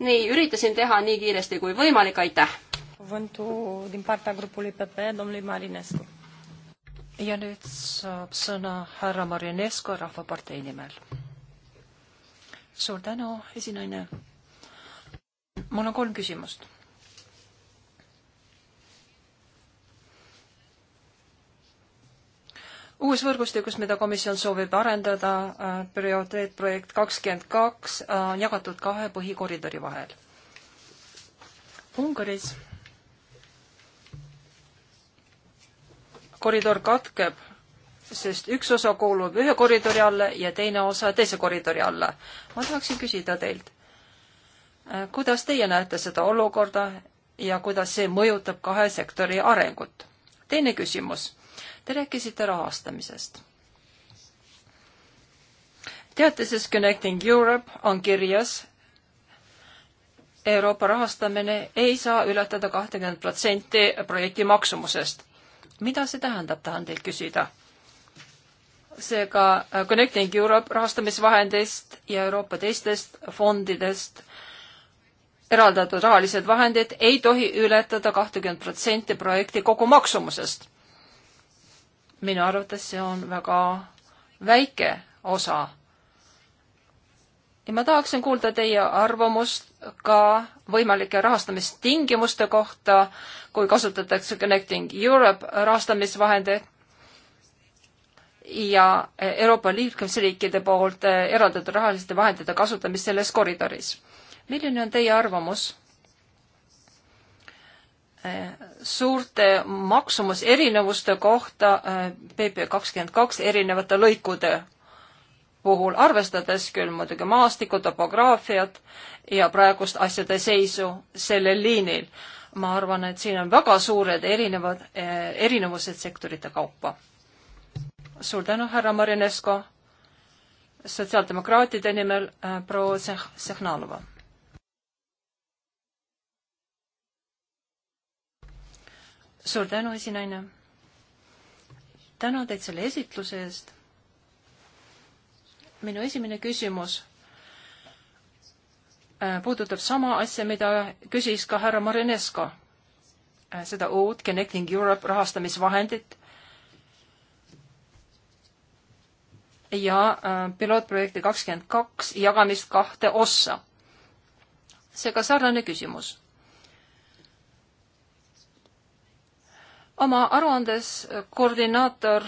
nii, üritasin teha nii kiiresti kui võimalik, aitäh! ja nüüd saab sõna härra Marinesko Rahvapartei nimel. suur tänu, esinaine mul on kolm küsimust. uus võrgustikus, mida komisjon soovib arendada, äh, prioriteetprojekt kakskümmend kaks, äh, on jagatud kahe põhikoridori vahel. Ungaris koridor katkeb sest üks osa kuulub ühe koridori alla ja teine osa teise koridori alla. ma tahaksin küsida teilt, kuidas teie näete seda olukorda ja kuidas see mõjutab kahe sektori arengut? teine küsimus. Te rääkisite rahastamisest. teatises Connecting Europe on kirjas, Euroopa rahastamine ei saa ületada kahtekümmet protsenti projekti maksumusest. mida see tähendab, tahan teilt küsida seega Connecting Europe rahastamisvahendist ja Euroopa teistest fondidest eraldatud rahalised vahendid ei tohi ületada kahtekümmet protsenti projekti kogumaksumusest. minu arvates see on väga väike osa. ja ma tahaksin kuulda teie arvamust ka võimalike rahastamistingimuste kohta, kui kasutatakse Connecting Europe rahastamisvahendeid ja Euroopa liikmesriikide poolt eraldatud rahaliste vahendite kasutamist selles koridoris milline on teie arvamus? suurte maksumuserinevuste kohta PP eh, kakskümmend kaks erinevate lõikude puhul, arvestades küll muidugi maastikku, topograafiat ja praegust asjade seisu sellel liinil. ma arvan, et siin on väga suured erinevad, eh, erinevused sektorite kaupa. suur tänu, härra Marinesko. sotsiaaldemokraatide nimel eh, proua Sehh-, Sehnalova suur tänu, esinaine. tänan teid selle esitluse eest. minu esimene küsimus äh, puudutab sama asja, mida küsis ka härra Marinesko, äh, seda uut Connecting Europe rahastamisvahendit ja äh, pilootprojekti kakskümmend kaks jagamist kahte ossa. seega sarnane küsimus oma aruandes äh, koordinaator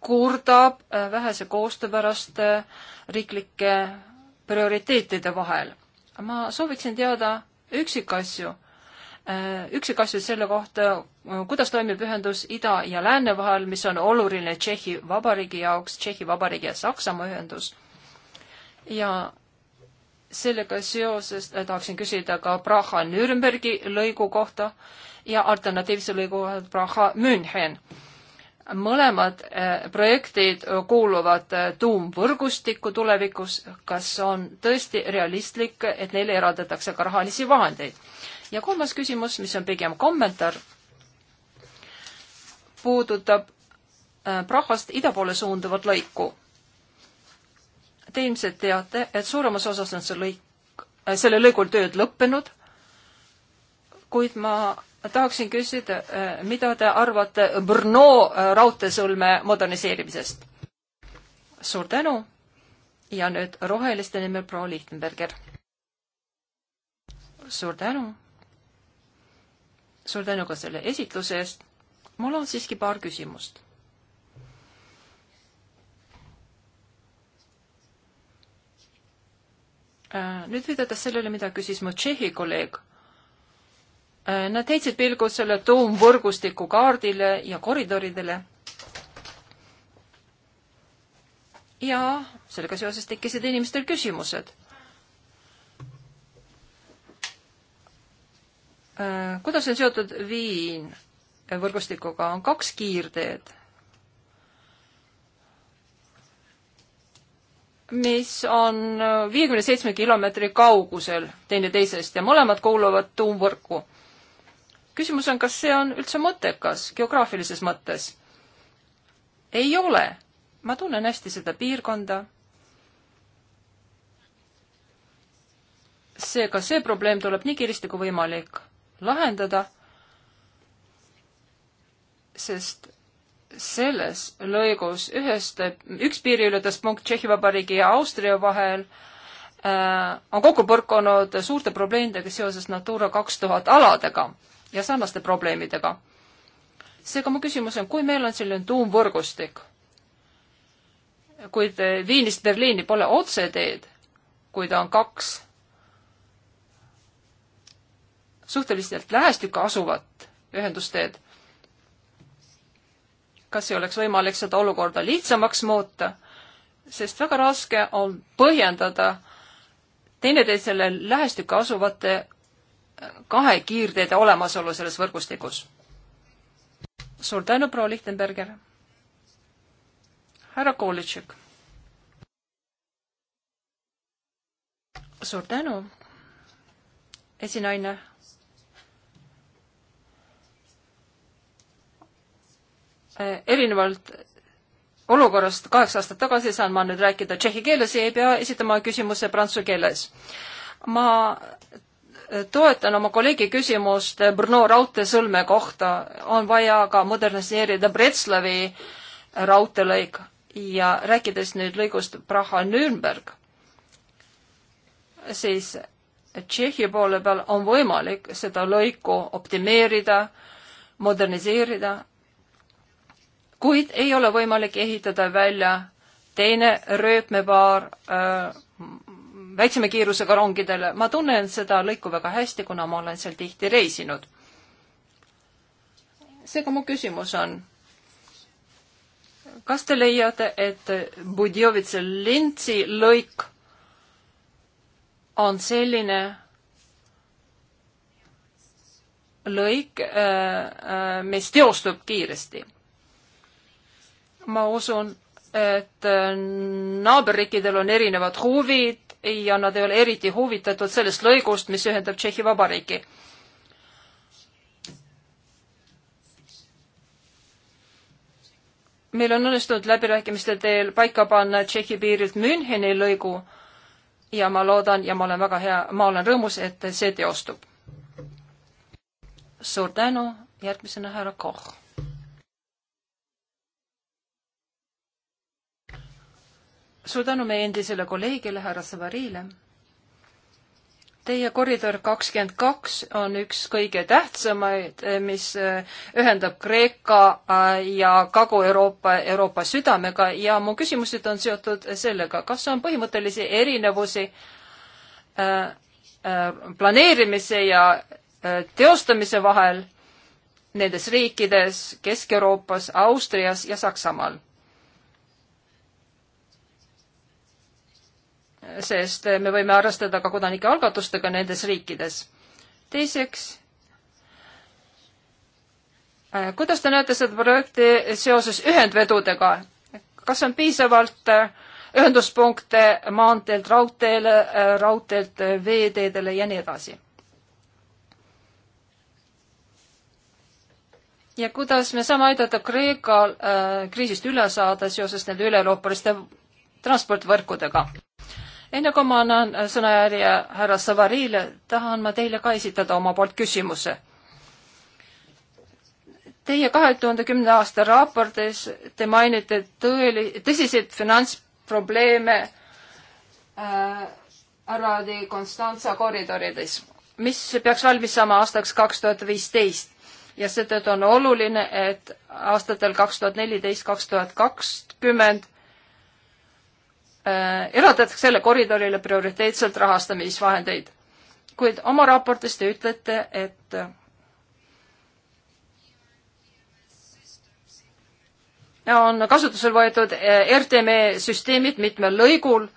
kurdab äh, vähese koostöö pärast äh, riiklike prioriteetide vahel. ma sooviksin teada üksikasju, üksikasju selle kohta, kuidas toimib ühendus ida ja lääne vahel, mis on oluline Tšehhi Vabariigi jaoks, Tšehhi Vabariigi ja Saksamaa ühendus. ja sellega seoses tahaksin küsida ka Praha-Nürnbergi lõigu kohta ja alternatiivse lõigu Praha München. mõlemad eh, projektid kuuluvad eh, tuumvõrgustikku tulevikus, kas on tõesti realistlik, et neile eraldatakse ka rahalisi vahendeid? ja kolmas küsimus, mis on pigem kommentaar, puudutab eh, Prahast ida poole suunduvat lõiku. Te ilmselt teate, et suuremas osas on see lõik, sellel lõigul tööd lõppenud, kuid ma tahaksin küsida, eh, mida te arvate Brno eh, raudteesõlme moderniseerimisest? suur tänu ja nüüd roheliste nimel proua Lichtenberger. suur tänu. suur tänu ka selle esitluse eest. mul on siiski paar küsimust. Eh, nüüd viidates sellele, mida küsis mu Tšehhi kolleeg Äh, nad heitsid pilgu selle tuumvõrgustiku kaardile ja koridoridele. ja sellega seoses tekkisid inimestel küsimused. Äh, kuidas on seotud Viin võrgustikuga? on kaks kiirteed mis on viiekümne seitsme kilomeetri kaugusel teineteisest ja mõlemad kuuluvad tuumvõrku küsimus on, kas see on üldse mõttekas geograafilises mõttes? ei ole. ma tunnen hästi seda piirkonda. seega see probleem tuleb nii kiiresti kui võimalik lahendada, sest selles lõigus ühest, üks piiriületuspunkt Tšehhi Vabariigi ja Austria vahel äh, on kokku põrkunud suurte probleemidega seoses Natura kaks tuhat aladega ja sarnaste probleemidega. seega mu küsimus on, kui meil on selline tuumvõrgustik, kuid Viinist Berliini pole otseteed, kuid on kaks suhteliselt lähestikku asuvat ühendusteed, kas ei oleks võimalik seda olukorda lihtsamaks muuta, sest väga raske on põhjendada teineteisele lähestikku asuvate kahe kiirteede olemasolu selles võrgustikus. suur tänu, proua Lichtenberger. härra Kolitšik. suur tänu, esinaine. Äh, erinevalt olukorrast kaheksa aastat tagasi saan ma nüüd rääkida tšehhi keeles ja ei pea esitama küsimuse prantsuse keeles. ma toetan oma kolleegi küsimust Brno raudteesõlme kohta. on vaja ka moderniseerida Breslavi raudteelõik ja rääkides nüüd lõigust Praha-Nürnberg, siis Tšehhi poole peal on võimalik seda lõiku optimeerida, moderniseerida, kuid ei ole võimalik ehitada välja teine rööpmepaar äh, väiksema kiirusega rongidele. ma tunnen seda lõiku väga hästi, kuna ma olen seal tihti reisinud. seega mu küsimus on, kas te leiate, et Budjovitsa-Lintsi lõik on selline lõik, äh, äh, mis teostub kiiresti? ma usun, et äh, naaberriikidel on erinevad huvid, ja nad ei ole eriti huvitatud sellest lõigust, mis ühendab Tšehhi Vabariiki. meil on õnnestunud läbirääkimiste teel paika panna Tšehhi piirilt Müncheni lõigu ja ma loodan ja ma olen väga hea, ma olen rõõmus, et see teostub. suur tänu, järgmisena härra Koch suur tänu meie endisele kolleegile, härra Savarile. Teie koridor kakskümmend kaks on üks kõige tähtsamaid, eh, mis eh, ühendab Kreeka eh, ja Kagu-Euroopa, Euroopa südamega ja mu küsimused on seotud sellega, kas on põhimõttelisi erinevusi planeerimise ja teostamise vahel nendes riikides, Kesk-Euroopas, Austrias ja Saksamaal sest me võime arvestada ka kodanike algatustega nendes riikides. teiseks, äh, kuidas te näete seda projekti seoses ühendvedudega? kas on piisavalt äh, ühenduspunkte maanteelt raudteele, äh, raudteelt veeteedele ja nii edasi? ja kuidas me saame aidata Kreekal äh, kriisist üle saada seoses nende üle-euroopaliste transportvõrkudega? enne kui ma annan sõnajärje härra Savarile, tahan ma teile ka esitada oma poolt küsimuse. Teie kahe tuhande kümne aasta raportis te mainite tõeli, tõsiseid finantsprobleeme äh, Aradi Konstantsa koridorides, mis peaks valmis saama aastaks kaks tuhat viisteist ja seetõttu on oluline, et aastatel kaks tuhat neliteist, kaks tuhat kakskümmend Äh, eraldatakse selle koridorile prioriteetselt rahastamisvahendeid. kuid oma raportis te ütlete, et äh, on kasutusele võetud äh, RTM e süsteemid mitmel lõigul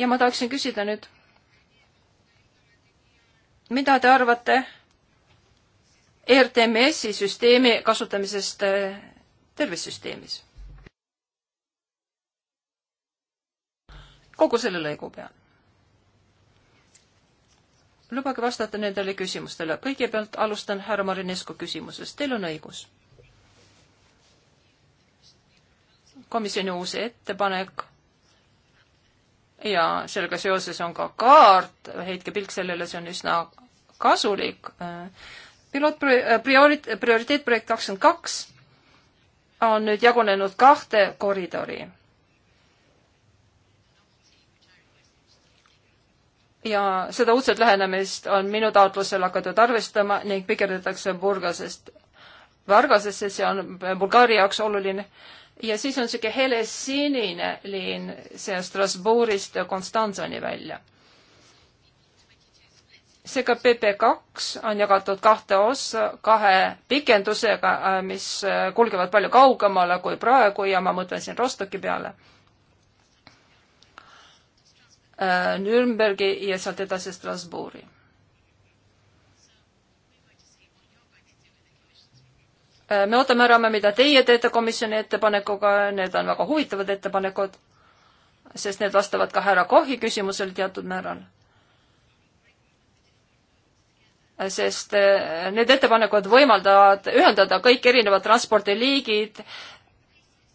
ja ma tahaksin küsida nüüd, mida te arvate RTMS-i süsteemi kasutamisest tervissüsteemis? kogu selle lõigu peal. lubage vastata nendele küsimustele. kõigepealt alustan härra Marinesko küsimusest. Teil on õigus. komisjoni uus ettepanek ja sellega seoses on ka kaart, heitke pilk sellele, see on üsna kasulik. pilootprojekt, äh, priori-, prioriteetprojekt kakskümmend kaks on nüüd jagunenud kahte koridori ja seda uudset lähenemist on minu taotlusel hakatud arvestama ning pikerdatakse Burgasest Vargasesse, see on Bulgaaria jaoks oluline. ja siis on niisugune hele sinine liin, see Strasbourgist Konstantsoni välja. seega PP2 on jagatud kahte ossa kahe pikendusega, mis kulgevad palju kaugemale kui praegu ja ma mõtlen siin Rostoki peale Äh, Nürnbergi ja sealt edasi Strasbourgi. Äh, me ootame ära, mida teie teete komisjoni ettepanekuga, need on väga huvitavad ettepanekud, sest need vastavad ka härra Kohi küsimusele teatud määral sest äh, need ettepanekud võimaldavad ühendada kõik erinevad transpordiliigid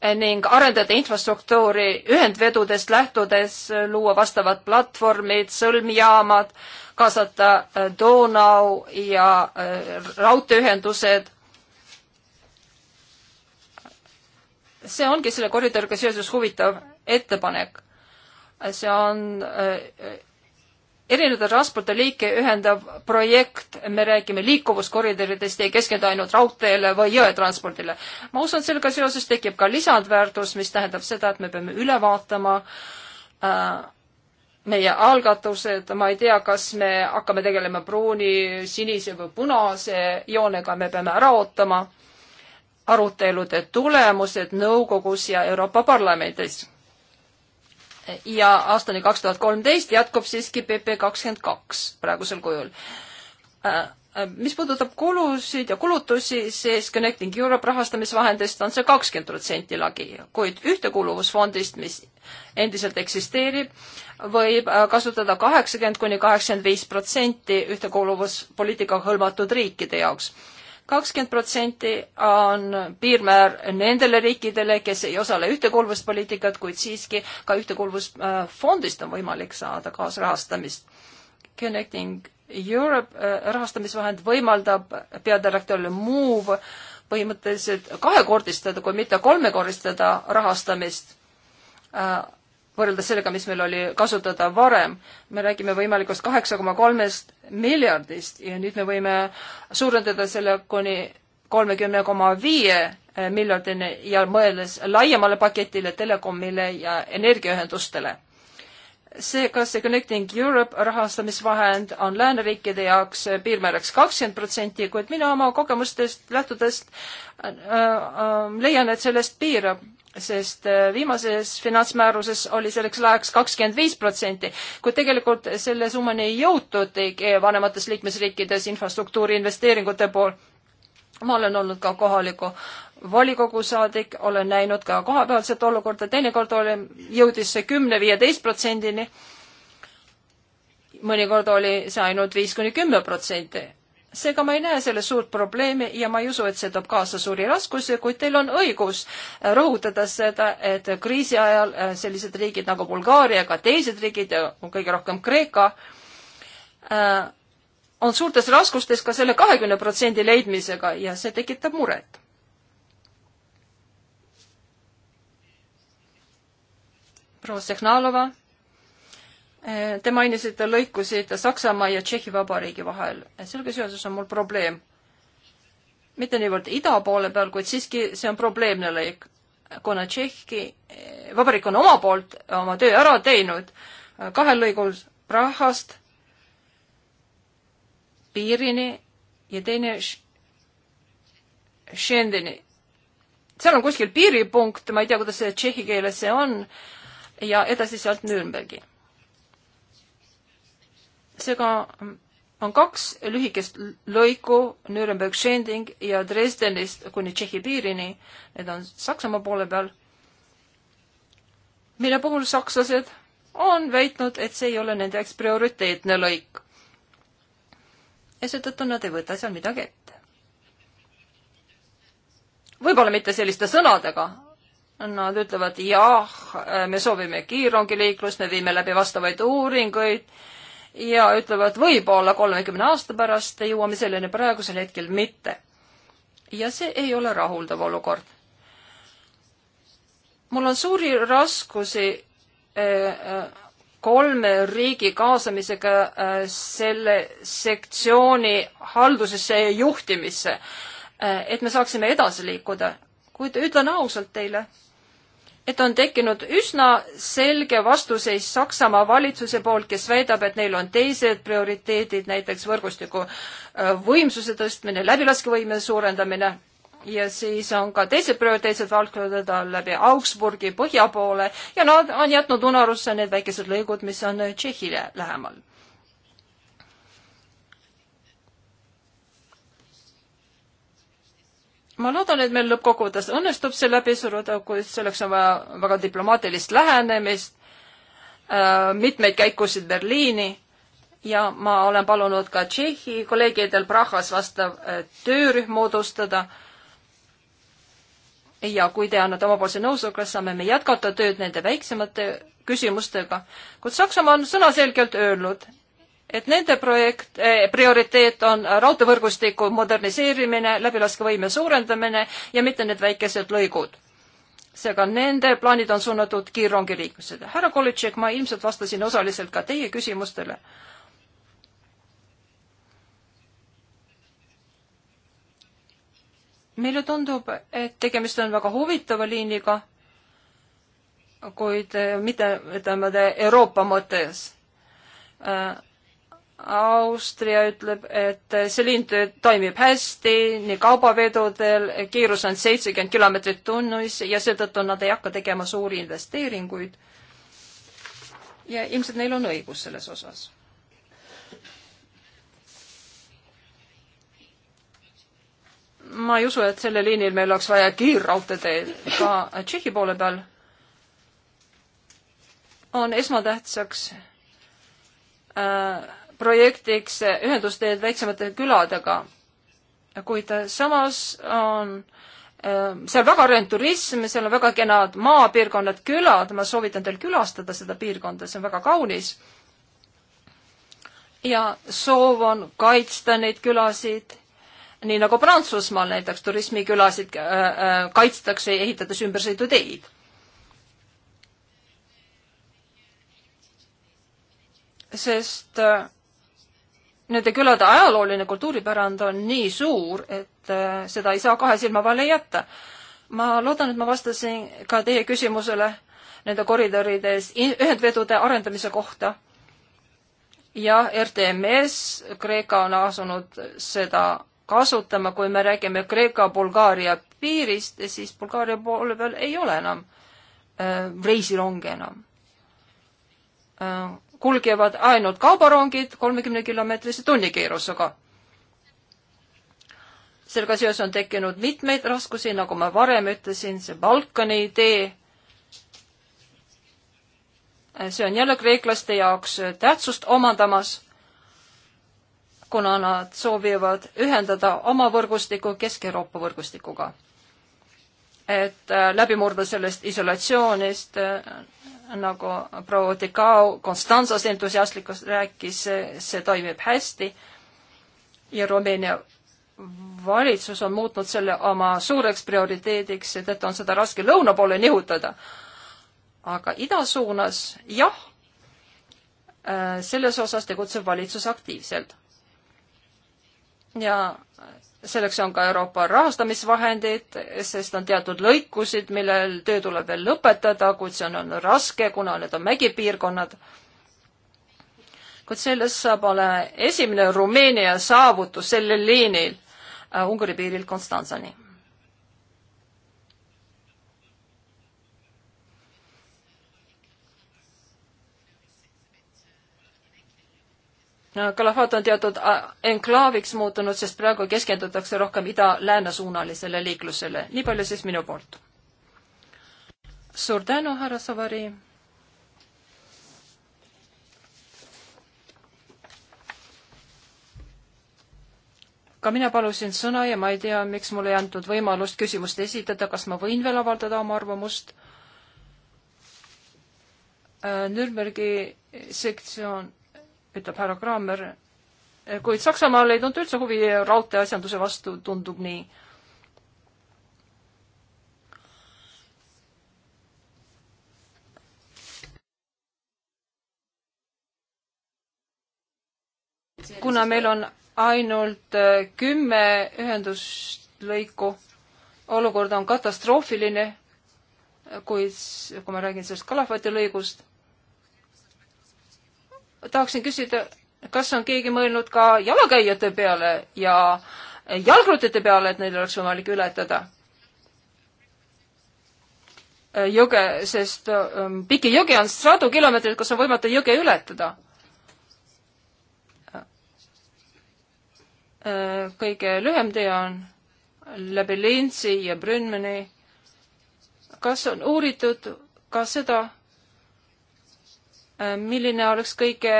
ning arendada infrastruktuuri ühendvedudest lähtudes, luua vastavad platvormid, sõlmjaamad, kaasata äh, Donau ja äh, raudteeühendused. see ongi selle koridoriga seoses huvitav ettepanek. see on äh, erinevaid transpordiliike ühendav projekt, me räägime liikuvuskoridoridest, ei keskendu ainult raudteele või jõetranspordile. ma usun, sellega seoses tekib ka lisandväärtus, mis tähendab seda, et me peame üle vaatama äh, meie algatused, ma ei tea, kas me hakkame tegelema pruuni, sinise või punase joonega, me peame ära ootama arutelude tulemused nõukogus ja Euroopa Parlamendis ja aastani kaks tuhat kolmteist jätkub siiski PP kakskümmend kaks praegusel kujul. Äh, äh, mis puudutab kulusid ja kulutusi, siis Connecting Europe rahastamisvahendist on see kakskümmend protsenti lagi, kuid ühtekuuluvusfondist, mis endiselt eksisteerib, võib äh, kasutada kaheksakümmend kuni kaheksakümmend viis protsenti ühtekuuluvuspoliitikaga hõlmatud riikide jaoks kakskümmend protsenti on piirmäär nendele riikidele, kes ei osale ühtekuuluvuspoliitikat, kuid siiski ka ühtekuuluvusfondist on võimalik saada kaasrahastamist. Connecting Europe äh, rahastamisvahend võimaldab peadirektorile Move põhimõtteliselt kahekordistada, kui mitte kolmekordistada rahastamist äh, võrreldes sellega, mis meil oli kasutada varem. me räägime võimalikust kaheksa koma kolmest miljardist ja nüüd me võime suurendada selle kuni kolmekümne koma viie miljardini ja mõeldes laiemale paketile, telekomile ja energiaühendustele. seega see Connecting Europe rahastamisvahend on lääneriikide jaoks piirmääraks kakskümmend protsenti, kuid mina oma kogemustest lähtudest äh, äh, leian, et sellest piirab sest äh, viimases finantsmääruses oli selleks laeks kakskümmend viis protsenti, kuid tegelikult selle summani ei jõutud vanemates liikmesriikides infrastruktuuri investeeringute pool. ma olen olnud ka kohaliku volikogu saadik, olen näinud ka kohapealset olukorda, teinekord olen, jõudis see kümne-viieteist protsendini. mõnikord oli see ainult viis kuni kümme protsenti seega ma ei näe selles suurt probleemi ja ma ei usu, et see toob kaasa suuri raskusi, kuid teil on õigus äh, rõhutada seda, et kriisi ajal äh, sellised riigid nagu Bulgaaria, ka teised riigid ja kõige rohkem Kreeka äh, on suurtes raskustes ka selle kahekümne protsendi leidmisega ja see tekitab muret. proua Sehnalova Te mainisite lõikusid Saksamaa ja Tšehhi Vabariigi vahel. sellega seoses on mul probleem. mitte niivõrd ida poole peal, kuid siiski see on probleemne lõik, kuna Tšehhi Vabariik on oma poolt oma töö ära teinud kahel lõigul Prahast piirini ja teine Schendeni. seal on kuskil piiripunkt, ma ei tea, kuidas see tšehhi keeles see on, ja edasi sealt Nürnbergi seega on kaks lühikest lõiku Nürnberg-Schending ja Dresdenist kuni Tšehhi piirini, need on Saksamaa poole peal, mille puhul sakslased on väitnud, et see ei ole nende jaoks prioriteetne lõik. ja seetõttu nad ei võta seal midagi ette. võib-olla mitte selliste sõnadega, nad ütlevad jah, me soovime kiirrongiliiklust, me viime läbi vastavaid uuringuid ja ütlevad, võib-olla kolmekümne aasta pärast jõuame selleni, praegusel hetkel mitte. ja see ei ole rahuldav olukord. mul on suuri raskusi äh, äh, kolme riigi kaasamisega äh, selle sektsiooni haldusesse ja juhtimisse, et me saaksime edasi liikuda. kuid ütlen ausalt teile, et on tekkinud üsna selge vastuseis Saksamaa valitsuse poolt, kes väidab, et neil on teised prioriteedid, näiteks võrgustiku äh, võimsuse tõstmine, läbilaskevõime suurendamine ja siis on ka teised prioriteetsed valdkonnad läbi Augsburgi põhja poole ja nad on jätnud unarusse need väikesed lõigud, mis on Tšehhile lähemal ma loodan, et meil lõppkokkuvõttes õnnestub see läbi suruda, kuid selleks on vaja väga diplomaatilist lähenemist, äh, mitmeid käikusid Berliini ja ma olen palunud ka Tšehhi kolleegidel Prahas vastav äh, töörühm moodustada. ja kui te annate omapoolse nõusoleku, saame me jätkata tööd nende väiksemate küsimustega, kuid Saksamaa on sõnaselgelt öelnud, et nende projekt eh,, prioriteet on raudteevõrgustiku moderniseerimine, läbilaskevõime suurendamine ja mitte need väikesed lõigud. seega nende plaanid on suunatud kiirrongiliiklusele. härra Kolitšek, ma ilmselt vastasin osaliselt ka teie küsimustele. meile tundub, et tegemist on väga huvitava liiniga, kuid mitte, ütleme, Euroopa mõttes äh, Austria ütleb, et see liin toimib hästi nii kaubavedudel, kiirus on seitsekümmend kilomeetrit tunnis ja seetõttu nad ei hakka tegema suuri investeeringuid. ja ilmselt neil on õigus selles osas. ma ei usu, et sellel liinil meil oleks vaja kiirraudteeteed ka Tšehhi poole peal on esmatähtsaks äh, projektiks ühendusteed väiksemate küladega. kuid samas on ähm, seal väga arenenud turism, seal on väga kenad maapiirkonnad, külad, ma soovitan teil külastada seda piirkonda, see on väga kaunis. ja soov on kaitsta neid külasid, nii nagu Prantsusmaal näiteks turismikülasid äh, äh kaitstakse, ehitades ümbersõiduteid sest äh, nende külade ajalooline kultuuripärand on nii suur, et äh, seda ei saa kahe silma vahele jätta. ma loodan, et ma vastasin ka teie küsimusele nende koridorides ühendvedude arendamise kohta. jah, RTMS, Kreeka on asunud seda kasutama, kui me räägime Kreeka-Bulgaaria piirist, siis Bulgaaria poole peal ei ole enam äh, reisironge enam äh, kulgevad ainult kaubarongid kolmekümne kilomeetrise tunnikiirusega. sellega seoses on tekkinud mitmeid raskusi, nagu ma varem ütlesin, see Balkani tee, see on jälle kreeklaste jaoks tähtsust omandamas, kuna nad soovivad ühendada oma võrgustiku Kesk-Euroopa võrgustikuga. et äh, läbi murda sellest isolatsioonist nagu proua Dekao Konstantsas entusiastlikult rääkis, see toimib hästi ja Rumeenia valitsus on muutnud selle oma suureks prioriteediks, seetõttu on seda raske lõuna poole nihutada. aga ida suunas jah, äh, selles osas tegutseb valitsus aktiivselt. ja selleks on ka Euroopa rahastamisvahendid, sest on teatud lõikusid, millel töö tuleb veel lõpetada, kuid see on olnud raske, kuna need on mägipiirkonnad. kuid sellest saab olema esimene Rumeenia saavutus sellel liinil äh, Ungari piirilt Konstantsani Kalafat on teatud äh, enklaaviks muutunud, sest praegu keskendutakse rohkem ida-lääne suunalisele liiklusele. nii palju siis minu poolt. suur tänu, härra Savari. ka mina palusin sõna ja ma ei tea, miks mulle ei antud võimalust küsimust esitada, kas ma võin veel avaldada oma arvamust. Äh, Nürnbergi sektsioon ütleb härra Kramer, kuid Saksamaal ei tunta üldse huvi raudteeasjanduse vastu, tundub nii. kuna meil on ainult äh, kümme ühenduslõiku, olukord on katastroofiline, kuid kui ma räägin sellest Kalafati lõigust tahaksin küsida, kas on keegi mõelnud ka jalakäijate peale ja jalgrattate peale, et neil oleks võimalik ületada jõge, sest ähm, Piki jõgi on sadu kilomeetreid, kus on võimatu jõge ületada. Äh, kõige lühem tee on läbi Linzi ja Brünnmani. kas on uuritud ka seda, Äh, milline oleks kõige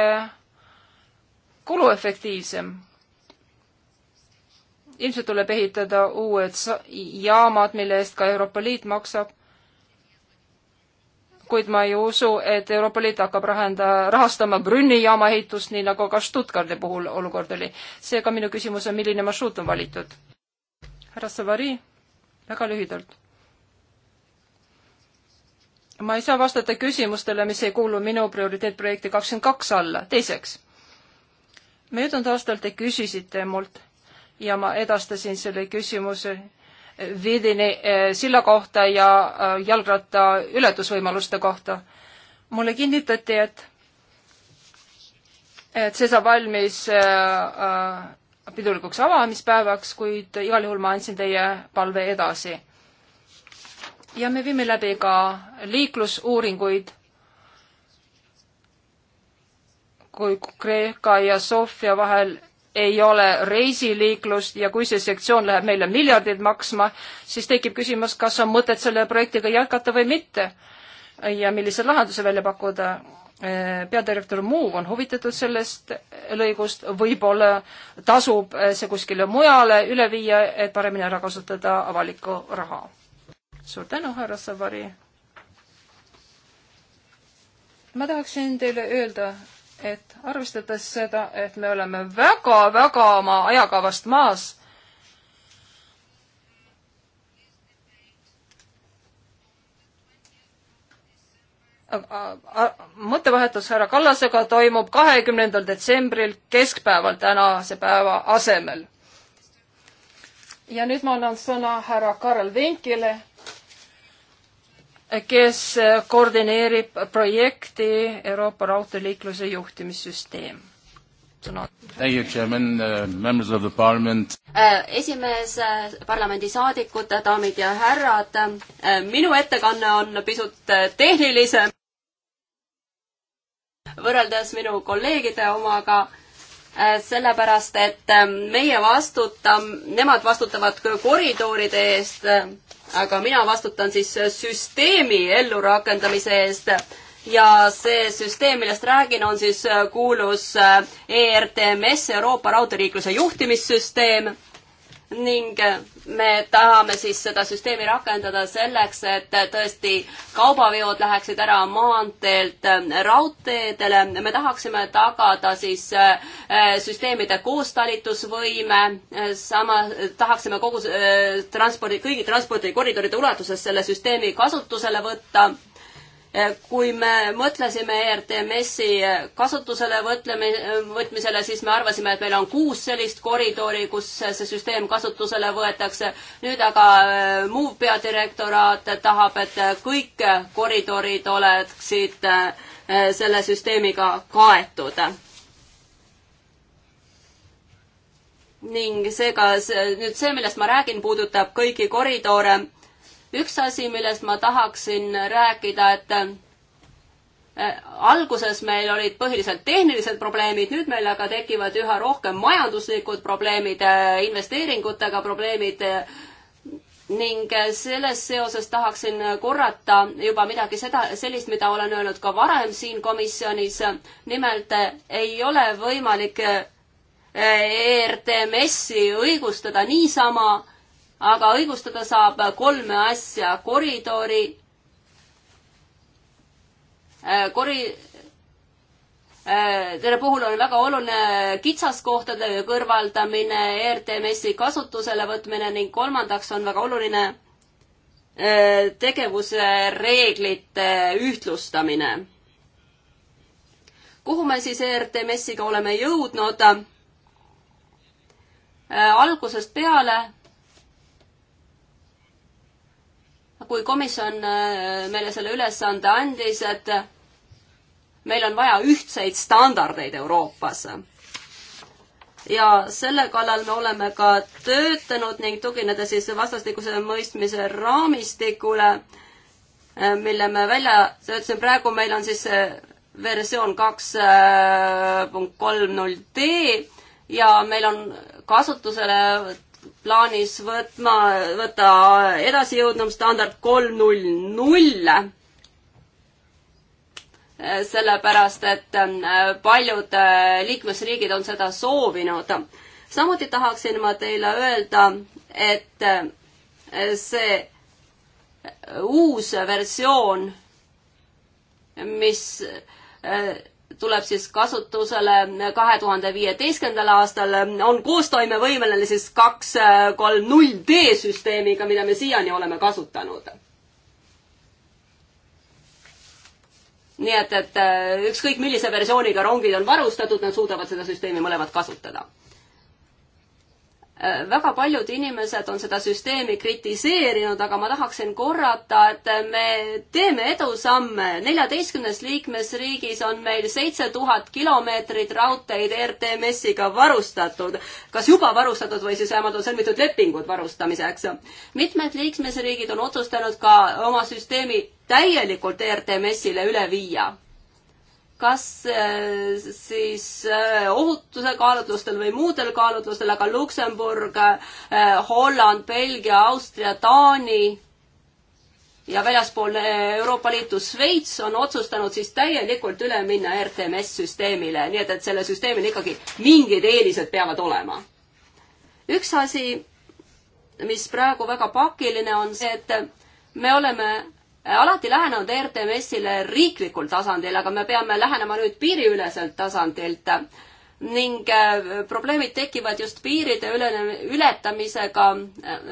kuluefektiivsem. ilmselt tuleb ehitada uued jaamad, mille eest ka Euroopa Liit maksab. kuid ma ei usu, et Euroopa Liit hakkab rahenda, rahastama Brünni jaama ehitust, nii nagu ka Stuttgardi puhul olukord oli. seega minu küsimus on, milline marsruut on valitud? härra Savari, väga lühidalt ma ei saa vastata küsimustele, mis ei kuulu minu prioriteetprojekti kakskümmend kaks alla. teiseks, möödunud aastal te küsisite mult ja ma edastasin selle küsimuse Vidini eh, silla kohta ja eh, jalgratta ületusvõimaluste kohta. mulle kinnitati, et, et see saab valmis äh, pidulikuks avamispäevaks, kuid igal juhul ma andsin teie palve edasi ja me viime läbi ka liiklusuuringuid. kui Kreeka ja Sofia vahel ei ole reisiliiklust ja kui see sektsioon läheb meile miljardeid maksma, siis tekib küsimus, kas on mõtet selle projektiga jätkata või mitte ja millise lahenduse välja pakkuda. Eh, peadirektor Muu on huvitatud sellest lõigust, võib-olla tasub eh, see kuskile mujale üle viia, et paremini ära kasutada avalikku raha suur tänu, härra Savari. ma tahaksin teile öelda, et arvestades seda, et me oleme väga-väga oma ajakavast maas mõttevahetus härra Kallasega toimub kahekümnendal detsembril keskpäeval tänase päeva asemel. ja nüüd ma annan sõna härra Karel Vinkile, kes koordineerib projekti Euroopa raudteeliikluse juhtimissüsteem. sõna. Uh, äh, esimees, äh, parlamendisaadikud, daamid ja härrad, äh, minu ettekanne on pisut tehnilisem võrreldes minu kolleegide omaga Äh, sellepärast et ähm, meie vastutame, nemad vastutavad koridoride eest, äh, aga mina vastutan siis äh, süsteemi ellurakendamise eest ja see süsteem, millest räägin, on siis kuulus ERTMS, Euroopa raudteeliikluse juhtimissüsteem ning me tahame siis seda süsteemi rakendada selleks, et tõesti kaubaveod läheksid ära maanteelt raudteedele. me tahaksime tagada siis äh, süsteemide koostalitusvõime, sama, tahaksime kogu äh, transpordi, kõigi transpordikoridoride ulatuses selle süsteemi kasutusele võtta kui me mõtlesime ERTMS-i kasutusele võtleme, võtmisele, siis me arvasime, et meil on kuus sellist koridori, kus see süsteem kasutusele võetakse. nüüd aga äh, muu peadirektoraat tahab, et kõik koridorid oleksid äh, selle süsteemiga kaetud. ning seega see, nüüd see, millest ma räägin, puudutab kõiki koridore üks asi, millest ma tahaksin rääkida, et äh, alguses meil olid põhiliselt tehnilised probleemid, nüüd meil aga tekivad üha rohkem majanduslikud probleemid, äh, investeeringutega probleemid äh, ning selles seoses tahaksin korrata juba midagi seda, sellist, mida olen öelnud ka varem siin komisjonis. nimelt ei ole võimalik ERTMS-i õigustada niisama aga õigustada saab kolme asja, koridori, äh, kori-, äh, selle puhul on väga oluline kitsaskohtade kõrvaldamine, ERTMS-i kasutusele võtmine ning kolmandaks on väga oluline äh, tegevusreeglite ühtlustamine. kuhu me siis ERTMS-iga oleme jõudnud? algusest peale kui komisjon äh, meile selle ülesande andis, et meil on vaja ühtseid standardeid Euroopas. ja selle kallal me oleme ka töötanud ning tuginedes siis vastastikuse mõistmise raamistikule, äh, mille me välja töötasime, praegu meil on siis versioon kaks äh, punkt kolm null D ja meil on kasutusele plaanis võtma, võtta edasi jõudnum standard kolm null null. sellepärast, et ähm, paljud äh, liikmesriigid on seda soovinud. samuti tahaksin ma teile öelda, et äh, see äh, uus versioon, mis tuleb siis kasutusele kahe tuhande viieteistkümnendal aastal, on koostoimevõimeline siis kaks kolm null D süsteemiga, mida me siiani oleme kasutanud. nii et, et äh, ükskõik millise versiooniga rongid on varustatud, nad suudavad seda süsteemi mõlemad kasutada Äh, väga paljud inimesed on seda süsteemi kritiseerinud, aga ma tahaksin korrata, et me teeme edusamme. neljateistkümnes liikmesriigis on meil seitse tuhat kilomeetrit raudteid RTMS-iga varustatud, kas juba varustatud või siis vähemalt on sõlmitud lepingud varustamiseks. mitmed liikmesriigid on otsustanud ka oma süsteemi täielikult RTMS-ile üle viia kas eh, siis eh, ohutuse kaalutlustel või muudel kaalutlustel, aga Luksemburg, eh, Holland, Belgia, Austria, Taani ja väljaspool Euroopa Liitu Šveits on otsustanud siis täielikult üle minna RTMS süsteemile, nii et, et sellel süsteemil ikkagi mingid eelised peavad olema. üks asi, mis praegu väga pakiline on see, et me oleme alati lähenenud RTMS-ile riiklikul tasandil, aga me peame lähenema nüüd piiriüleselt tasandilt ning äh, probleemid tekivad just piiride ületamisega.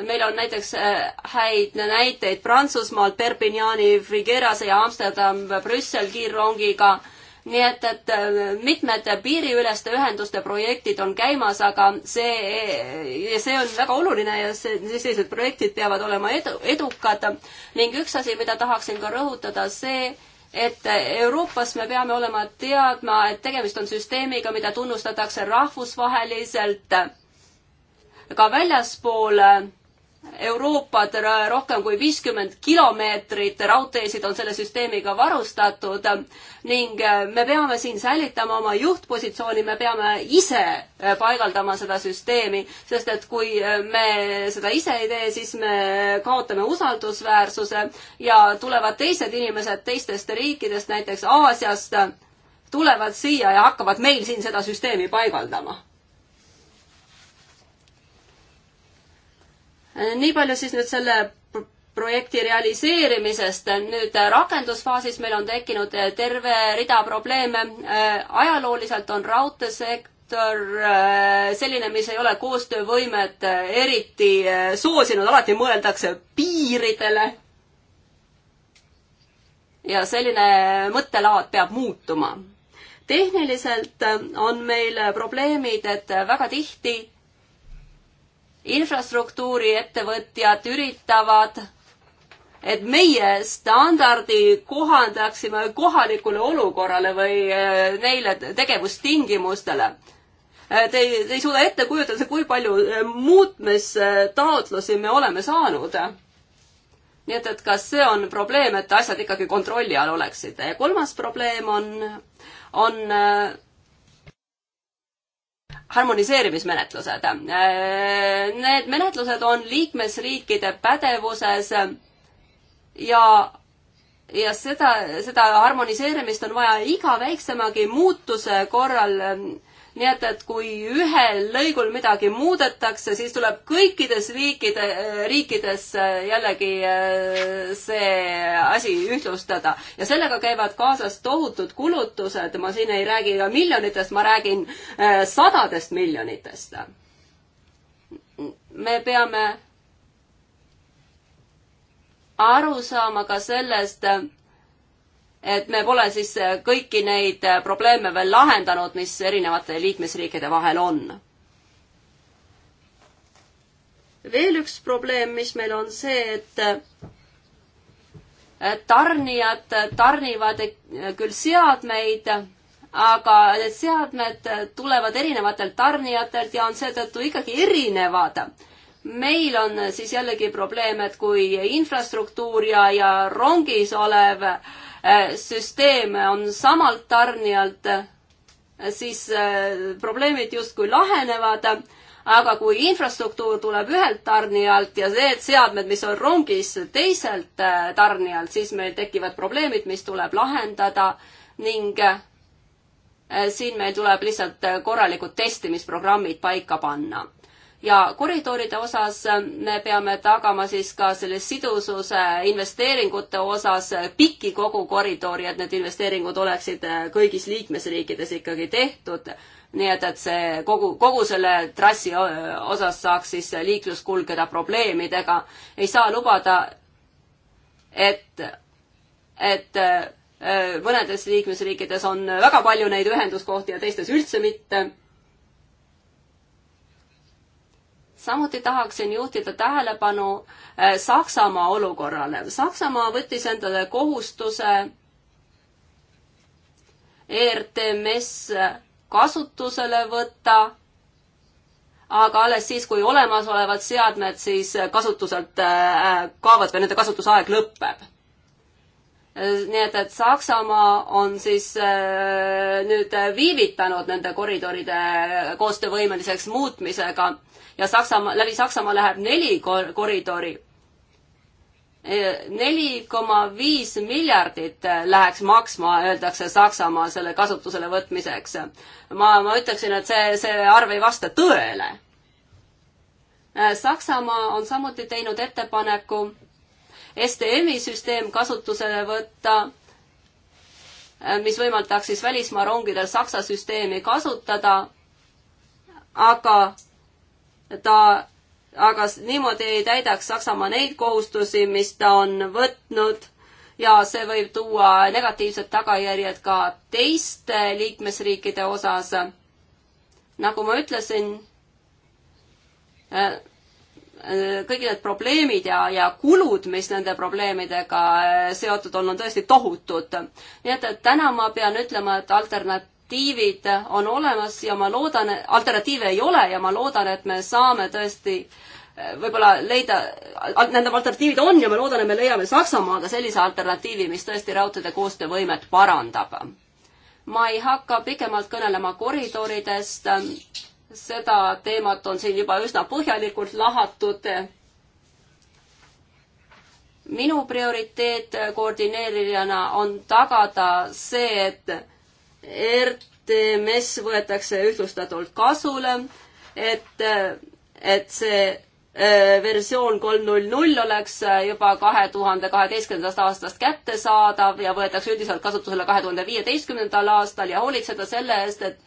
meil on näiteks äh, häid näiteid Prantsusmaalt Perpignani, Figuerase ja Amsterdam Brüssel kiirrongiga nii et, et äh, mitmed piiriüleste ühenduste projektid on käimas, aga see, see on väga oluline ja see, sellised projektid peavad olema edu, edukad. ning üks asi, mida tahaksin ka rõhutada, see, et Euroopas me peame olema teadma, et tegemist on süsteemiga, mida tunnustatakse rahvusvaheliselt ka väljaspool Euroopat rohkem kui viiskümmend kilomeetrit raudteesid on selle süsteemiga varustatud ning äh, me peame siin säilitama oma juhtpositsiooni, me peame ise äh, paigaldama seda süsteemi, sest et kui äh, me seda ise ei tee, siis me kaotame usaldusväärsuse ja tulevad teised inimesed teistest riikidest, näiteks Aasiast, tulevad siia ja hakkavad meil siin seda süsteemi paigaldama Äh, nii palju siis nüüd selle projekti realiseerimisest. nüüd äh, rakendusfaasis meil on tekkinud äh, terve rida probleeme. ajalooliselt on raudteesektor selline, mis ei ole koostöövõimet eriti soosinud, alati mõeldakse piiridele. ja selline mõttelaad peab muutuma. tehniliselt on meil probleemid, et väga tihti infrastruktuuriettevõtjad üritavad, et meie standardi kohandaksime kohalikule olukorrale või eh, neile tegevustingimustele eh, te, te ei suuda ette kujutada, kui palju eh, muutmistaotlusi me oleme saanud. nii et, et kas see on probleem, et asjad ikkagi kontrolli all oleksid. kolmas probleem on, on harmoniseerimismenetlused. Äh, need menetlused on liikmesriikide pädevuses ja, ja seda, seda harmoniseerimist on vaja iga väiksemagi muutuse korral äh, nii et, et kui ühel lõigul midagi muudetakse, siis tuleb kõikides riikide, riikides äh, jällegi äh, see asi ühtlustada ja sellega käivad kaasas tohutud kulutused, ma siin ei räägi ka miljonitest, ma räägin äh, sadadest miljonitest. me peame aru saama ka sellest, et me pole siis kõiki neid probleeme veel lahendanud, mis erinevate liikmesriikide vahel on. veel üks probleem, mis meil on see, et tarnijad tarnivad küll seadmeid, aga need seadmed tulevad erinevatelt tarnijatelt ja on seetõttu ikkagi erinevad meil on siis jällegi probleem, et kui infrastruktuur ja, ja rongis olev äh, Äh, süsteem on samalt tarnijalt, äh, siis äh, probleemid justkui lahenevad, aga kui infrastruktuur tuleb ühelt tarnijalt ja need seadmed, mis on rongis teiselt tarnijalt, siis meil tekivad probleemid, mis tuleb lahendada ning siin meil tuleb lihtsalt korralikud testimisprogrammid paika panna ja koridoride osas me peame tagama siis ka selle sidususe investeeringute osas pikki kogu koridori, et need investeeringud oleksid äh, kõigis liikmesriikides ikkagi tehtud. nii et, et see kogu, kogu selle trassi äh, osas saaks siis liiklus kulgeda probleemidega. ei saa lubada, et, et äh, mõnedes liikmesriikides on väga palju neid ühenduskohti ja teistes üldse mitte samuti tahaksin juhtida tähelepanu äh, Saksamaa olukorrale. Saksamaa võttis endale kohustuse ERTMS kasutusele võtta, aga alles siis, kui olemasolevad seadmed siis kasutuselt äh, kaovad või nende kasutusaeg lõpeb nii et, et Saksamaa on siis äh, nüüd viivitanud nende koridoride koostöövõimeliseks muutmisega ja Saksamaa, läbi Saksamaa läheb neli koridori. Äh, neli koma viis miljardit äh, läheks maksma, öeldakse Saksamaal selle kasutusele võtmiseks. ma, ma ütleksin, et see, see arv ei vasta tõele. Saksamaa on samuti teinud ettepaneku STM-i süsteem kasutusele võtta, äh, mis võimaldaks siis välismaa rongidel Saksa süsteemi kasutada, aga ta, aga niimoodi ei täidaks Saksamaa neid kohustusi, mis ta on võtnud ja see võib tuua negatiivsed tagajärjed ka teiste liikmesriikide osas. nagu ma ütlesin, äh, Äh, kõik need probleemid ja, ja kulud, mis nende probleemidega äh, seotud on, on tõesti tohutud. nii et, et täna ma pean ütlema, et alternatiivid on olemas ja ma loodan, alternatiive ei ole ja ma loodan, et me saame tõesti äh, võib-olla leida, nende alternatiivid on ja ma loodan, et me leiame Saksamaaga sellise alternatiivi, mis tõesti raudteede koostöövõimet parandab. ma ei hakka pikemalt kõnelema koridoridest seda teemat on siin juba üsna põhjalikult lahatud. minu prioriteet koordineerijana on tagada see, et RTMS võetakse ühtlustatult kasule, et, et see Äh, versioon kolm null null oleks äh, juba kahe tuhande kaheteistkümnendast aastast kättesaadav ja võetakse üldiselt kasutusele kahe tuhande viieteistkümnendal aastal ja hoolitseda selle eest, et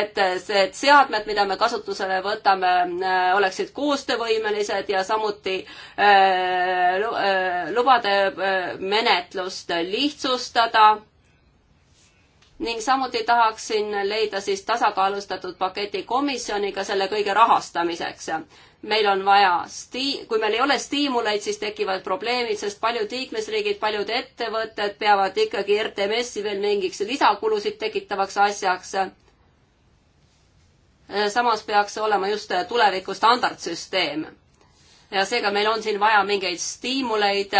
et äh, see seadmed, mida me kasutusele võtame, oleksid koostöövõimelised ja samuti lubade menetlust lihtsustada ning samuti tahaksin leida siis tasakaalustatud paketi komisjoniga selle kõige rahastamiseks meil on vaja sti-, kui meil ei ole stiimuleid, siis tekivad probleemid, sest paljud liikmesriigid, paljud ettevõtted peavad ikkagi RTMS-i veel mingiks lisakulusid tekitavaks asjaks. samas peaks olema just tuleviku standardsüsteem. ja seega meil on siin vaja mingeid stiimuleid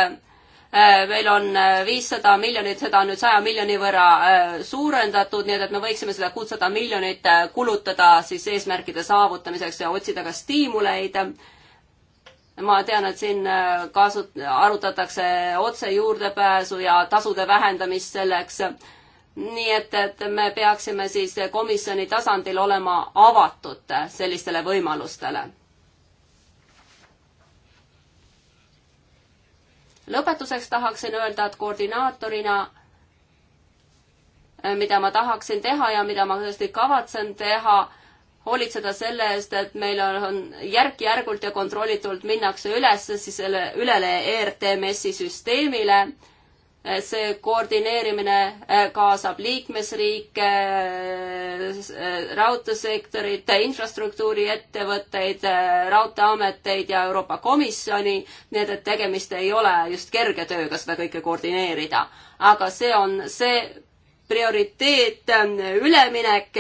Äh, meil on äh, viissada miljonit, seda on nüüd saja miljoni võrra äh, suurendatud, nii et, et me võiksime seda kuutsada miljonit kulutada siis eesmärkide saavutamiseks ja otsida ka stiimuleid. ma tean, et siin kasut-, arutatakse otse juurdepääsu ja tasude vähendamist selleks. nii et, et me peaksime siis komisjoni tasandil olema avatud sellistele võimalustele lõpetuseks tahaksin öelda, et koordinaatorina äh, mida ma tahaksin teha ja mida ma tõesti kavatsen teha, hoolitseda selle eest, et meil on järk-järgult ja kontrollitult minnakse üles siis selle, ülele ERTMS-i süsteemile see koordineerimine äh, kaasab liikmesriike, äh, raudteesektorit, infrastruktuuriettevõtteid, äh, raudteeameteid ja Euroopa Komisjoni, nii et, et tegemist ei ole just kerge tööga seda kõike koordineerida. aga see on see prioriteet, üleminek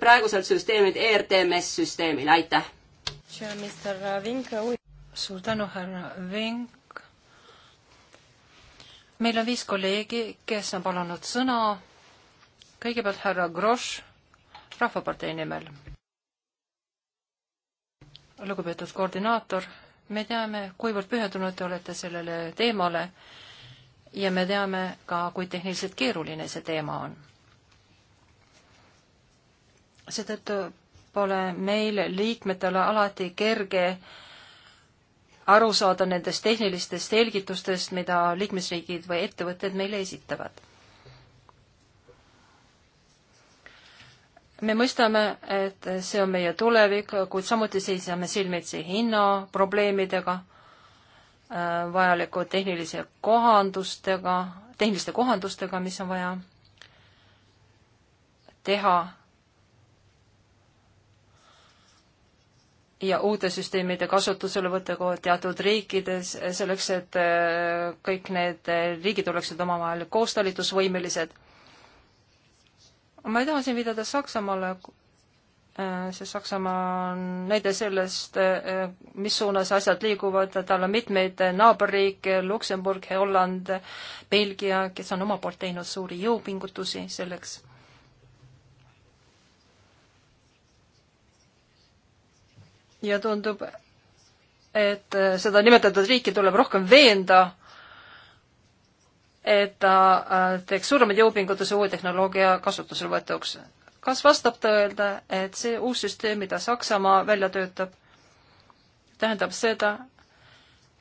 praeguselt süsteemilt e ERTMS süsteemile, aitäh! suur tänu, härra Vink meil on viis kolleegi, kes on palunud sõna. kõigepealt härra Grosch Rahvapartei nimel. lugupeetud koordinaator, me teame, kuivõrd pühendunud te olete sellele teemale ja me teame ka, kui tehniliselt keeruline see teema on. seetõttu pole meil liikmetele alati kerge äh, aru saada nendest tehnilistest selgitustest, mida liikmesriigid või ettevõtted meile esitavad. me mõistame, et see on meie tulevik, kuid samuti seisame silmitsi hinnaprobleemidega, äh, vajaliku tehnilise kohandustega, tehniliste kohandustega, mis on vaja teha ja uute süsteemide kasutuselevõtuga teatud riikides, selleks et äh, kõik need äh, riigid oleksid omavahel koostalitusvõimelised. ma ei taha siin viidata Saksamaale, äh, sest Saksamaa on näide sellest, mis suunas asjad liiguvad, tal on mitmeid naaberriike, Luksemburg, Holland, Belgia, kes on oma poolt teinud suuri jõupingutusi selleks ja tundub, et äh, seda nimetatud riiki tuleb rohkem veenda, et ta äh, teeks suuremaid jõupingutusi uue tehnoloogia kasutuselevõtuks. kas vastab tõele, et see uus süsteem, mida Saksamaa välja töötab, tähendab seda,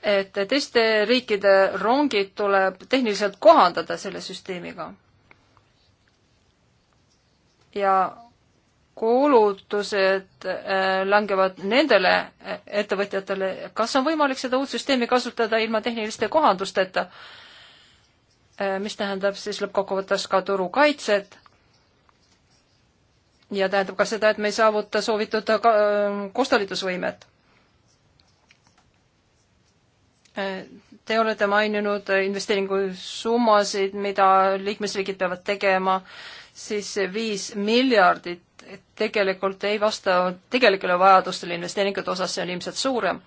et teiste riikide rongid tuleb tehniliselt kohandada selle süsteemiga? ja kulutused äh, langevad nendele äh, ettevõtjatele, kas on võimalik seda uut süsteemi kasutada ilma tehniliste kohandusteta, äh, mis tähendab siis lõppkokkuvõttes ka turukaitset ja tähendab ka seda, et me ei saavuta soovitud koostalitusvõimet. Te olete maininud investeeringusummasid, mida liikmesriigid peavad tegema, siis viis miljardit tegelikult ei vasta tegelikele vajadustele investeeringute osas, see on ilmselt suurem.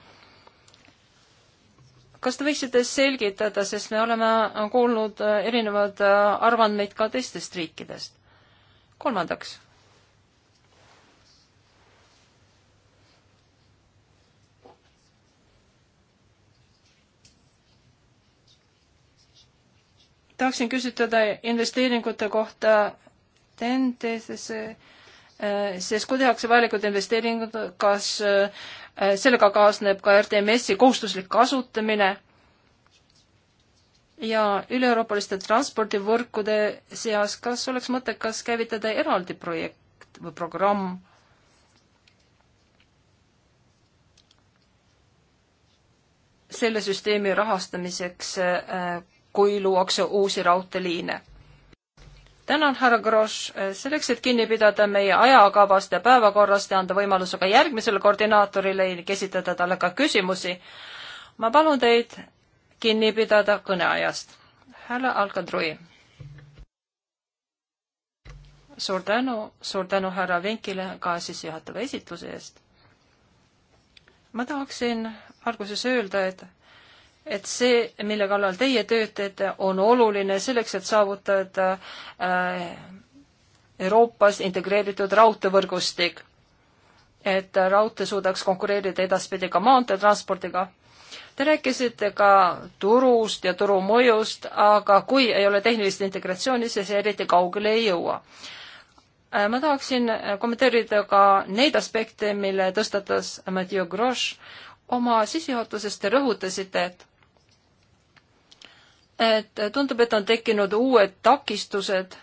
kas te võiksite selgitada, sest me oleme kuulnud erinevaid arvandmeid ka teistest riikidest. kolmandaks tahaksin küsitleda investeeringute kohta TEN-tesse Äh, sest kui tehakse vajalikud investeeringud, kas äh, sellega kaasneb ka RTMS-i kohustuslik kasutamine ja üle-euroopaliste transpordivõrkude seas, kas oleks mõttekas käivitada eraldi projekt või programm? selle süsteemi rahastamiseks, äh, kui luuakse uusi raudteeliine tänan, härra Grosch, selleks, et kinni pidada meie ajakavast ja päevakorrast ja anda võimaluse ka järgmisele koordinaatorile esitada talle ka küsimusi, ma palun teid kinni pidada kõneajast. härra Alcadrui. suur tänu, suur tänu härra Vinkile ka sissejuhatava esitluse eest. ma tahaksin alguses öelda, et et see, mille kallal teie töötate, on oluline selleks, et saavutada äh, Euroopas integreeritud raudteevõrgustik. et raudtee suudaks konkureerida edaspidi ka maanteetranspordiga. Te rääkisite ka turust ja turu mõjust, aga kui ei ole tehnilist integratsiooni, siis eriti kaugele ei jõua äh, ma tahaksin äh, kommenteerida ka neid aspekte, mille tõstatas Mathieu Grosch. oma sissejuhatuses te rõhutasite, et et tundub, et on tekkinud uued takistused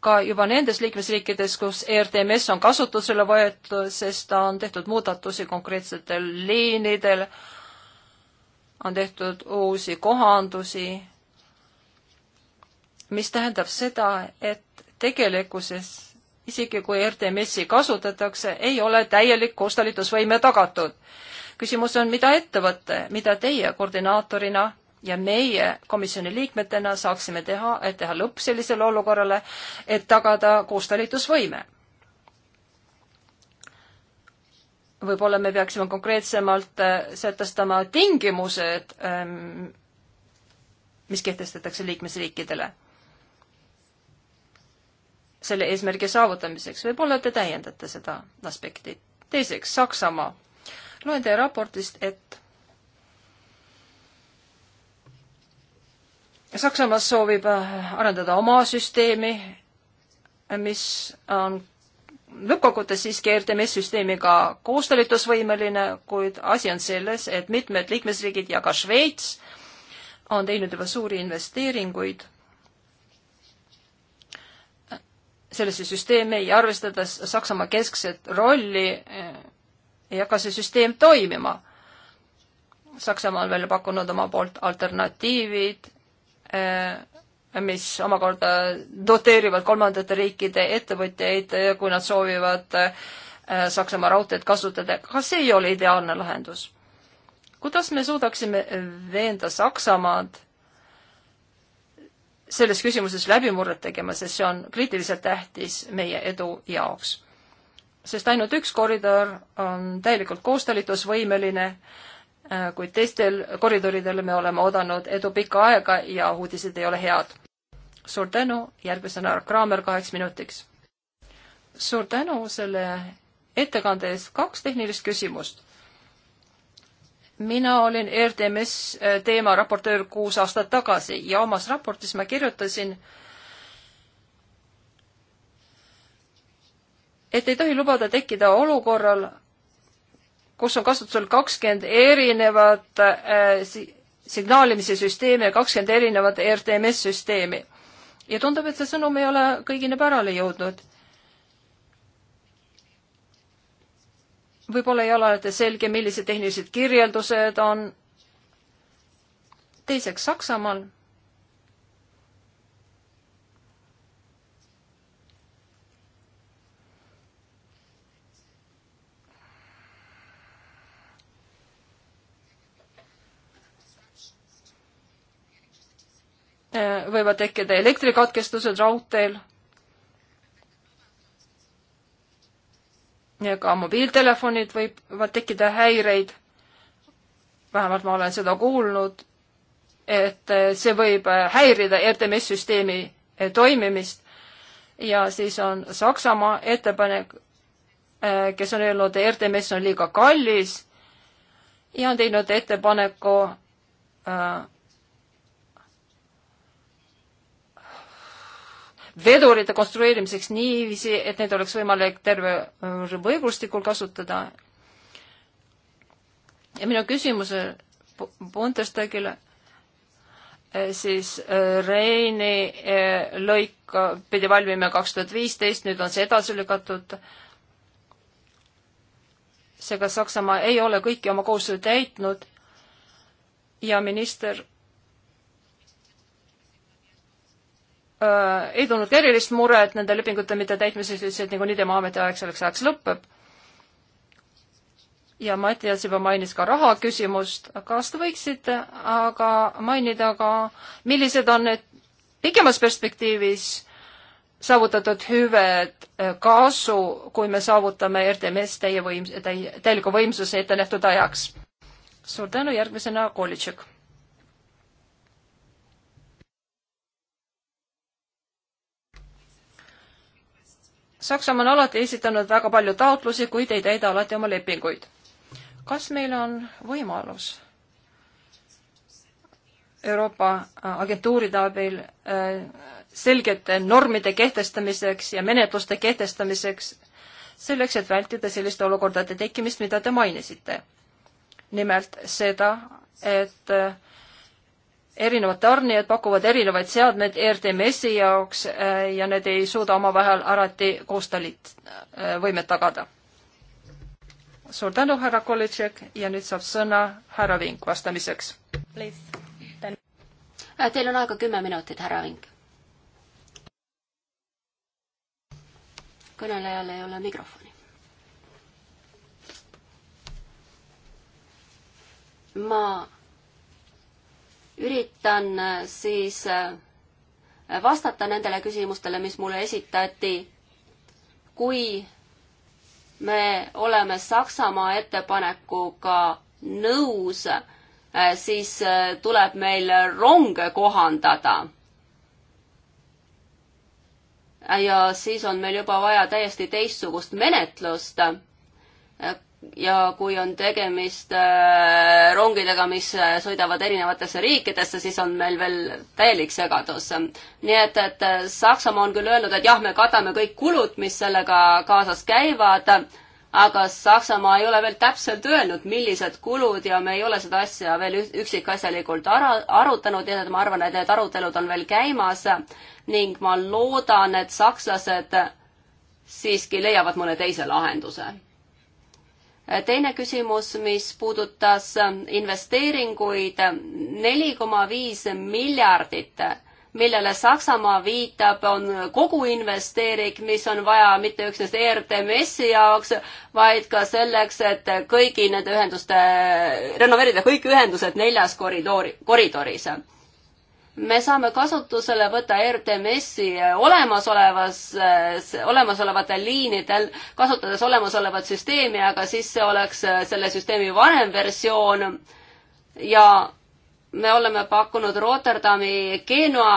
ka juba nendes liikmesriikides, kus ERTMS on kasutusele võetud, sest on tehtud muudatusi konkreetsetel liinidel, on tehtud uusi kohandusi, mis tähendab seda, et tegelikkuses isegi kui e RTMS-i kasutatakse, ei ole täielik koostalitusvõime tagatud küsimus on, mida ette võtta, mida teie koordinaatorina ja meie komisjoni liikmetena saaksime teha, et teha lõpp sellisele olukorrale, et tagada koostalitusvõime. võib-olla me peaksime konkreetsemalt äh, sätestama tingimused, ähm, mis kehtestatakse liikmesriikidele selle eesmärgi saavutamiseks. võib-olla te täiendate seda aspekti. teiseks, Saksamaa loen teie raportist, et Saksamaa soovib äh, arendada oma süsteemi, mis on lõppkokkuvõttes siiski RTMS-süsteemiga koostalitusvõimeline, kuid asi on selles, et mitmed liikmesriigid ja ka Šveits on teinud juba suuri investeeringuid sellesse süsteemi ja arvestades Saksamaa keskset rolli äh, ja ka see süsteem toimima. Saksamaa on välja pakkunud oma poolt alternatiivid, eh, mis omakorda doteerivad kolmandate riikide ettevõtjaid, kui nad soovivad eh, Saksamaa raudteed kasutada. kas see ei ole ideaalne lahendus? kuidas me suudaksime veenda Saksamaad selles küsimuses läbimurret tegema, sest see on kriitiliselt tähtis meie edu jaoks sest ainult üks koridor on täielikult koostalitusvõimeline, äh, kuid teistel koridoridel me oleme oodanud edu pikka aega ja uudised ei ole head. suur tänu, järgmisena Kraamer kaheks minutiks. suur tänu selle ettekande eest, kaks tehnilist küsimust. mina olin ERTMS äh, teema raportöör kuus aastat tagasi ja omas raportis ma kirjutasin äh, et ei tohi lubada tekkida olukorral, kus on kasutusel kakskümmend erinevat äh, si signaalimise süsteemi ja kakskümmend erinevat RTMS süsteemi. ja tundub, et see sõnum ei ole kõigile pärale jõudnud. võib-olla ei ole alati selge, millised tehnilised kirjeldused on. teiseks Saksamaal Äh, võivad tekkida elektrikatkestused raudteel. ja ka mobiiltelefonid võivad tekkida häireid. vähemalt ma olen seda kuulnud, et äh, see võib äh, häirida RTMS-süsteemi toimimist. ja siis on Saksamaa ettepanek, kes on öelnud, et RTMS on liiga kallis ja on teinud ettepaneku äh, vedurite konstrueerimiseks niiviisi, et neid oleks võimalik terve võrgustikul kasutada. ja minu küsimuse Bundestagile eh, siis eh, Reini eh, lõik pidi valmima kaks tuhat viisteist, nüüd on see edasi lükatud. seega Saksamaa ei ole kõiki oma kohustusi täitnud ja minister äh, ei tulnud ka erilist muret nende lepingute mittetäitmises, lihtsalt niikuinii nagu tema ametiaeg selleks ajaks lõpeb. ja Mattias juba mainis ka raha küsimust, kas te võiksite aga mainida ka, millised on need pikemas perspektiivis saavutatud hüved, äh, kasu, kui me saavutame RTMS täie võim-, täieliku võimsuse ette nähtud ajaks. suur tänu, järgmisena Kolitšek. Saksamaa on alati esitanud väga palju taotlusi, kuid ei täida alati oma lepinguid. kas meil on võimalus Euroopa agentuuride abil äh, selgete normide kehtestamiseks ja menetluste kehtestamiseks, selleks, et vältida selliste olukordade tekkimist, mida te mainisite. nimelt seda, et äh, erinevad tarnijad pakuvad erinevaid seadmeid RTMS-i jaoks äh, ja need ei suuda omavahel alati koostalit äh, võimet tagada. suur tänu, härra Kolitšek ja nüüd saab sõna härra Vink vastamiseks. Äh, teil on aega kümme minutit, härra Vink. kõnelejal ei ole mikrofoni. ma üritan äh, siis äh, vastata nendele küsimustele, mis mulle esitati. kui me oleme Saksamaa ettepanekuga nõus, äh, siis tuleb meil ronge kohandada. ja siis on meil juba vaja täiesti teistsugust menetlust ja kui on tegemist äh, rongidega, mis äh, sõidavad erinevatesse riikidesse, siis on meil veel täielik segadus. nii et, et äh, Saksamaa on küll öelnud, et jah, me katame kõik kulud, mis sellega kaasas käivad, aga Saksamaa ei ole veel täpselt öelnud, millised kulud ja me ei ole seda asja veel üksikasjalikult ara-, arutanud, nii et ma arvan, et need arutelud on veel käimas ning ma loodan, et sakslased siiski leiavad mõne teise lahenduse teine küsimus, mis puudutas investeeringuid, neli koma viis miljardit, millele Saksamaa viitab, on kogu investeering, mis on vaja mitte üksnes ERTMS-i jaoks, vaid ka selleks, et kõigi nende ühenduste, renoveerida kõik ühendused neljas koridori, koridoris me saame kasutusele võtta RTMS-i eh, olemasolevas, eh, olemasolevatel liinidel, kasutades olemasolevat süsteemi, aga siis see oleks eh, selle süsteemi vanem versioon ja me oleme pakkunud Rotterdami Genua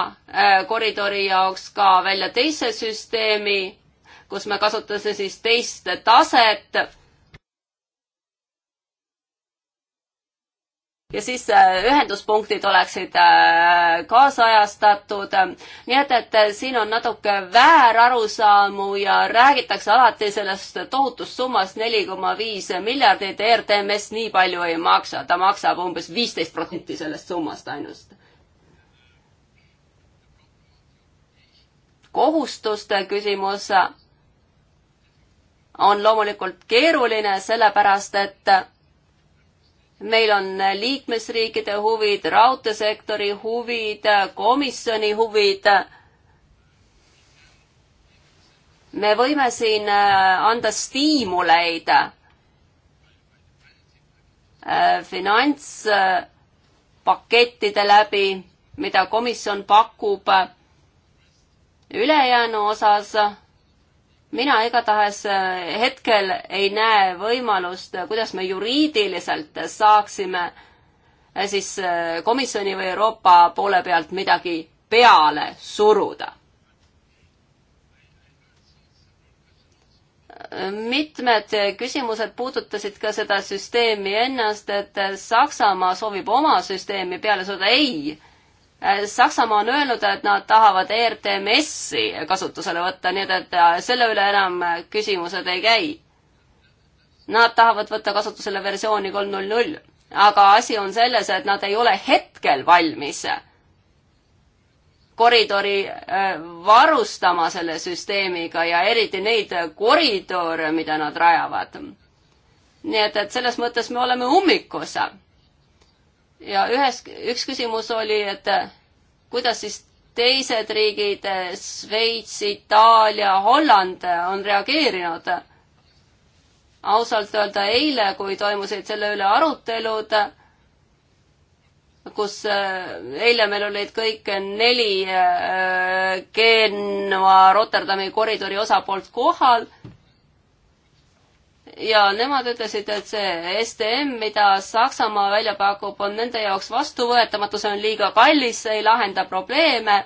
koridori jaoks ka välja teise süsteemi, kus me kasutasime siis teist taset ja siis äh, ühenduspunktid oleksid äh, kaasajastatud. nii et, et äh, siin on natuke väärarusaamu ja räägitakse alati sellest tohutust summast neli koma viis miljardit, ERTMS nii palju ei maksa, ta maksab umbes viisteist protsenti sellest summast ainult. kohustuste küsimus on loomulikult keeruline, sellepärast et meil on liikmesriikide huvid, raudteesektori huvid, komisjoni huvid. me võime siin äh, anda stiimuleid äh, finantspakettide läbi, mida komisjon pakub äh, ülejäänu osas mina igatahes äh, hetkel ei näe võimalust, äh, kuidas me juriidiliselt saaksime äh, siis komisjoni või Euroopa poole pealt midagi peale suruda mitmed küsimused puudutasid ka seda süsteemi ennast, et Saksamaa soovib oma süsteemi peale suruda. ei, Äh, Saksamaa on öelnud, et nad tahavad ERTMS-i kasutusele võtta, nii et, et äh, selle üle enam äh, küsimused ei käi. Nad tahavad võtta kasutusele versiooni kolm null null, aga asi on selles, et nad ei ole hetkel valmis koridori varustama selle süsteemiga ja eriti neid koridore, mida nad rajavad. nii et, et selles mõttes me oleme ummikus ja ühes, üks küsimus oli, et äh, kuidas siis teised riigid, äh, Šveits, Itaalia, Holland äh, on reageerinud. ausalt öelda eile, kui toimusid selle üle arutelud, kus eile meil olid kõik neli Genua Rotterdami koridori osapoolt kohal ja nemad ütlesid, et see STM, mida Saksamaa välja pakub, on nende jaoks vastuvõetamatu, see on liiga kallis, see ei lahenda probleeme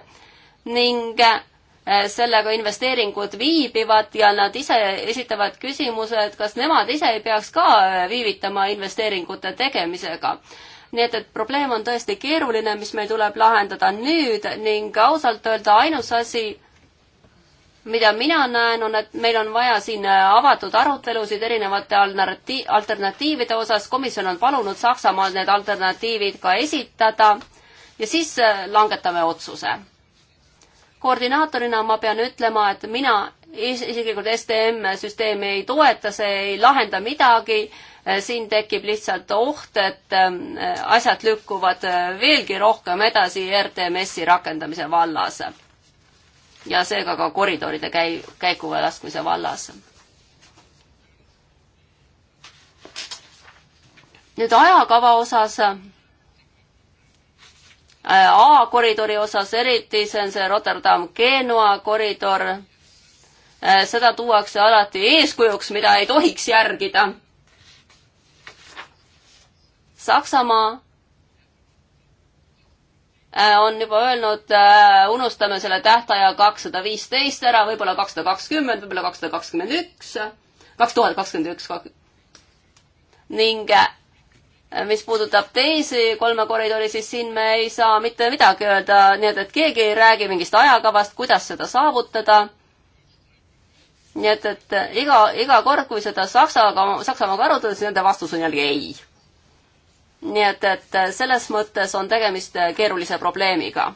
ning eh, sellega investeeringud viibivad ja nad ise esitavad küsimuse, et kas nemad ise ei peaks ka eh, viivitama investeeringute tegemisega. nii et, et probleem on tõesti keeruline, mis meil tuleb lahendada nüüd ning ausalt öelda ainus asi, mida mina näen, on, et meil on vaja siin äh, avatud arutelusid erinevate alternatiiv, alternatiivide osas, komisjon on palunud Saksamaal need alternatiivid ka esitada ja siis äh, langetame otsuse. koordinaatorina ma pean ütlema, et mina isiklikult STM-süsteemi ei toeta, see ei lahenda midagi, äh, siin tekib lihtsalt oht, et asjad lükkuvad veelgi rohkem edasi RTMS-i rakendamise vallas ja seega ka koridoride käi-, käiku laskmise vallas. nüüd ajakava osas äh, A-koridori osas eriti, see on see Rotterdam-Genua koridor. Äh, seda tuuakse alati eeskujuks, mida ei tohiks järgida. Saksamaa Äh, on juba öelnud, äh, unustame selle tähtaja kakssada viisteist ära, võib-olla kakssada kakskümmend, võib-olla kakssada kakskümmend üks, kaks tuhat kakskümmend üks. ning äh, mis puudutab teisi kolme koridori, siis siin me ei saa mitte midagi öelda, nii et, et keegi ei räägi mingist ajakavast, kuidas seda saavutada. nii et, et iga, iga kord, kui seda Saksaga, Saksamaaga arutatakse, nende vastus on jällegi ei nii et, et selles mõttes on tegemist keerulise probleemiga.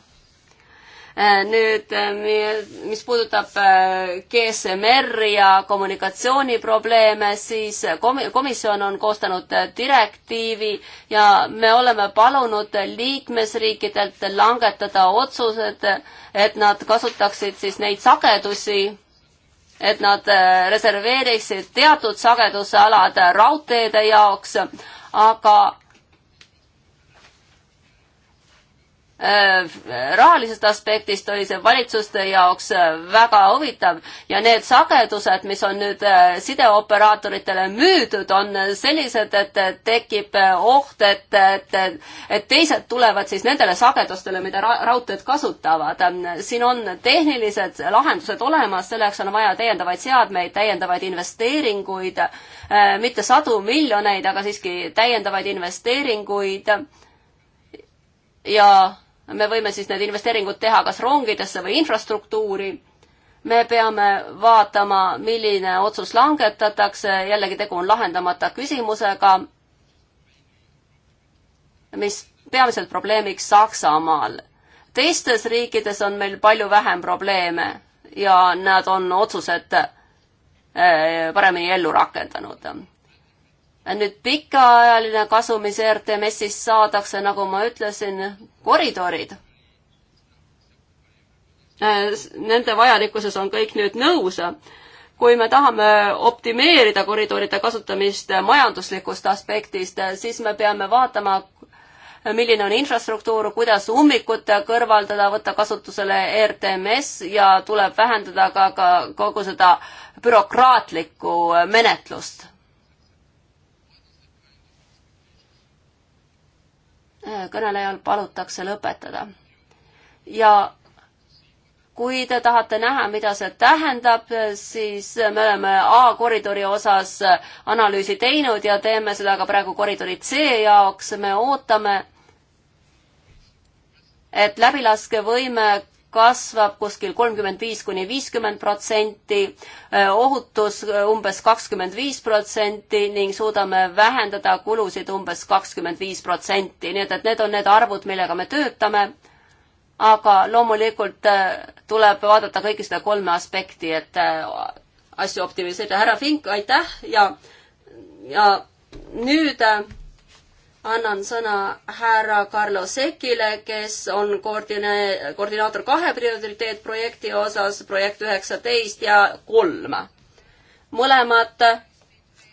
Äh, nüüd, äh, mis puudutab äh, GSMR-i ja kommunikatsiooniprobleeme, siis komisjon on koostanud direktiivi ja me oleme palunud liikmesriikidelt langetada otsused, et nad kasutaksid siis neid sagedusi, et nad reserveeriksid teatud sagedusalad raudteede jaoks, aga rahalisest aspektist oli see valitsuste jaoks äh, väga huvitav ja need sagedused, mis on nüüd äh, sideoperaatoritele müüdud, on sellised, et tekib äh, oht, et, et, et teised tulevad siis nendele sagedustele, mida ra raudteed kasutavad. siin on tehnilised lahendused olemas, selleks on vaja täiendavaid seadmeid, täiendavaid investeeringuid, mitte sadu miljoneid, aga siiski täiendavaid investeeringuid ja me võime siis need investeeringud teha kas rongidesse või infrastruktuuri. me peame vaatama, milline otsus langetatakse, jällegi tegu on lahendamata küsimusega, mis peamiselt probleemiks Saksamaal. teistes riikides on meil palju vähem probleeme ja nad on otsused eh, paremini ellu rakendanud nüüd pikaajaline kasu, mis RTMS-ist saadakse, nagu ma ütlesin, koridorid. Äh, nende vajalikkuses on kõik nüüd nõus. kui me tahame optimeerida koridoride kasutamist majanduslikust aspektist, siis me peame vaatama, milline on infrastruktuur, kuidas ummikud kõrvaldada, võtta kasutusele RTMS ja tuleb vähendada ka, ka kogu seda bürokraatlikku menetlust Äh, kõnelejal palutakse lõpetada. ja kui te tahate näha, mida see tähendab, siis me oleme A-koridori osas analüüsi teinud ja teeme seda ka praegu koridori C jaoks, me ootame, et läbilaskevõime kasvab kuskil kolmkümmend viis kuni viiskümmend protsenti, ohutus umbes kakskümmend viis protsenti ning suudame vähendada kulusid umbes kakskümmend viis protsenti, nii et, et need on need arvud, millega me töötame. aga loomulikult tuleb vaadata kõiki seda kolme aspekti, et asju optimiseerida. härra Fink, aitäh ja, ja nüüd annan sõna härra Carlo Sekile, kes on koordine-, koordinaator kahe prioriteetprojekti osas, projekt üheksateist ja kolm. mõlemad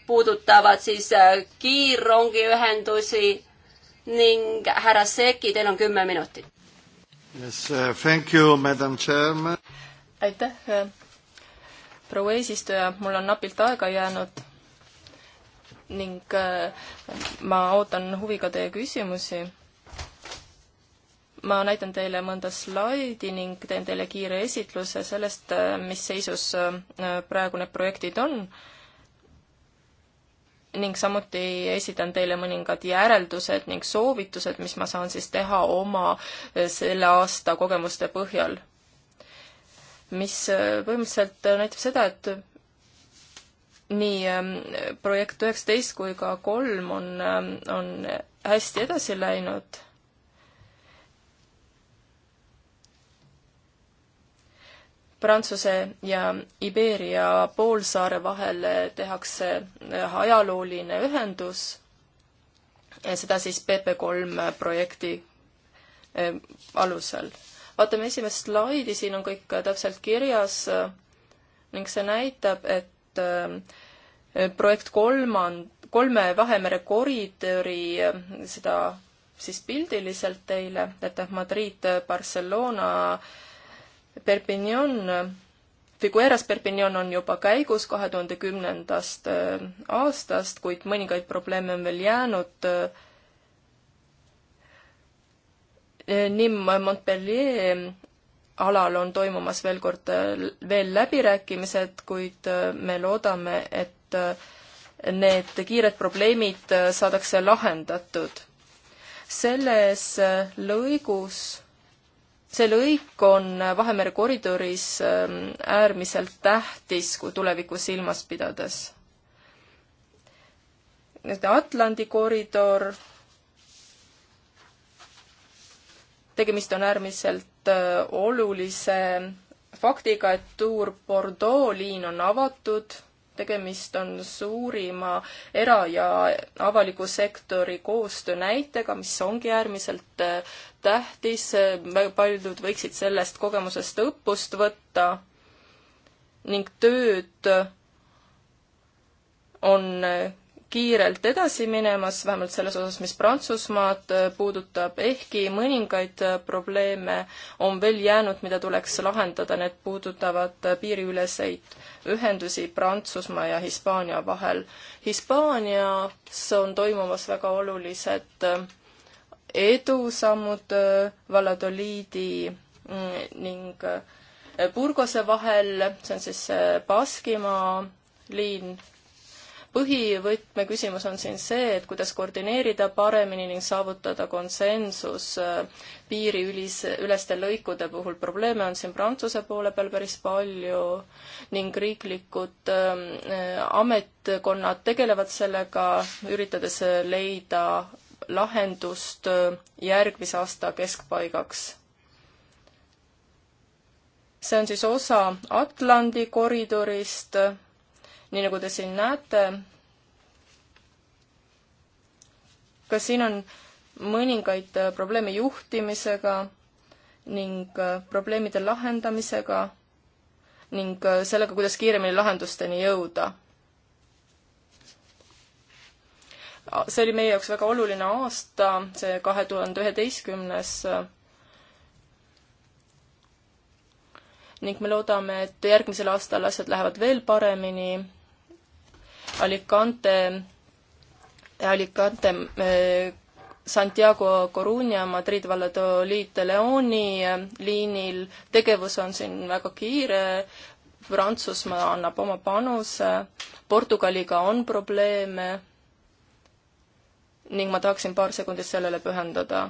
puudutavad siis äh, kiirrongiühendusi ning härra Seki, teil on kümme minutit. Yes, uh, thank you, madam chairman. aitäh, äh, proua eesistuja, mul on napilt aega jäänud ning äh, ma ootan huviga teie küsimusi. ma näitan teile mõnda slaidi ning teen teile kiire esitluse sellest, äh, mis seisus äh, praegu need projektid on ning samuti esitan teile mõningad järeldused ning soovitused, mis ma saan siis teha oma selle aasta kogemuste põhjal. mis põhimõtteliselt näitab seda, et nii ähm, projekt üheksateist kui ka kolm on, ähm, on hästi edasi läinud Prantsuse ja Iberia poolsaare vahel tehakse äh, ajalooline ühendus, seda siis PP3 projekti äh, alusel. vaatame esimest slaidi, siin on kõik äh, täpselt kirjas ning see näitab, et et äh, projekt kolmand-, kolme Vahemere koridori, äh, seda siis pildiliselt teile, et Madrid, äh, Barcelona, Perpignan, Figueras Perpignan on juba käigus kahe tuhande kümnendast aastast, kuid mõningaid probleeme on veel jäänud. Nim Montpellier alal on toimumas veel kord äh, veel läbirääkimised, kuid äh, me loodame, et äh, need kiired probleemid saadakse lahendatud. selles lõigus, see lõik on Vahemere koridoris ähm, äärmiselt tähtis, kui tulevikku silmas pidades. nüüd Atlandi koridor, tegemist on äärmiselt Äh, olulise faktiga, et Tour Bordeaux liin on avatud, tegemist on suurima era- ja avaliku sektori koostöö näitega, mis ongi äärmiselt äh, tähtis, väga äh, paljud võiksid sellest kogemusest õppust võtta ning tööd on kiirelt edasi minemas, vähemalt selles osas, mis Prantsusmaad äh, puudutab, ehkki mõningaid äh, probleeme on veel jäänud, mida tuleks lahendada, need puudutavad äh, piiriüleseid ühendusi Prantsusmaa ja Hispaania vahel. Hispaanias on toimumas väga olulised edusammud Valladoliidi mm, ning Burgose vahel, see on siis Baskimaa liin põhivõtmeküsimus on siin see, et kuidas koordineerida paremini ning saavutada konsensus äh, piiriülis, üleste lõikude puhul. probleeme on siin Prantsuse poole peal päris palju ning riiklikud ähm, äh, ametkonnad tegelevad sellega, üritades leida lahendust äh, järgmise aasta keskpaigaks see on siis osa Atlandi koridorist nii nagu te siin näete, kas siin on mõningaid äh, probleeme juhtimisega ning äh, probleemide lahendamisega ning äh, sellega, kuidas kiiremini lahendusteni jõuda. see oli meie jaoks väga oluline aasta, see kahe tuhande üheteistkümnes ning me loodame, et järgmisel aastal asjad lähevad veel paremini Alicante, Alicante, eh, Santiago Coruña, Madrid Valladolid Leoni eh, liinil. tegevus on siin väga kiire, Prantsusmaa annab oma panuse, Portugaliga on probleeme ning ma tahaksin paar sekundit sellele pühendada.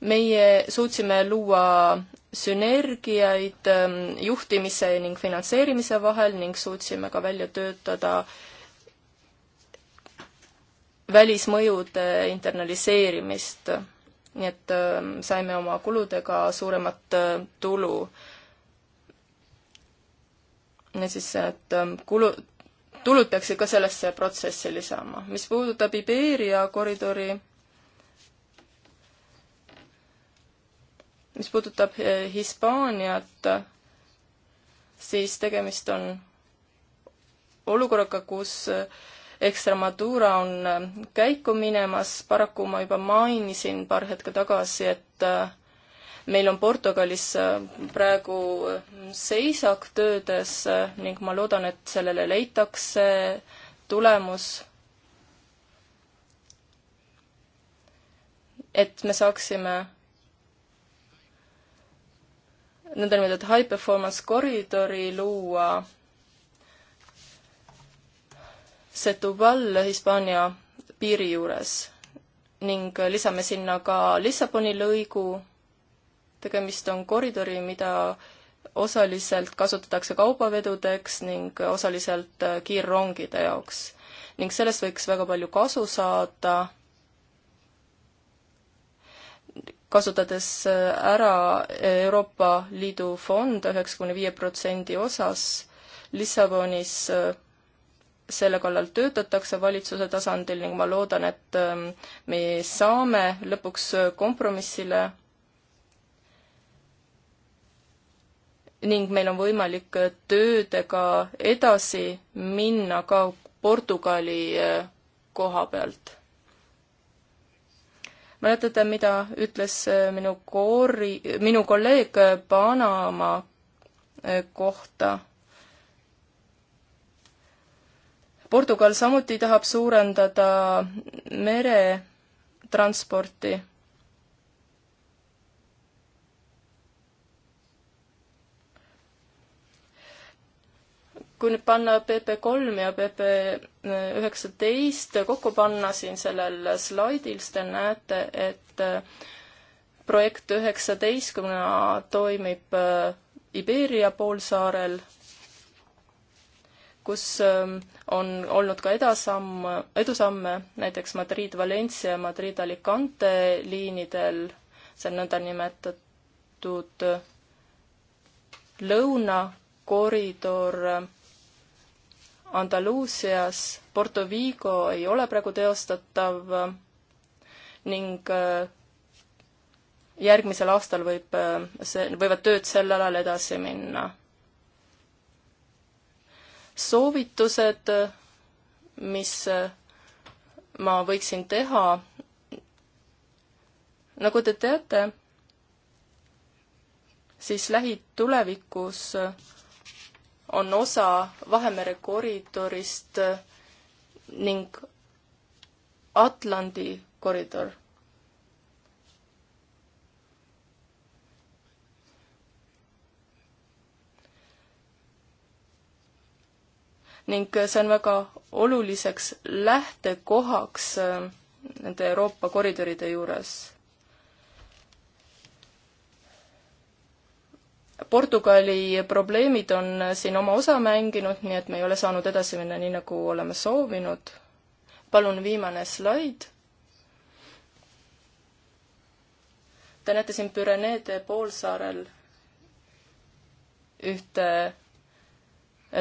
meie suutsime luua sünergiaid ähm, juhtimise ning finantseerimise vahel ning suutsime ka välja töötada välismõjude internaliseerimist. nii et ähm, saime oma kuludega suuremat äh, tulu. niisiis, et ähm, kulu, tulud peaksid ka sellesse protsessi lisama. mis puudutab Iberia koridori mis puudutab eh, Hispaaniat, siis tegemist on olukorraga, kus Extremadura eh, on eh, käiku minemas, paraku ma juba mainisin paar hetke tagasi, et meil on Portugalis praegu seisak töödes ning ma loodan, et sellele leitakse tulemus. et me saaksime nõndanimetatud high performance koridori luua Setubal Hispaania piiri juures ning lisame sinna ka Lissaboni lõigu. tegemist on koridori, mida osaliselt kasutatakse kaubavedudeks ning osaliselt kiirrongide jaoks. ning sellest võiks väga palju kasu saada kasutades äh, ära Euroopa Liidu fonde üheksakümne viie protsendi osas. Lissabonis äh, selle kallal töötatakse valitsuse tasandil ning ma loodan, et ähm, me saame lõpuks äh, kompromissile ning meil on võimalik töödega edasi minna ka Portugali koha pealt mäletate, mida ütles äh, minu koori, minu kolleeg Panama äh, kohta? Portugal samuti tahab suurendada meretransporti kui nüüd panna PP3 ja PP19 kokku panna siin sellel slaidil, siis te näete, et äh, projekt üheksateistkümnena toimib äh, Iberia poolsaarel, kus äh, on olnud ka edasamm, edusamme, näiteks Madrid-Valencia ja Madrid-Alicante liinidel, see on nõndanimetatud lõunakoridor Andaluusias, Porto Vigo ei ole praegu teostatav ning äh, järgmisel aastal võib äh, see, võivad tööd sel alal edasi minna. soovitused, mis äh, ma võiksin teha, nagu te teate, siis lähitulevikus on osa Vahemere koridorist eh, ning Atlandi koridor. ning eh, see on väga oluliseks lähtekohaks eh, nende Euroopa koridoride juures Portugali probleemid on siin oma osa mänginud, nii et me ei ole saanud edasi minna nii, nagu oleme soovinud. palun viimane slaid. Te näete siin Pürenede poolsaarel ühte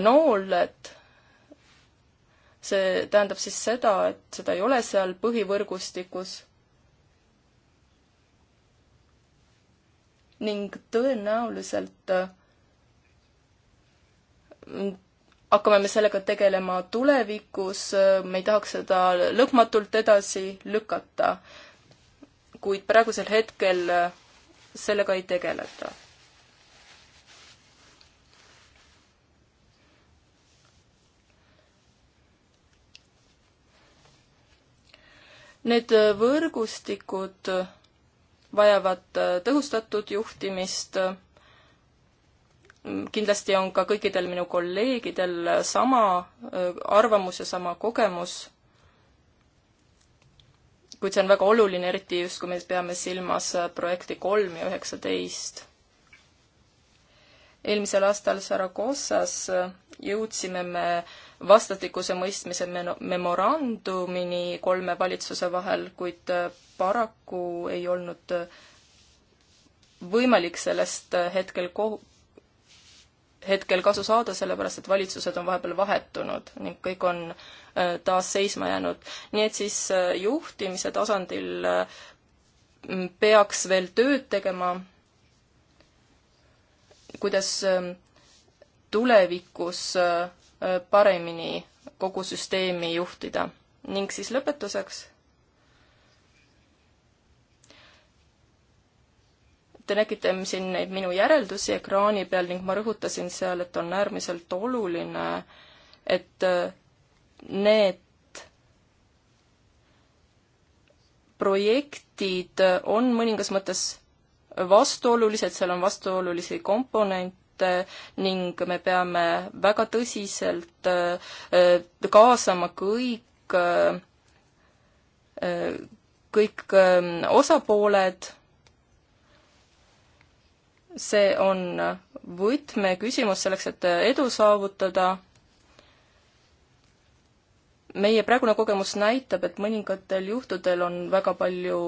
noolet. see tähendab siis seda, et seda ei ole seal põhivõrgustikus ning tõenäoliselt äh, hakkame me sellega tegelema tulevikus, äh, me ei tahaks seda lõpmatult edasi lükata. kuid praegusel hetkel äh, sellega ei tegeleta. Need võrgustikud vajavad äh, tõhustatud juhtimist. Mm, kindlasti on ka kõikidel minu kolleegidel äh, sama äh, arvamus ja sama kogemus. kuid see on väga oluline, eriti just, kui me peame silmas projekti kolm ja üheksateist. eelmisel aastal Saragossas jõudsime me vastastikuse mõistmise memorandumini kolme valitsuse vahel, kuid äh, paraku ei olnud äh, võimalik sellest äh, hetkel ko-, hetkel kasu saada, sellepärast et valitsused on vahepeal vahetunud ning kõik on taas seisma jäänud. nii et siis juhtimise tasandil peaks veel tööd tegema, kuidas tulevikus paremini kogu süsteemi juhtida. ning siis lõpetuseks. Te nägite siin neid minu järeldusi ekraani peal ning ma rõhutasin seal, et on äärmiselt oluline, et need projektid on mõningas mõttes vastuolulised, seal on vastuolulisi komponente, ning me peame väga tõsiselt äh, kaasama kõik, äh, kõik ähm, osapooled. see on võtmeküsimus selleks, et edu saavutada meie praegune kogemus näitab, et mõningatel juhtudel on väga palju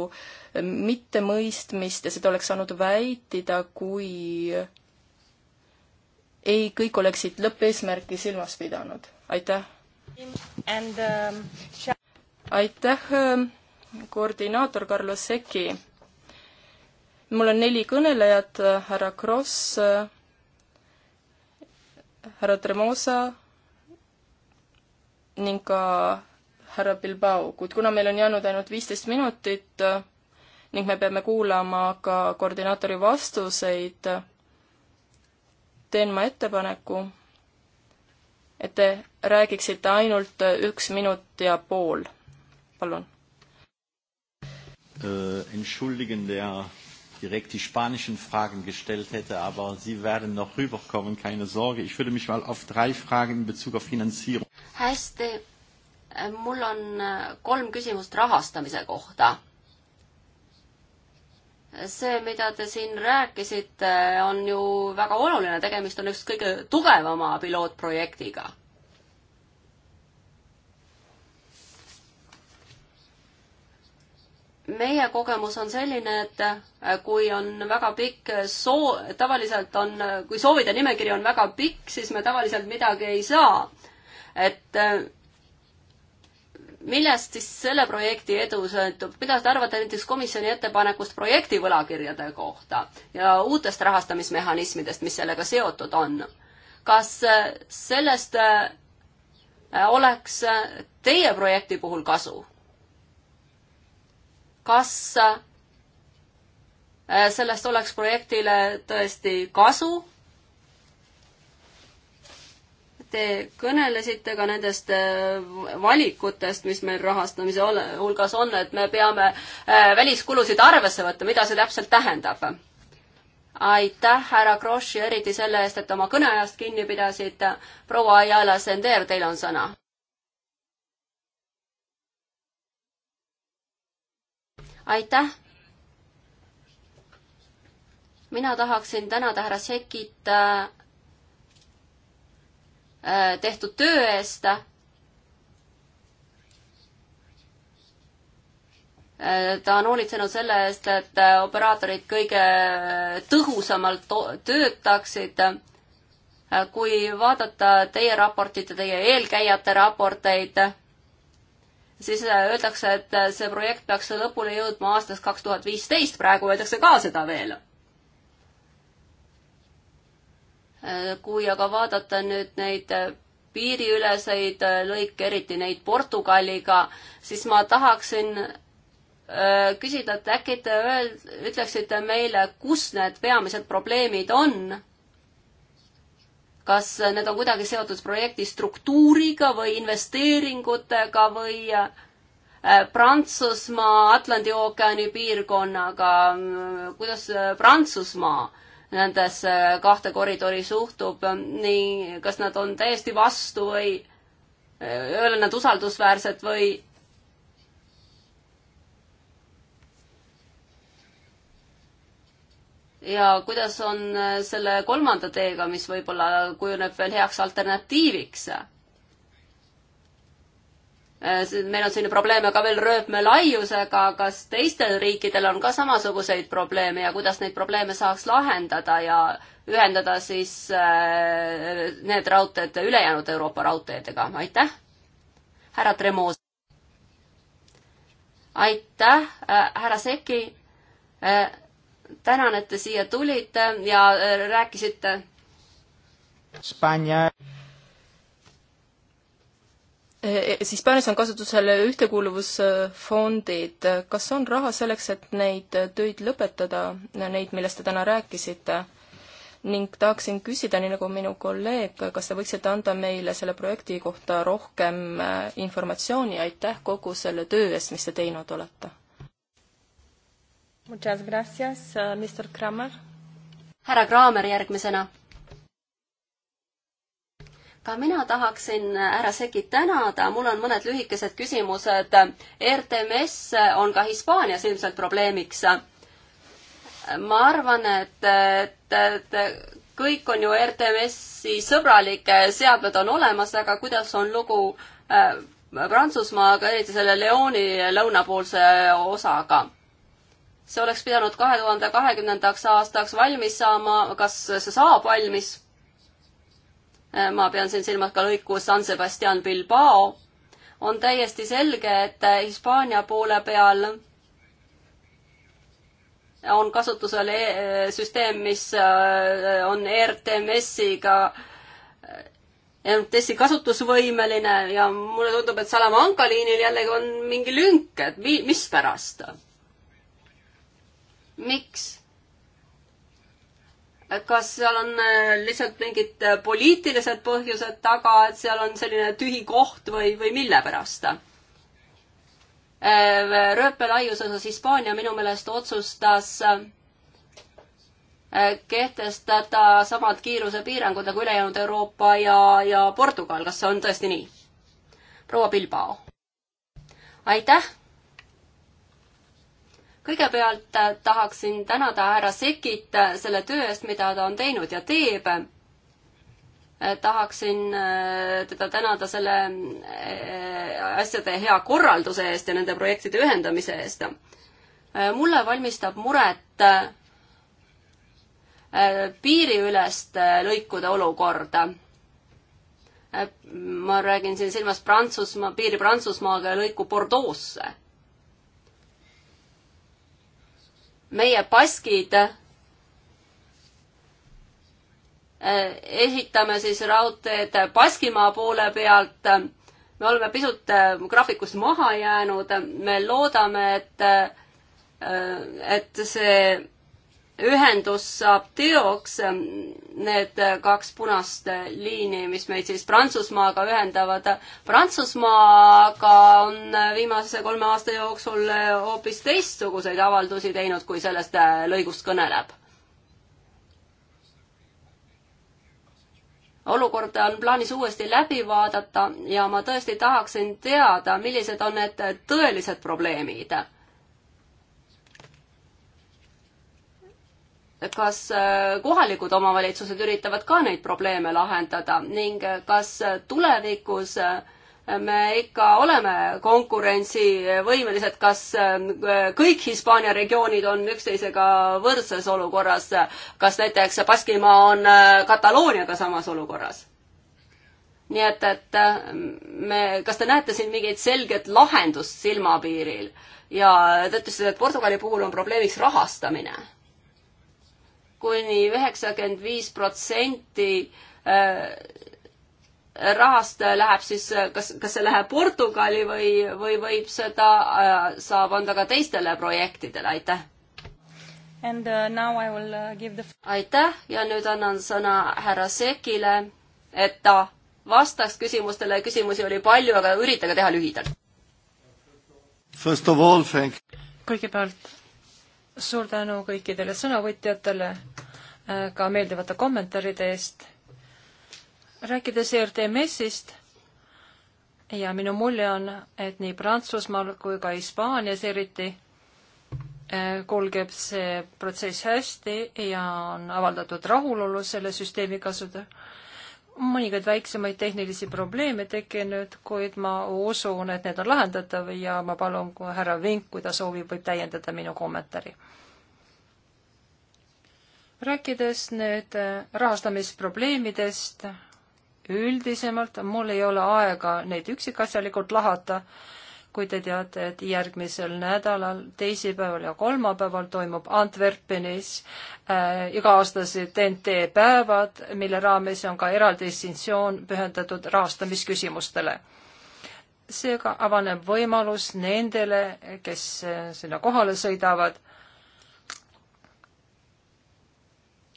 mittemõistmist ja seda oleks saanud vältida, kui ei, kõik oleksid lõppeesmärki silmas pidanud. aitäh! Um, aitäh, ähm, koordinaator Carlo Secchi! mul on neli kõnelejat, äh, härra Kross, äh, härra Tremosa ning ka härra Bilbao, kuid kuna meil on jäänud ainult viisteist minutit äh, ning me peame kuulama ka koordinaatori vastuseid, teen ma ettepaneku, et te räägiksite ainult üks minut ja pool, palun. Äh, entschuldigen, der direkt die spanischen Fragen gestellt hätte, aber Sie werden noch rüberkommen, keine Sorge. Ich würde mich mal auf drei Fragen in Bezug auf Finanzierung. hästi, äh, mul on äh, kolm küsimust rahastamise kohta see, mida te siin rääkisite, on ju väga oluline, tegemist on üks kõige tugevama pilootprojektiga. meie kogemus on selline, et kui on väga pikk soo-, tavaliselt on, kui soovide nimekiri on väga pikk, siis me tavaliselt midagi ei saa. et millest siis selle projekti edu sõltub, mida te arvate näiteks komisjoni ettepanekust projekti võlakirjade kohta ja uutest rahastamismehhanismidest, mis sellega seotud on? kas äh, sellest äh, oleks äh, teie projekti puhul kasu? kas sellest oleks projektile tõesti kasu Te kõnelesite ka nendest äh, valikutest, mis meil rahastamise hulgas on, et me peame äh, väliskulusid arvesse võtta, mida see täpselt tähendab? aitäh, härra Kross, eriti selle eest, et oma kõneajast kinni pidasite. proua Ayala Sender, teil on sõna. aitäh mina tahaksin tänada härra Sekit äh, Äh, tehtud töö eest. Äh, ta on hoolitsenud selle eest, et äh, operaatorid kõige tõhusamalt töötaksid. kui vaadata teie raportit ja teie eelkäijate raporteid, siis öeldakse, et see projekt peaks lõpule jõudma aastast kaks tuhat viisteist, praegu öeldakse ka seda veel kui aga vaadata nüüd neid äh, piiriüleseid äh, lõike, eriti neid Portugaliga, siis ma tahaksin äh, küsida, et äkki te öel-, ütleksite meile, kus need peamised probleemid on? kas need on kuidagi seotud projekti struktuuriga või investeeringutega või Prantsusmaa Atlandi ookeani piirkonnaga, kuidas Prantsusmaa äh, nendesse äh, kahte koridori suhtub, äh, nii kas nad on täiesti vastu või äh, ei ole nad usaldusväärsed või ja kuidas on selle kolmanda teega, mis võib-olla kujuneb veel heaks alternatiiviks Äh, meil on siin probleeme ka veel rööpmelaiusega, kas teistel riikidel on ka samasuguseid probleeme ja kuidas neid probleeme saaks lahendada ja ühendada siis äh, need raudteed ülejäänud Euroopa raudteedega, aitäh. härra Tremoos. aitäh, äh, härra Seki. tänan, et te siia tulite ja rääkisite. Hispaania Hispaanias eh, eh, on kasutusel ühtekuuluvusfondid. kas on raha selleks, et neid töid lõpetada, neid, millest te täna rääkisite? ning tahaksin küsida, nii nagu minu kolleeg, kas te võiksite anda meile selle projekti kohta rohkem eh, informatsiooni, aitäh kogu selle töö eest, mis te teinud olete! härra Kraamer järgmisena ka mina tahaksin härra Sekit tänada, mul on mõned lühikesed küsimused. RTMS on ka Hispaanias ilmselt probleemiks. ma arvan, et, et, et kõik on ju RTMS-i sõbralik, seadmed on olemas, aga kuidas on lugu äh, Prantsusmaaga, eriti selle Leoni lõunapoolse osaga? see oleks pidanud kahe tuhande kahekümnendaks aastaks valmis saama, kas see saab valmis? Äh, ma pean siin silmas ka lõiku San Sebastian Bilbao, on täiesti selge, et äh, Hispaania poole peal on kasutusel e süsteem, mis on ERTMS-iga, ERTMS-i kasutusvõimeline ja mulle tundub, et Salamanca liinil jällegi on mingi lünk, et mi-, mispärast? miks? kas seal on äh, lihtsalt mingid äh, poliitilised põhjused taga, et seal on selline tühi koht või, või mille pärast? Äh, rööpelaiuse osas Hispaania minu meelest otsustas kehtestada samad kiirusepiirangud nagu ülejäänud Euroopa ja, ja Portugal, kas see on tõesti nii? proua Bilbao. aitäh kõigepealt äh, tahaksin tänada härra Sekit äh, selle töö eest, mida ta on teinud ja teeb. Äh, tahaksin teda tänada selle asjade hea korralduse eest ja nende projektide ühendamise eest. mulle valmistab muret piiriüleste lõikude olukorda ma räägin siin silmas Prantsusmaa, piiri Prantsusmaaga ja lõiku Bordeaux'sse. meie baskid äh, ehitame siis raudteed Baskimaa poole pealt. me oleme pisut äh, graafikust maha jäänud, me loodame, et, äh, et see ühendus saab teoks, need kaks punast liini, mis meid siis Prantsusmaaga ühendavad. Prantsusmaaga on viimase kolme aasta jooksul hoopis teistsuguseid avaldusi teinud, kui sellest lõigust kõneleb. olukord on plaanis uuesti läbi vaadata ja ma tõesti tahaksin teada, millised on need tõelised probleemid kas äh, kohalikud omavalitsused üritavad ka neid probleeme lahendada ning äh, kas tulevikus äh, me ikka oleme konkurentsivõimelised, kas kõik Hispaania regioonid on üksteisega võrdses olukorras, kas näiteks Baskimaa on Katalooniaga samas olukorras? nii et, et me, kas te näete siin mingit selget lahendust silmapiiril ja te ütlesite, et Portugali puhul on probleemiks rahastamine kuni üheksakümmend viis protsenti äh, rahast läheb siis, kas, kas see läheb Portugali või, või võib seda, äh, saab anda ka teistele projektidele, aitäh! And uh, now I will uh, give the aitäh ja nüüd annan sõna härra Sekile, et ta vastaks küsimustele, küsimusi oli palju, aga üritage teha lühidalt. First of all, thank kõigepealt suur tänu kõikidele sõnavõtjatele Äh, ka meeldivate kommentaaride eest. rääkides ERTMS-ist ja minu mulje on, et nii Prantsusmaal kui ka Hispaanias eriti äh, kulgeb see protsess hästi ja on avaldatud rahulolu selle süsteemi kasutada mõningaid väiksemaid tehnilisi probleeme tekkinud, kuid ma usun, et need on lahendatav ja ma palun härra Vink, kui ta soovib, võib täiendada minu kommentaari rääkides nüüd äh, rahastamisprobleemidest üldisemalt, mul ei ole aega neid üksikasjalikult lahata, kui te teate, et järgmisel nädalal, teisipäeval ja kolmapäeval toimub Antwerpenis äh, iga-aastased TNT päevad, mille raames on ka eraldi distinktsioon pühendatud rahastamisküsimustele. seega avaneb võimalus nendele, kes äh, sinna kohale sõidavad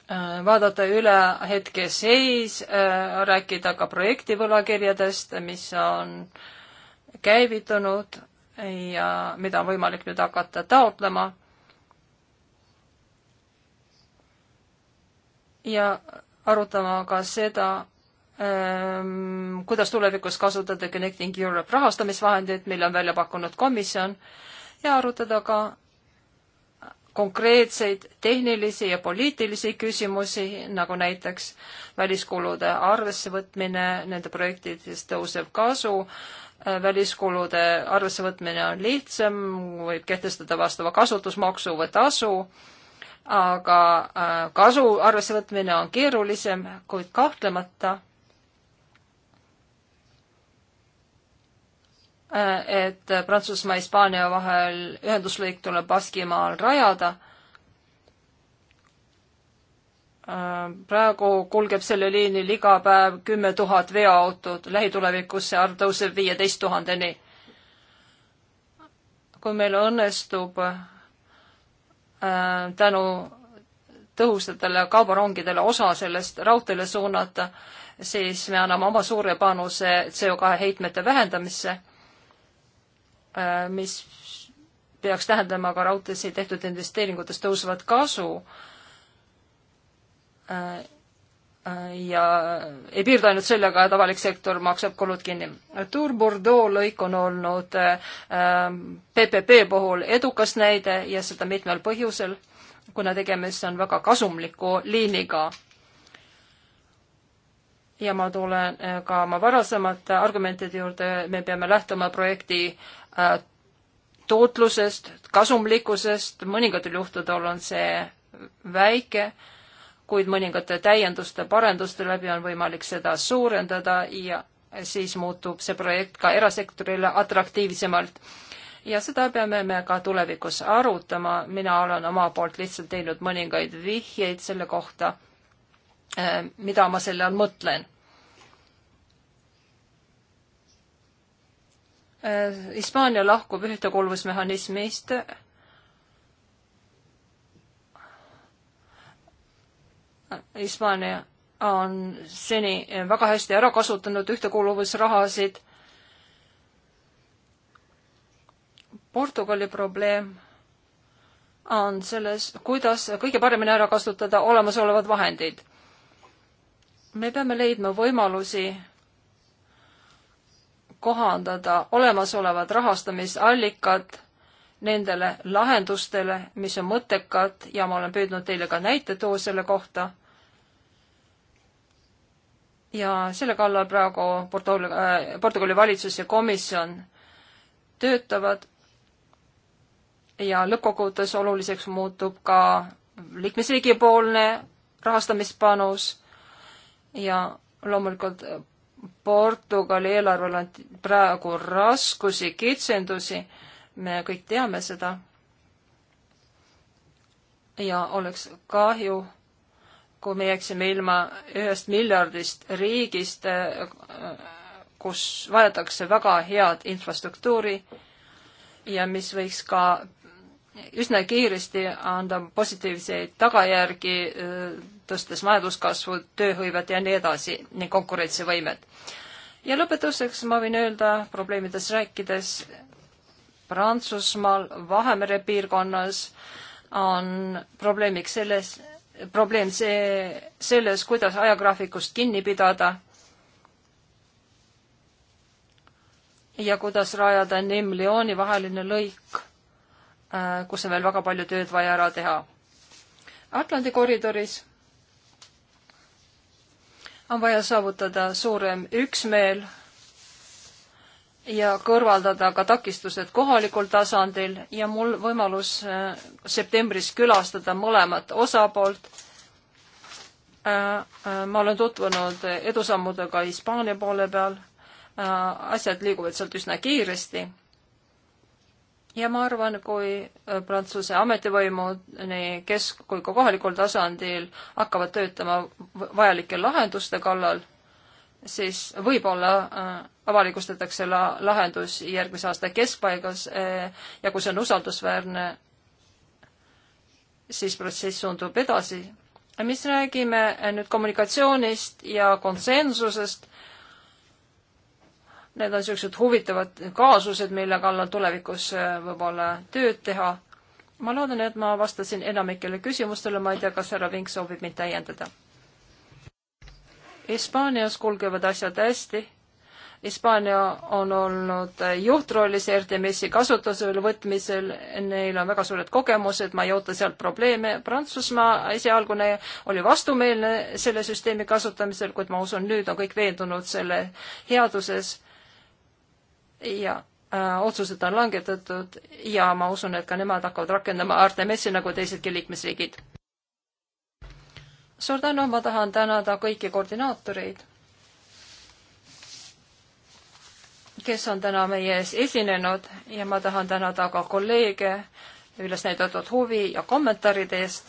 Äh, vaadata üle hetkeseis, äh, rääkida ka projekti võlakirjadest, mis on käivitunud ja mida on võimalik nüüd hakata taotlema. ja arutama ka seda, ähm, kuidas tulevikus kasutada Connecting Europe rahastamisvahendeid, mille on välja pakkunud komisjon ja arutada ka konkreetseid tehnilisi ja poliitilisi küsimusi, nagu näiteks väliskulude arvessevõtmine, nende projektides tõusev kasu, äh, väliskulude arvessevõtmine on lihtsam, võib kehtestada vastava kasutusmaksu või tasu, aga äh, kasu arvessevõtmine on keerulisem, kuid kahtlemata Äh, et Prantsusmaa ja Hispaania vahel ühenduslõik tuleb Baskimaal rajada. Äh, praegu kulgeb sellel liinil iga päev kümme tuhat veoautot, lähitulevikus see arv tõuseb viieteist tuhandeni. kui meil õnnestub äh, tänu tõhusatele kaubarongidele osa sellest raudteele suunata, siis me anname oma suure panuse CO2 heitmete vähendamisse Äh, mis peaks tähendama ka raudteesse tehtud investeeringutest tõusvat kasu äh, äh, ja ei piirdu ainult sellega, et avalik sektor maksab kulud kinni. Tour Bordeaux lõik on olnud PPP puhul edukas näide ja seda mitmel põhjusel, kuna tegemist on väga kasumliku liiniga. ja ma tulen ka oma varasemate argumentide juurde, me peame lähtuma projekti Äh, tootlusest, kasumlikkusest, mõningatel juhtudel on see väike, kuid mõningate täienduste, parenduste läbi on võimalik seda suurendada ja siis muutub see projekt ka erasektorile atraktiivsemalt. ja seda peame me ka tulevikus arutama, mina olen oma poolt lihtsalt teinud mõningaid vihjeid selle kohta, äh, mida ma selle all mõtlen Äh, Hispaania lahkub ühtekuuluvusmehhanismist Hispaania on seni väga hästi ära kasutanud ühtekuuluvusrahasid. Portugali probleem on selles, kuidas kõige paremini ära kasutada olemasolevad vahendid. me peame leidma võimalusi kohandada olemasolevad rahastamisallikad nendele lahendustele, mis on mõttekad ja ma olen püüdnud teile ka näite tuua selle kohta. ja selle kallal praegu Portugal, äh, Portugali valitsus ja komisjon töötavad ja lõppkokkuvõttes oluliseks muutub ka liikmesriigi poolne rahastamispanus ja loomulikult Portugali eelarvel on praegu raskusi, kitsendusi, me kõik teame seda. ja oleks kahju, kui me jääksime ilma ühest miljardist riigist, kus vajatakse väga head infrastruktuuri ja mis võiks ka üsna kiiresti anda positiivseid tagajärgi tõstes majanduskasvu, tööhõivet ja nii edasi ning konkurentsivõimet. ja lõpetuseks ma võin öelda probleemidest rääkides, Prantsusmaal Vahemere piirkonnas on probleemiks selles, probleem see, selles, kuidas ajagraafikust kinni pidada ja kuidas rajada Nim-Lyoni vaheline lõik, äh, kus on veel väga palju tööd vaja ära teha. Atlandi koridoris on vaja saavutada suurem üksmeel ja kõrvaldada ka takistused kohalikul tasandil ja mul võimalus äh, septembris külastada mõlemat osapoolt. Äh, äh, ma olen tutvunud edusammudega Hispaania poole peal, asjad liiguvad sealt üsna kiiresti ja ma arvan, kui äh, Prantsuse ametivõimud nii kesk- kui ka kohalikul tasandil hakkavad töötama vajalike lahenduste kallal, siis võib-olla äh, avalikustatakse la-, lahendus järgmise aasta keskpaigas äh, ja kui see on usaldusväärne, siis protsess suundub edasi. mis räägime nüüd kommunikatsioonist ja konsensusest, Need on niisugused huvitavad kaasused, mille kallal tulevikus äh, võib-olla tööd teha. ma loodan, et ma vastasin enamikele küsimustele, ma ei tea, kas härra Vink soovib mind täiendada. Hispaanias kulgevad asjad hästi. Hispaania on olnud juhtrollis RTMS-i kasutusele võtmisel, neil on väga suured kogemused, ma ei oota sealt probleeme. Prantsusmaa esialgune oli vastumeelne selle süsteemi kasutamisel, kuid ma usun, nüüd on kõik veendunud selle headuses ja äh, otsused on langetatud ja ma usun, et ka nemad hakkavad rakendama Artemisi nagu teisedki liikmesriigid. suur tänu, ma tahan tänada kõiki koordinaatoreid, kes on täna meie ees esinenud ja ma tahan tänada ka kolleege üles näidatud huvi ja kommentaaride eest.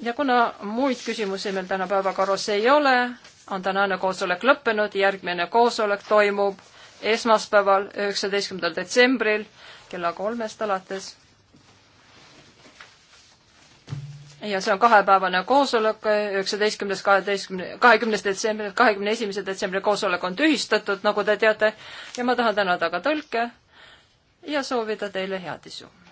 ja kuna muid küsimusi meil täna päevakorras ei ole, on tänane koosolek lõppenud, järgmine koosolek toimub esmaspäeval, üheksateistkümnendal detsembril kella kolmest alates. ja see on kahepäevane koosolek, üheksateistkümnes, kaheteistkümne, kahekümnes detsembril, kahekümne esimese detsembri koosolek on tühistatud, nagu te teate, ja ma tahan tänada ka tõlke ja soovida teile head isu